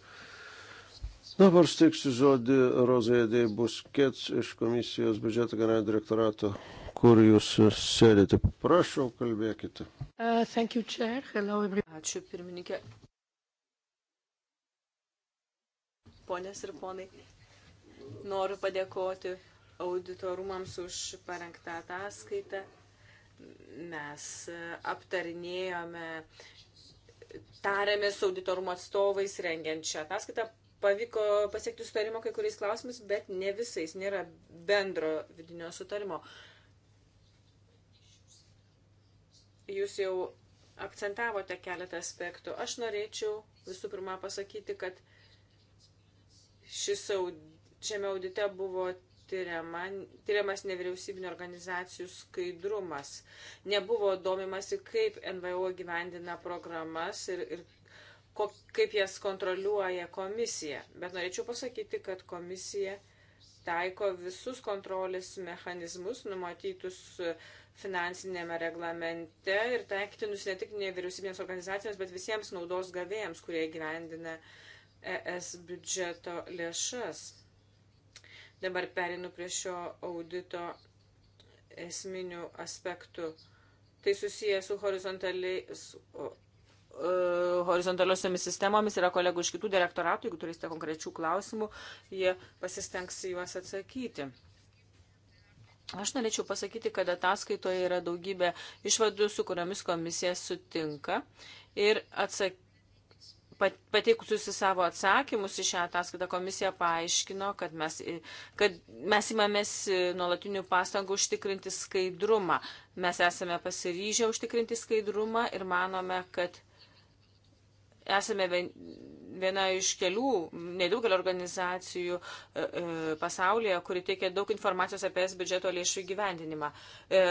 Dabar steiksiu žodį Rozai Dei Buskets iš komisijos biudžeto generalinio direktorato, kur jūs sėdite. Prašau, kalbėkite. Uh, you, Hello, Ačiū, pirmininkė. Ponės ir ponai, noriu padėkoti auditorumams už parengtą ataskaitą. Mes uh, aptarinėjome, tarėmės auditorumo atstovais rengiant šią ataskaitą pavyko pasiekti sutarimo kai kuriais klausimais, bet ne visais, nėra bendro vidinio sutarimo. Jūs jau akcentavote keletą aspektų. Aš norėčiau visų pirma pasakyti, kad šis šiame audite buvo tyriama, tyriamas nevyriausybinio organizacijų skaidrumas. Nebuvo domimasi, kaip NVO gyvendina programas ir, ir kok, kaip jas kontroliuoja komisija. Bet norėčiau pasakyti, kad komisija taiko visus kontrolės mechanizmus numatytus finansinėme reglamente ir taiktinus ne tik nevyriausybinėms organizacijoms, bet visiems naudos gavėjams, kurie gyvendina ES biudžeto lėšas. Dabar perinu prie šio audito esminių aspektų. Tai susijęs su horizontaliais E, horizontaliosiomis sistemomis, yra kolegų iš kitų direktoratų, jeigu turėsite konkrečių klausimų, jie pasistengs juos atsakyti. Aš norėčiau pasakyti, kad ataskaitoje yra daugybė išvadų, su kuriomis komisija sutinka ir atsak... pateikusius į savo atsakymus į šią ataskaitą komisija paaiškino, kad mes, kad mes imamės nuolatinių pastangų užtikrinti skaidrumą. Mes esame pasiryžę užtikrinti skaidrumą ir manome, kad Esame viena iš kelių, nedaugelio organizacijų e, e, pasaulyje, kuri teikia daug informacijos apie es biudžeto lėšų įgyvendinimą. E,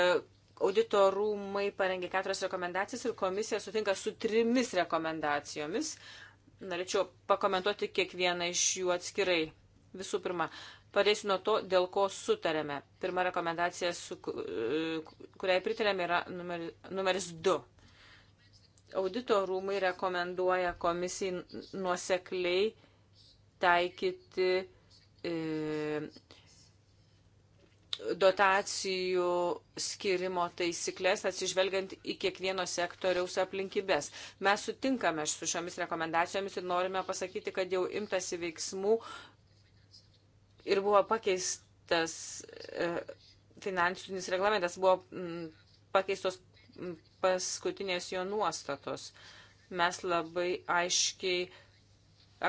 Audito rūmai parengė keturias rekomendacijas ir komisija sutinka su trimis rekomendacijomis. Norėčiau pakomentuoti kiekvieną iš jų atskirai. Visų pirma, Pradėsiu nuo to, dėl ko sutarėme. Pirma rekomendacija, su, kuriai pritarėme, yra numeris 2. Audito rūmai rekomenduoja komisijai nuosekliai taikyti e, dotacijų skirimo taisyklės, atsižvelgiant į kiekvieno sektoriaus aplinkybės. Mes sutinkame su šiomis rekomendacijomis ir norime pasakyti, kad jau imtasi veiksmų ir buvo pakeistas e, finansinis reglamentas, buvo pakeistos paskutinės jo nuostatos. Mes labai aiškiai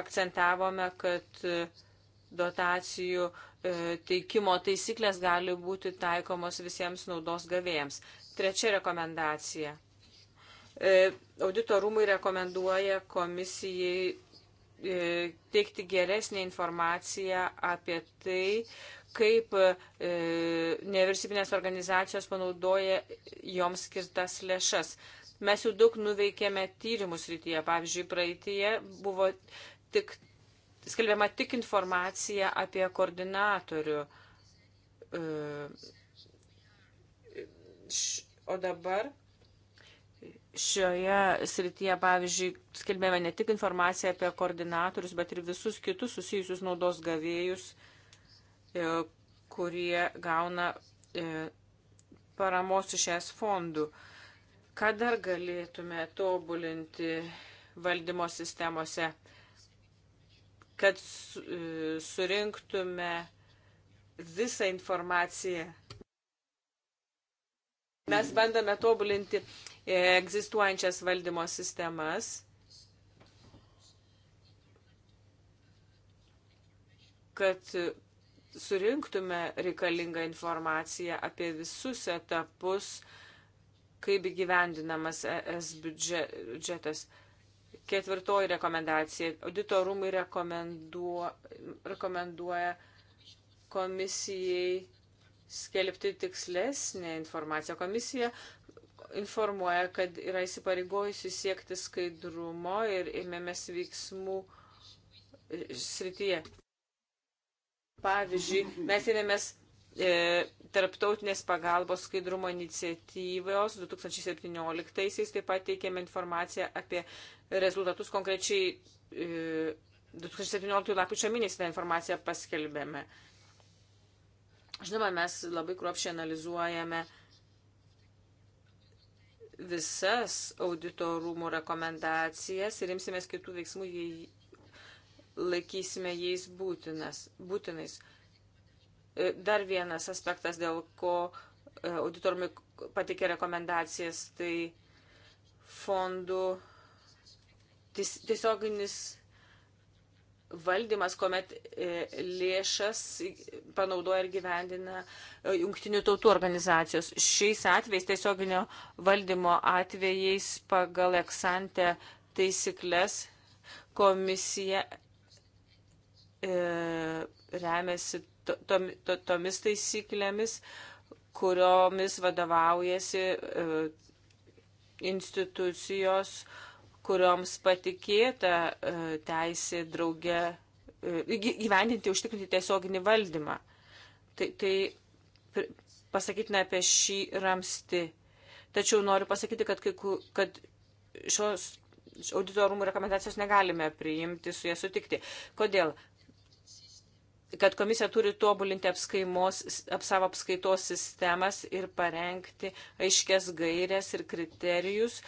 akcentavome, kad e, dotacijų e, teikimo taisyklės gali būti taikomos visiems naudos gavėjams. Trečia rekomendacija. E, audito rūmai rekomenduoja komisijai teikti geresnį informaciją apie tai, kaip e, nevyriausybinės organizacijos panaudoja joms skirtas lėšas. Mes jau daug nuveikėme tyrimų srityje. Pavyzdžiui, praeitie buvo tik, skelbiama tik informacija apie koordinatorių. E, š, o dabar šioje srityje, pavyzdžiui, skelbėme ne tik informaciją apie koordinatorius, bet ir visus kitus susijusius naudos gavėjus. E, E, kurie gauna e, paramos iš es fondų. Ką dar galėtume tobulinti valdymo sistemose, kad e, surinktume visą informaciją? Mes bandome tobulinti egzistuojančias valdymo sistemas. kad surinktume reikalingą informaciją apie visus etapus, kaip įgyvendinamas ES biudžetas. Ketvirtoji rekomendacija. Audito rūmai rekomenduo, rekomenduoja komisijai skelbti tikslesnę informaciją. Komisija informuoja, kad yra įsipareigojusi siekti skaidrumo ir ėmėmės veiksmų srityje. Pavyzdžiui, mes ėmėmės e, tarptautinės pagalbos skaidrumo iniciatyvos 2017-aisiais, taip pat teikėme informaciją apie rezultatus konkrečiai e, 2017 lapkričio mėnesį tą informaciją paskelbėme. Žinoma, mes labai kruopšiai analizuojame visas auditorumų rekomendacijas ir imsimės kitų veiksmų, jei laikysime jais būtinas, būtinais. E, dar vienas aspektas, dėl ko e, auditorumai patikė rekomendacijas, tai fondų tiesioginis valdymas, kuomet e, lėšas panaudoja ir gyvendina jungtinių tautų organizacijos. Šiais atvejais tiesioginio valdymo atvejais pagal eksantę taisyklės komisija E, remiasi to, to, to, tomis taisyklėmis, kuriomis vadovaujasi e, institucijos, kurioms patikėta e, teisė drauge gyvendinti, užtikrinti tiesioginį valdymą. Tai, tai pasakytina apie šį ramsti. Tačiau noriu pasakyti, kad, kai, kad šios audito rūmų rekomendacijos negalime priimti, su jie sutikti. Kodėl? kad komisija turi tobulinti apskaimos, savo apskaitos sistemas ir parengti aiškės gairias ir kriterijus,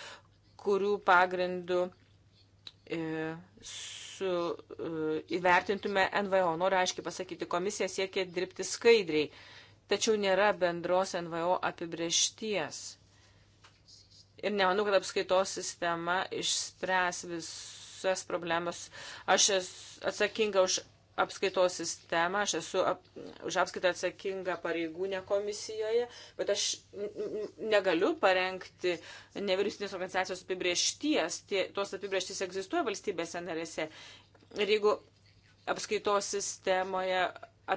kurių pagrindų e, su, e, įvertintume NVO. Noriu aiškiai pasakyti, komisija siekia dirbti skaidriai, tačiau nėra bendros NVO apibriešties. Ir nemanau, kad apskaitos sistema išspręs visus visas problemas. Aš esu atsakinga už apskaitos sistemą, aš esu ap, už apskaitą atsakinga pareigūnė komisijoje, bet aš negaliu parengti nevyriausybinės organizacijos apibriešties, tie, tos apibriešties egzistuoja valstybėse narėse. Ir jeigu apskaitos sistemoje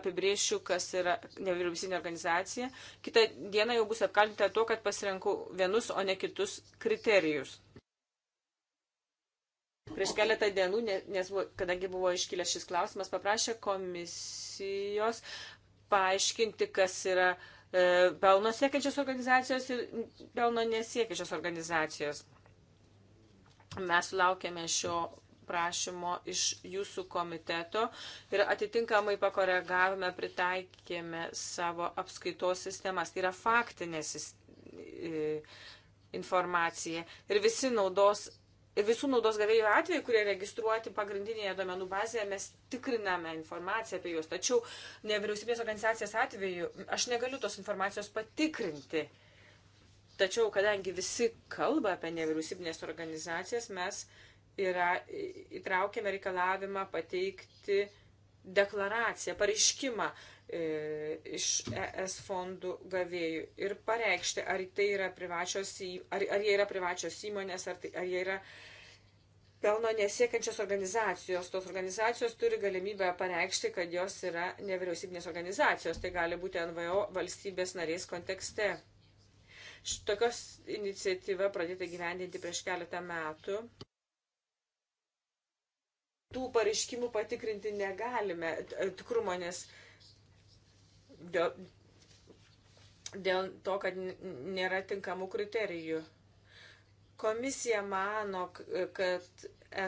apibriešiu, kas yra nevyriausybinė organizacija, kitą dieną jau bus apkaltinta to, kad pasirinkau vienus, o ne kitus kriterijus prieš keletą dienų, nes kadangi buvo iškilęs šis klausimas, paprašė komisijos paaiškinti, kas yra e, pelno siekiančios organizacijos ir pelno nesiekiančios organizacijos. Mes sulaukėme šio prašymo iš jūsų komiteto ir atitinkamai pakoregavome, pritaikėme savo apskaitos sistemas. Tai yra faktinė informacija. Ir visi naudos Ir visų naudos gavėjų atveju, kurie registruoti pagrindinėje domenų bazėje, mes tikriname informaciją apie juos. Tačiau nevyriausybės organizacijos atveju aš negaliu tos informacijos patikrinti. Tačiau, kadangi visi kalba apie nevyriausybinės organizacijas, mes yra, įtraukėme reikalavimą pateikti deklaraciją, pareiškimą, E, iš ES fondų gavėjų ir pareikšti, ar, tai yra privačios, ar, ar jie yra privačios įmonės, ar, tai, ar jie yra pelno nesiekiančios organizacijos. Tos organizacijos turi galimybę pareikšti, kad jos yra nevyriausybinės organizacijos. Tai gali būti NVO valstybės narės kontekste. Šitokios iniciatyva pradėta gyvendinti prieš keletą metų tų pareiškimų patikrinti negalime tikrumo, nes dėl, dėl to, kad nėra tinkamų kriterijų. Komisija mano, kad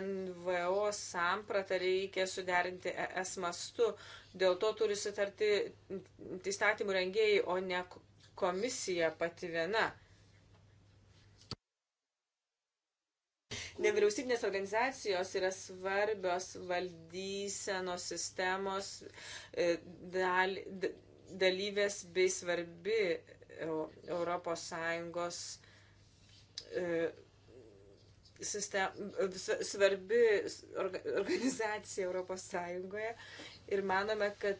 NVO sampratą reikia suderinti ES mastu, dėl to turi sutarti įstatymų rengėjai, o ne komisija pati viena. Nevyriausybinės organizacijos yra svarbios valdysenos sistemos e, dal, dalyvės bei svarbi ES e, sistem, svarbi organizacija Europos Sąjungoje ir manome, kad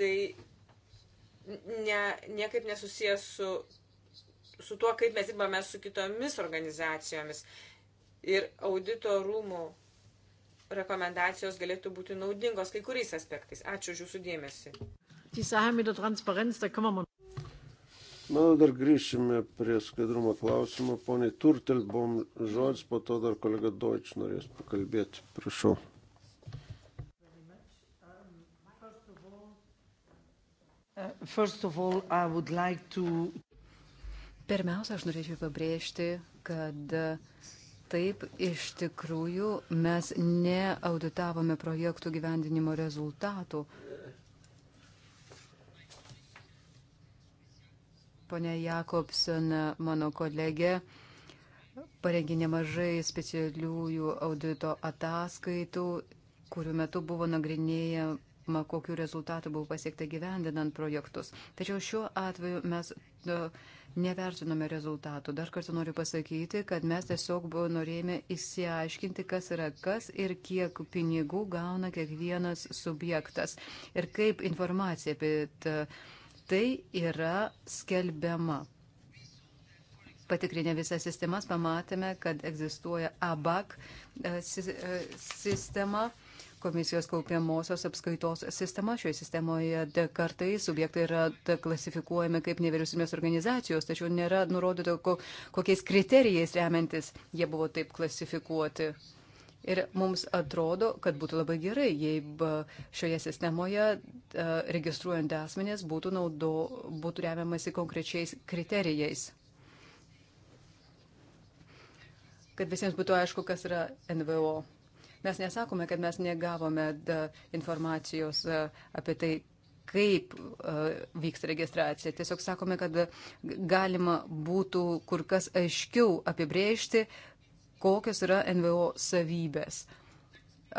tai ne, niekaip nesusijęs su, su tuo, kaip mes dirbame su kitomis organizacijomis. Ir audito rūmų rekomendacijos galėtų būti naudingos kai kuriais aspektais. Ačiū už Jūsų dėmesį die Sache mit der Transparenz, da kommen wir. Manau, dar grįšime prie skaidrumo klausimo. Pone Turtelbom žodis, po to dar kolega Deutsch norės pakalbėti. Prašau. Uh, all, like to... Pirmiausia, aš norėčiau pabrėžti, kad uh, taip iš tikrųjų mes neauditavome projektų gyvendinimo rezultatų. Uh, Pone Jakobsen, mano kolegė, parengė nemažai specialiųjų audito ataskaitų, kurių metu buvo nagrinėjama, kokiu rezultatu buvo pasiekta gyvendinant projektus. Tačiau šiuo atveju mes nu, nevertinome rezultatų. Dar kartą noriu pasakyti, kad mes tiesiog norėjome įsiaiškinti, kas yra kas ir kiek pinigų gauna kiekvienas subjektas ir kaip informacija apie tai yra skelbiama. Patikrinę visas sistemas pamatėme, kad egzistuoja ABAC e, e, sistema, komisijos kaupiamosios apskaitos sistema. Šioje sistemoje kartai subjektai yra klasifikuojami kaip nevyriausybės organizacijos, tačiau nėra nurodyta, kokiais kriterijais remiantis jie buvo taip klasifikuoti. Ir mums atrodo, kad būtų labai gerai, jei šioje sistemoje e, registruojant asmenės būtų, naudo, būtų remiamasi konkrečiais kriterijais. Kad visiems būtų aišku, kas yra NVO. Mes nesakome, kad mes negavome e, informacijos e, apie tai, kaip vyksta registracija. Tiesiog sakome, kad galima būtų kur kas aiškiau apibrėžti, uh, kokios yra NVO savybės.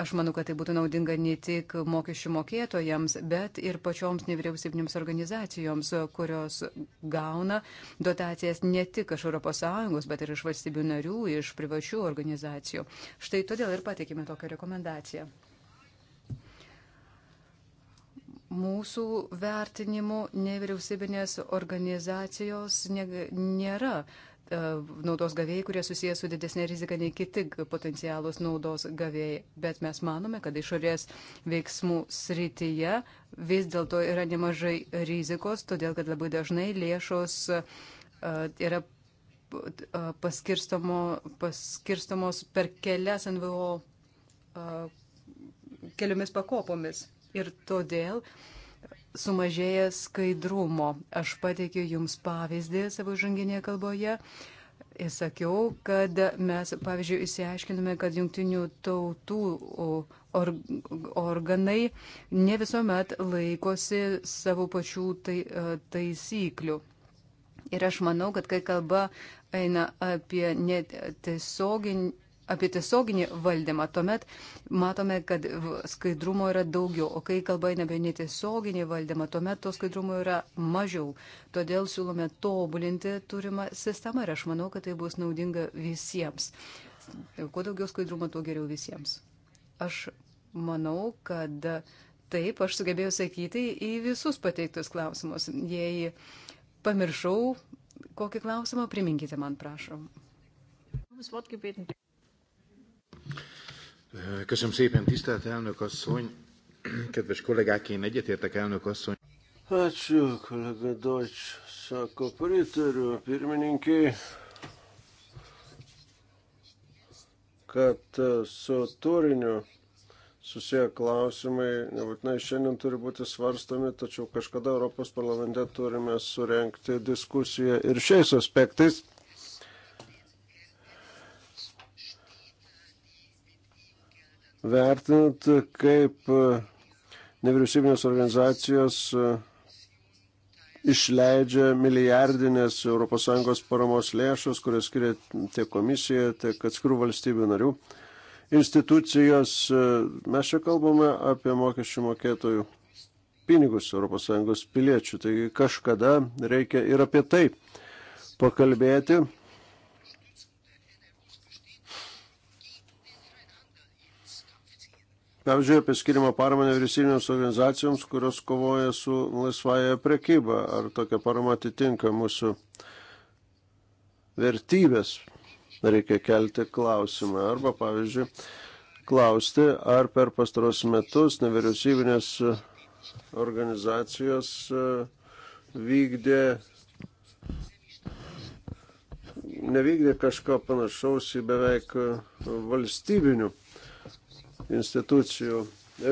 Aš manau, kad tai būtų naudinga ne tik mokesčių mokėtojams, bet ir pačioms nevyriausybinėms organizacijoms, kurios gauna dotacijas ne tik iš ES, bet ir iš valstybių narių, iš privačių organizacijų. Štai todėl ir pateikime tokią rekomendaciją. Mūsų vertinimu nevyriausybinės organizacijos nėra. Ne, E, naudos gavėjai, kurie susijęs su didesnė rizika nei kiti potencialus naudos gavėjai. Bet mes manome, kad išorės veiksmų srityje vis dėlto yra nemažai rizikos, todėl kad labai dažnai lėšos e, yra e, paskirstomo, paskirstomos per kelias NVO keliomis pakopomis. Ir todėl uh, sumažėja skaidrumo. Aš pateikiu Jums pavyzdį savo žanginėje kalboje. Įsakiau, kad mes, pavyzdžiui, įsiaiškinome, kad jungtinių tautų or, organai ne visuomet laikosi savo pačių tai, e, taisyklių. Ir aš manau, kad kai kalba eina apie netiesioginį apie tiesioginį valdymą, tuomet matome, kad skaidrumo yra daugiau, o kai kalba eina apie netiesioginį valdymą, tuomet to skaidrumo yra mažiau. Todėl siūlome tobulinti turimą sistemą ir aš manau, kad tai bus naudinga visiems. Kuo daugiau skaidrumo, tuo geriau visiems. Aš manau, kad taip, aš sugebėjau sakyti į visus pateiktus klausimus. Jei pamiršau kokį klausimą, priminkite man, prašom. Köszönöm szépen, tisztelt elnök asszony, kedves kollégák, én egyetértek elnök asszony. Ačiū, kolega Doč, sako, pritariu pirmininkai, kad su turiniu susiję klausimai nebūtinai šiandien turi būti svarstomi, tačiau kažkada Europos parlamente turime surenkti diskusiją ir šiais aspektais. vertinant, kaip e, nevyriausybinės organizacijos e, išleidžia milijardinės ES paramos lėšos, kurias skiria tiek komisija, tiek atskirų valstybių narių. Institucijos, e, mes čia kalbame apie mokesčių mokėtojų pinigus ES piliečių, taigi kažkada reikia ir apie tai pakalbėti. Pavyzdžiui, apie skiriamą paramą nevyriausybinėms organizacijoms, kurios kovoja su laisvąją prekybą. Ar tokia parama atitinka mūsų vertybės? Reikia kelti klausimą. Arba, pavyzdžiui, klausti, ar per pastaros metus nevyriausybinės organizacijos e, vykdė, nevykdė kažko panašaus į beveik valstybinių institucijų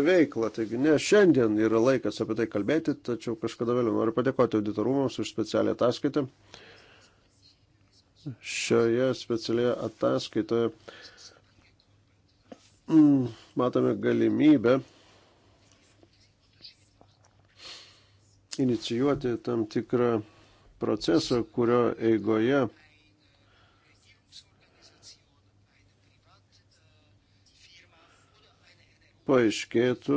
veiklą. Taigi ne šiandien yra laikas apie tai kalbėti, tačiau kažkada vėliau noriu padėkoti auditorumams už specialią ataskaitą. Šioje specialioje ataskaitoje mm, matome galimybę inicijuoti tam tikrą procesą, kurio eigoje paaiškėtų,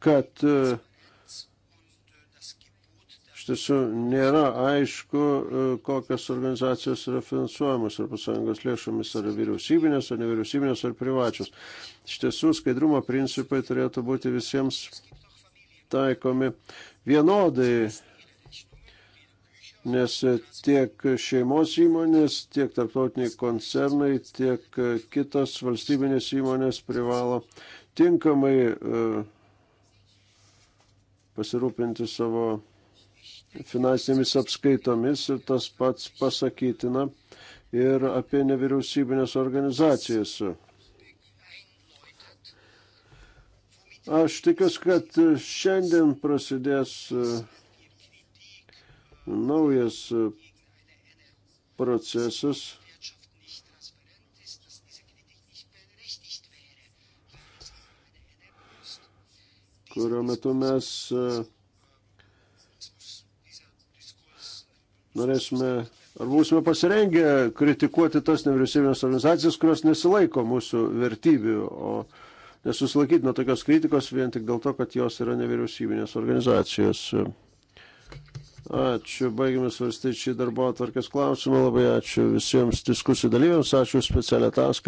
kad e, iš tiesų nėra aišku, e, kokios organizacijos yra finansuojamos ar pasąjungos lėšomis, ar vyriausybinės, ar nevyriausybinės, ar privačios. Iš tiesų skaidrumo principai turėtų būti visiems taikomi vienodai nes tiek šeimos įmonės, tiek tarptautiniai koncernai, tiek kitos valstybinės įmonės privalo tinkamai e, pasirūpinti savo finansinėmis apskaitomis ir tas pats pasakytina ir apie nevyriausybinės organizacijas. Aš tikiuosi, kad šiandien prasidės e, naujas e, procesas kurio metu mes e, norėsime ar būsime pasirengę kritikuoti tas nevyriausybinės organizacijas, kurios nesilaiko mūsų vertybių, o nesusilaikyti nuo tokios kritikos vien tik dėl to, kad jos yra nevyriausybinės organizacijos. Ačiū, baigime svarstyti šį darbo atvarkės klausimą. Labai ačiū visiems diskusijų dalyviams, ačiū specialią ataskaitą.